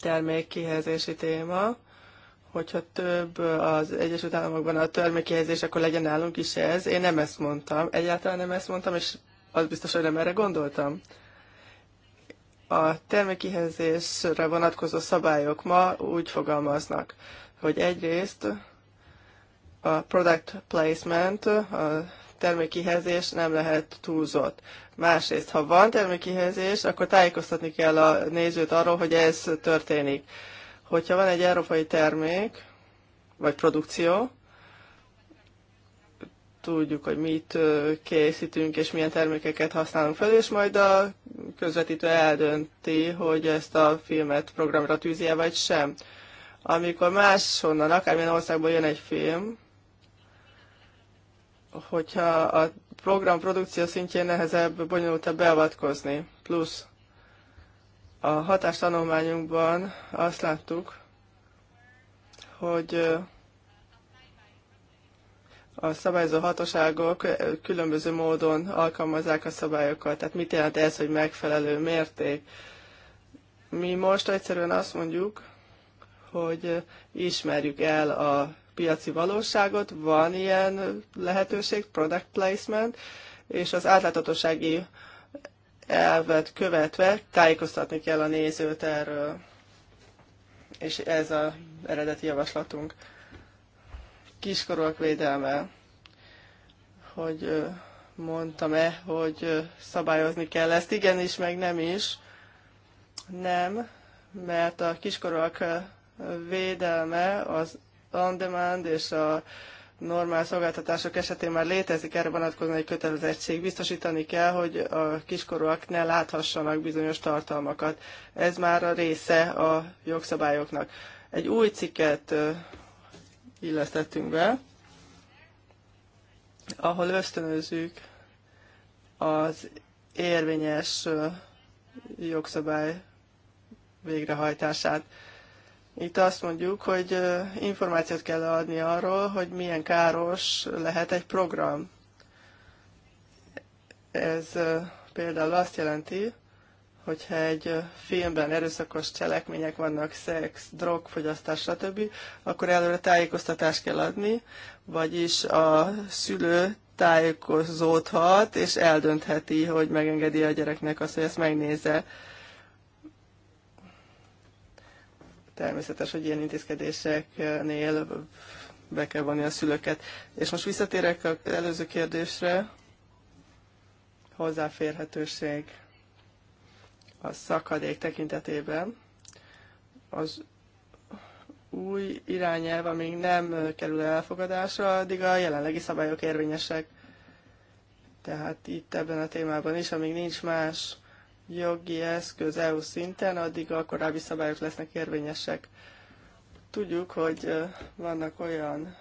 termékkihelyezési téma. Hogyha több az Egyesült Államokban a termékkihelyezés, akkor legyen nálunk is ez. Én nem ezt mondtam, egyáltalán nem ezt mondtam, és az biztos, hogy nem erre gondoltam. A termékkihelyezésre vonatkozó szabályok ma úgy fogalmaznak, hogy egyrészt a product placement, a termékihezés nem lehet túlzott. Másrészt, ha van termékihezés, akkor tájékoztatni kell a nézőt arról, hogy ez történik. Hogyha van egy európai termék, vagy produkció, tudjuk, hogy mit készítünk és milyen termékeket használunk fel, és majd a közvetítő eldönti, hogy ezt a filmet programra tűzi -e, vagy sem. Amikor máshonnan, akármilyen országból jön egy film, hogyha a program produkció szintjén nehezebb, bonyolultabb beavatkozni. Plusz a hatástanulmányunkban azt láttuk, hogy a szabályozó hatóságok különböző módon alkalmazzák a szabályokat. Tehát mit jelent ez, hogy megfelelő mérték? Mi most egyszerűen azt mondjuk, hogy ismerjük el a piaci valóságot, van ilyen lehetőség, product placement, és az átláthatósági elvet követve tájékoztatni kell a nézőt erről. És ez az eredeti javaslatunk. Kiskorúak védelme. Hogy mondtam-e, hogy szabályozni kell ezt? Igenis, meg nem is. Nem, mert a kiskorúak védelme az on-demand és a normál szolgáltatások esetén már létezik erre vonatkozóan egy kötelezettség. Biztosítani kell, hogy a kiskorúak ne láthassanak bizonyos tartalmakat. Ez már a része a jogszabályoknak. Egy új cikket illesztettünk be, ahol ösztönözzük az érvényes jogszabály végrehajtását. Itt azt mondjuk, hogy információt kell adni arról, hogy milyen káros lehet egy program. Ez például azt jelenti, hogyha egy filmben erőszakos cselekmények vannak, szex, drogfogyasztás, stb., akkor előre tájékoztatást kell adni, vagyis a szülő tájékozódhat, és eldöntheti, hogy megengedi a gyereknek azt, hogy ezt megnézze. Természetes, hogy ilyen intézkedéseknél be kell vonni a szülőket. És most visszatérek az előző kérdésre. Hozzáférhetőség a szakadék tekintetében. Az új irányelv, amíg nem kerül elfogadásra, addig a jelenlegi szabályok érvényesek. Tehát itt ebben a témában is, amíg nincs más jogi eszköz EU szinten, addig a korábbi szabályok lesznek érvényesek. Tudjuk, hogy vannak olyan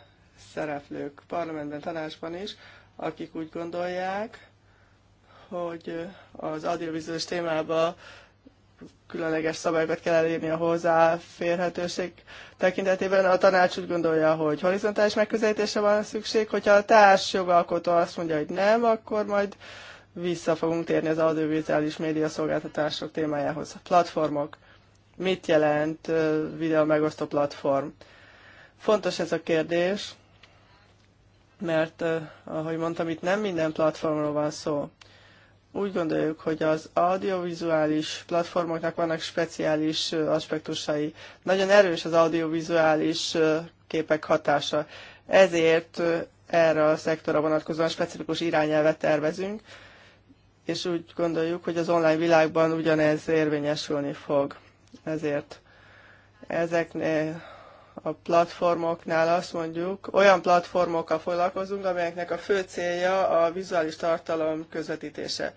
szereplők parlamentben, tanácsban is, akik úgy gondolják, hogy az audiovizuális témában különleges szabályokat kell elérni a hozzáférhetőség tekintetében. A tanács úgy gondolja, hogy horizontális megközelítése van szükség, hogyha a társjogalkotó azt mondja, hogy nem, akkor majd vissza fogunk térni az audiovizuális média szolgáltatások témájához. Platformok. Mit jelent videó megosztó platform? Fontos ez a kérdés, mert ahogy mondtam, itt nem minden platformról van szó. Úgy gondoljuk, hogy az audiovizuális platformoknak vannak speciális aspektusai. Nagyon erős az audiovizuális képek hatása. Ezért erre a szektora vonatkozóan specifikus irányelvet tervezünk, és úgy gondoljuk, hogy az online világban ugyanez érvényesülni fog. Ezért ezeknél a platformoknál azt mondjuk, olyan platformokkal foglalkozunk, amelyeknek a fő célja a vizuális tartalom közvetítése.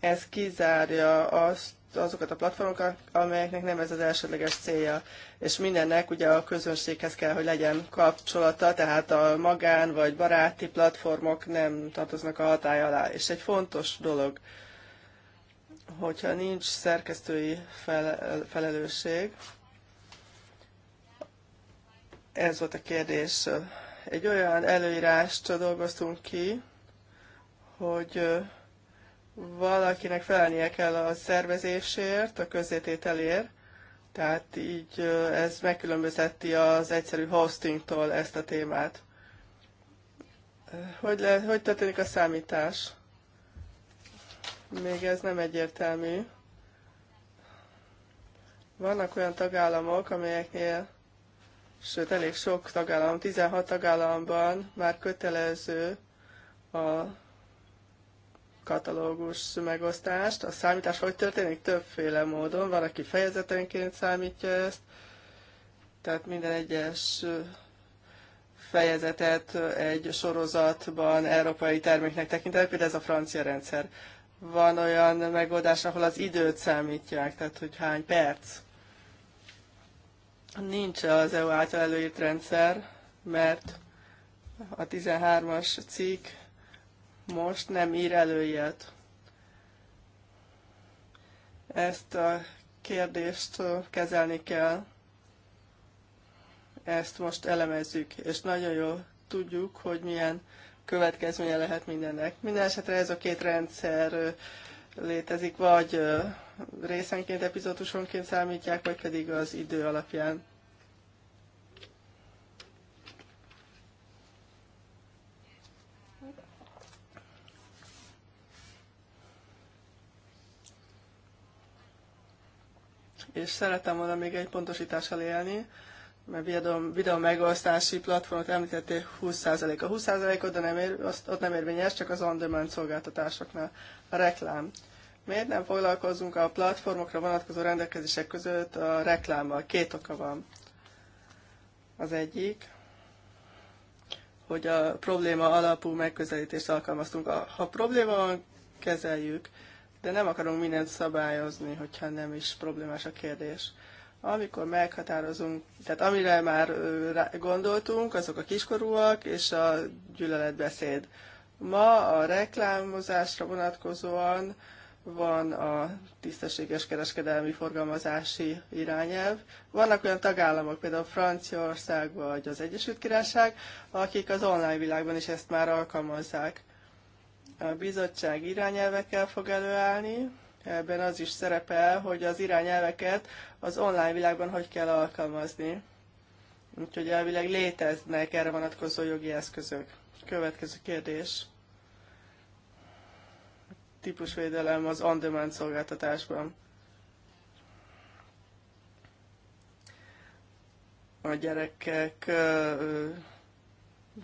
Ez kizárja azt, azokat a platformokat, amelyeknek nem ez az elsődleges célja. És mindennek ugye a közönséghez kell, hogy legyen kapcsolata, tehát a magán vagy baráti platformok nem tartoznak a hatály alá. És egy fontos dolog, hogyha nincs szerkesztői felelősség, ez volt a kérdés. Egy olyan előírást dolgoztunk ki, hogy valakinek felelnie kell a szervezésért, a közzétételért, tehát így ez megkülönbözteti az egyszerű hostingtól ezt a témát. Hogy, le, hogy történik a számítás? Még ez nem egyértelmű. Vannak olyan tagállamok, amelyeknél, sőt elég sok tagállam, 16 tagállamban már kötelező a katalógus megosztást. A számítás hogy történik? Többféle módon. Van, aki fejezetenként számítja ezt, tehát minden egyes fejezetet egy sorozatban európai terméknek tekintenek, például ez a francia rendszer. Van olyan megoldás, ahol az időt számítják, tehát hogy hány perc. Nincs az EU által előírt rendszer, mert a 13-as cikk most nem ír előjét. Ezt a kérdést kezelni kell. Ezt most elemezzük, és nagyon jól tudjuk, hogy milyen következménye lehet mindennek. Minden esetre ez a két rendszer létezik, vagy részenként, epizódusonként számítják, vagy pedig az idő alapján. és szeretem volna még egy pontosítással élni, mert videó, videó megosztási platformot említettél 20%. A 20%-ot, de nem ér, azt, ott nem érvényes, csak az on-demand szolgáltatásoknál. A reklám. Miért nem foglalkozunk a platformokra vonatkozó rendelkezések között a reklámmal? Két oka van. Az egyik, hogy a probléma alapú megközelítést alkalmaztunk. Ha probléma van, kezeljük de nem akarunk mindent szabályozni, hogyha nem is problémás a kérdés. Amikor meghatározunk, tehát amire már gondoltunk, azok a kiskorúak és a gyűlöletbeszéd. Ma a reklámozásra vonatkozóan van a tisztességes kereskedelmi forgalmazási irányelv. Vannak olyan tagállamok, például Franciaország vagy az Egyesült Királyság, akik az online világban is ezt már alkalmazzák. A bizottság irányelvekkel fog előállni, ebben az is szerepel, hogy az irányelveket az online világban hogy kell alkalmazni. Úgyhogy elvileg léteznek erre vonatkozó jogi eszközök. Következő kérdés. Típusvédelem az on-demand szolgáltatásban. A gyerekek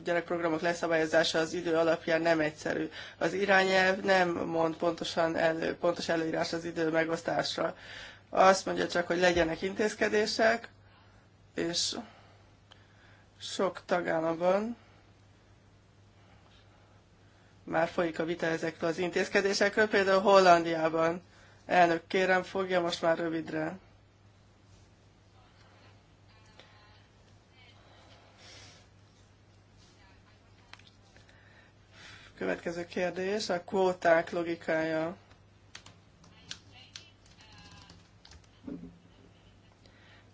gyerekprogramok leszabályozása az idő alapján nem egyszerű. Az irányelv nem mond pontosan elő, pontos előírás az idő megosztásra. Azt mondja csak, hogy legyenek intézkedések, és sok tagállamban már folyik a vita ezekről az intézkedésekről, például Hollandiában. Elnök, kérem, fogja most már rövidre. Következő kérdés, a kvóták logikája.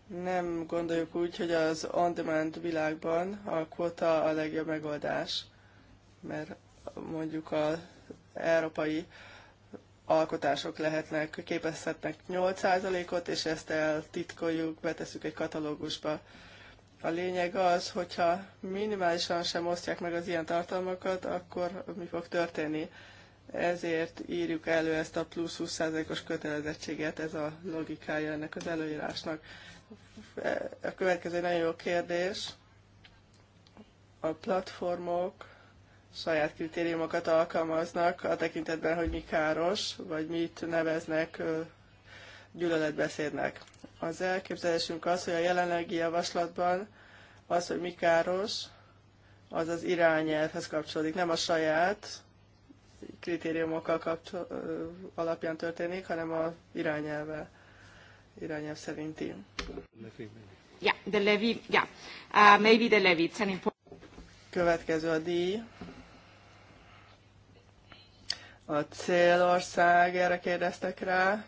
Nem gondoljuk úgy, hogy az on-demand világban a kvóta a legjobb megoldás, mert mondjuk az európai alkotások lehetnek, képezhetnek 8%-ot, és ezt eltitkoljuk, betesszük egy katalógusba. A lényeg az, hogyha minimálisan sem osztják meg az ilyen tartalmakat, akkor mi fog történni. Ezért írjuk elő ezt a plusz 20%-os kötelezettséget, ez a logikája ennek az előírásnak. A következő nagyon jó kérdés. A platformok saját kritériumokat alkalmaznak a tekintetben, hogy mi káros, vagy mit neveznek gyűlöletbeszédnek. Az elképzelésünk az, hogy a jelenlegi javaslatban az, hogy mi káros, az az irányelvhez kapcsolódik, nem a saját kritériumokkal kapcsol, alapján történik, hanem a irányelve, irányelv szerinti. Yeah, the levy, yeah. Uh, maybe the levy, it's an important... Következő a díj. A célország, erre kérdeztek rá.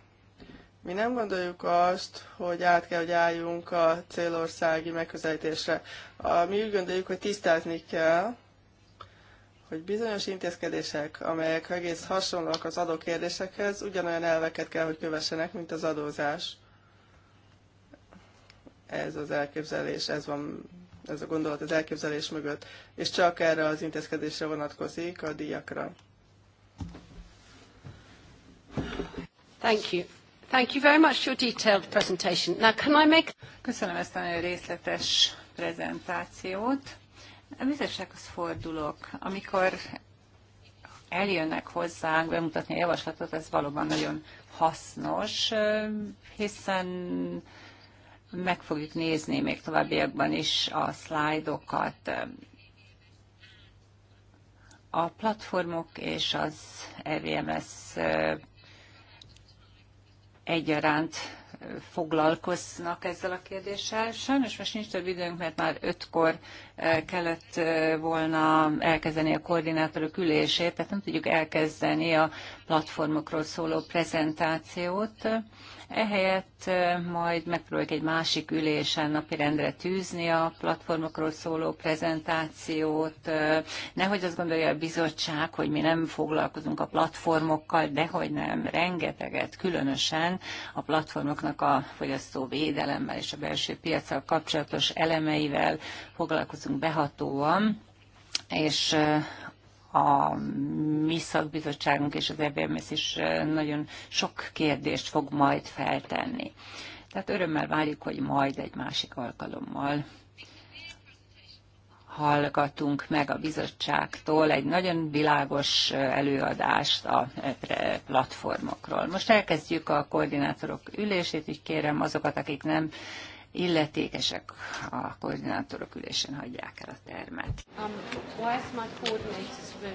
Mi nem gondoljuk azt, hogy át kell, hogy álljunk a célországi megközelítésre. A, mi úgy gondoljuk, hogy tisztázni kell, hogy bizonyos intézkedések, amelyek egész hasonlóak az adókérdésekhez, ugyanolyan elveket kell, hogy kövessenek, mint az adózás. Ez az elképzelés, ez van, ez a gondolat az elképzelés mögött, és csak erre az intézkedésre vonatkozik a díjakra. Thank you. Thank you very much for your detailed presentation. Now, can I make... Köszönöm ezt a nagyon részletes prezentációt. A bizottsághoz fordulok. Amikor eljönnek hozzánk bemutatni a javaslatot, ez valóban nagyon hasznos, hiszen meg fogjuk nézni még továbbiakban is a szlájdokat. A platformok és az RVMS egyaránt foglalkoznak ezzel a kérdéssel. Sajnos most nincs több időnk, mert már ötkor eh, kellett eh, volna elkezdeni a koordinátorok ülését, tehát nem tudjuk elkezdeni a platformokról szóló prezentációt. Ehelyett majd megpróbáljuk egy másik ülésen napirendre tűzni a platformokról szóló prezentációt. Nehogy azt gondolja a bizottság, hogy mi nem foglalkozunk a platformokkal, dehogy nem, rengeteget, különösen a platformoknak a védelemmel és a belső piacsal kapcsolatos elemeivel foglalkozunk behatóan és a mi szakbizottságunk és az EBMS is nagyon sok kérdést fog majd feltenni. Tehát örömmel várjuk, hogy majd egy másik alkalommal hallgatunk meg a bizottságtól egy nagyon világos előadást a platformokról. Most elkezdjük a koordinátorok ülését, így kérem azokat, akik nem illetékesek a koordinátorok ülésen hagyják el a termet. Um,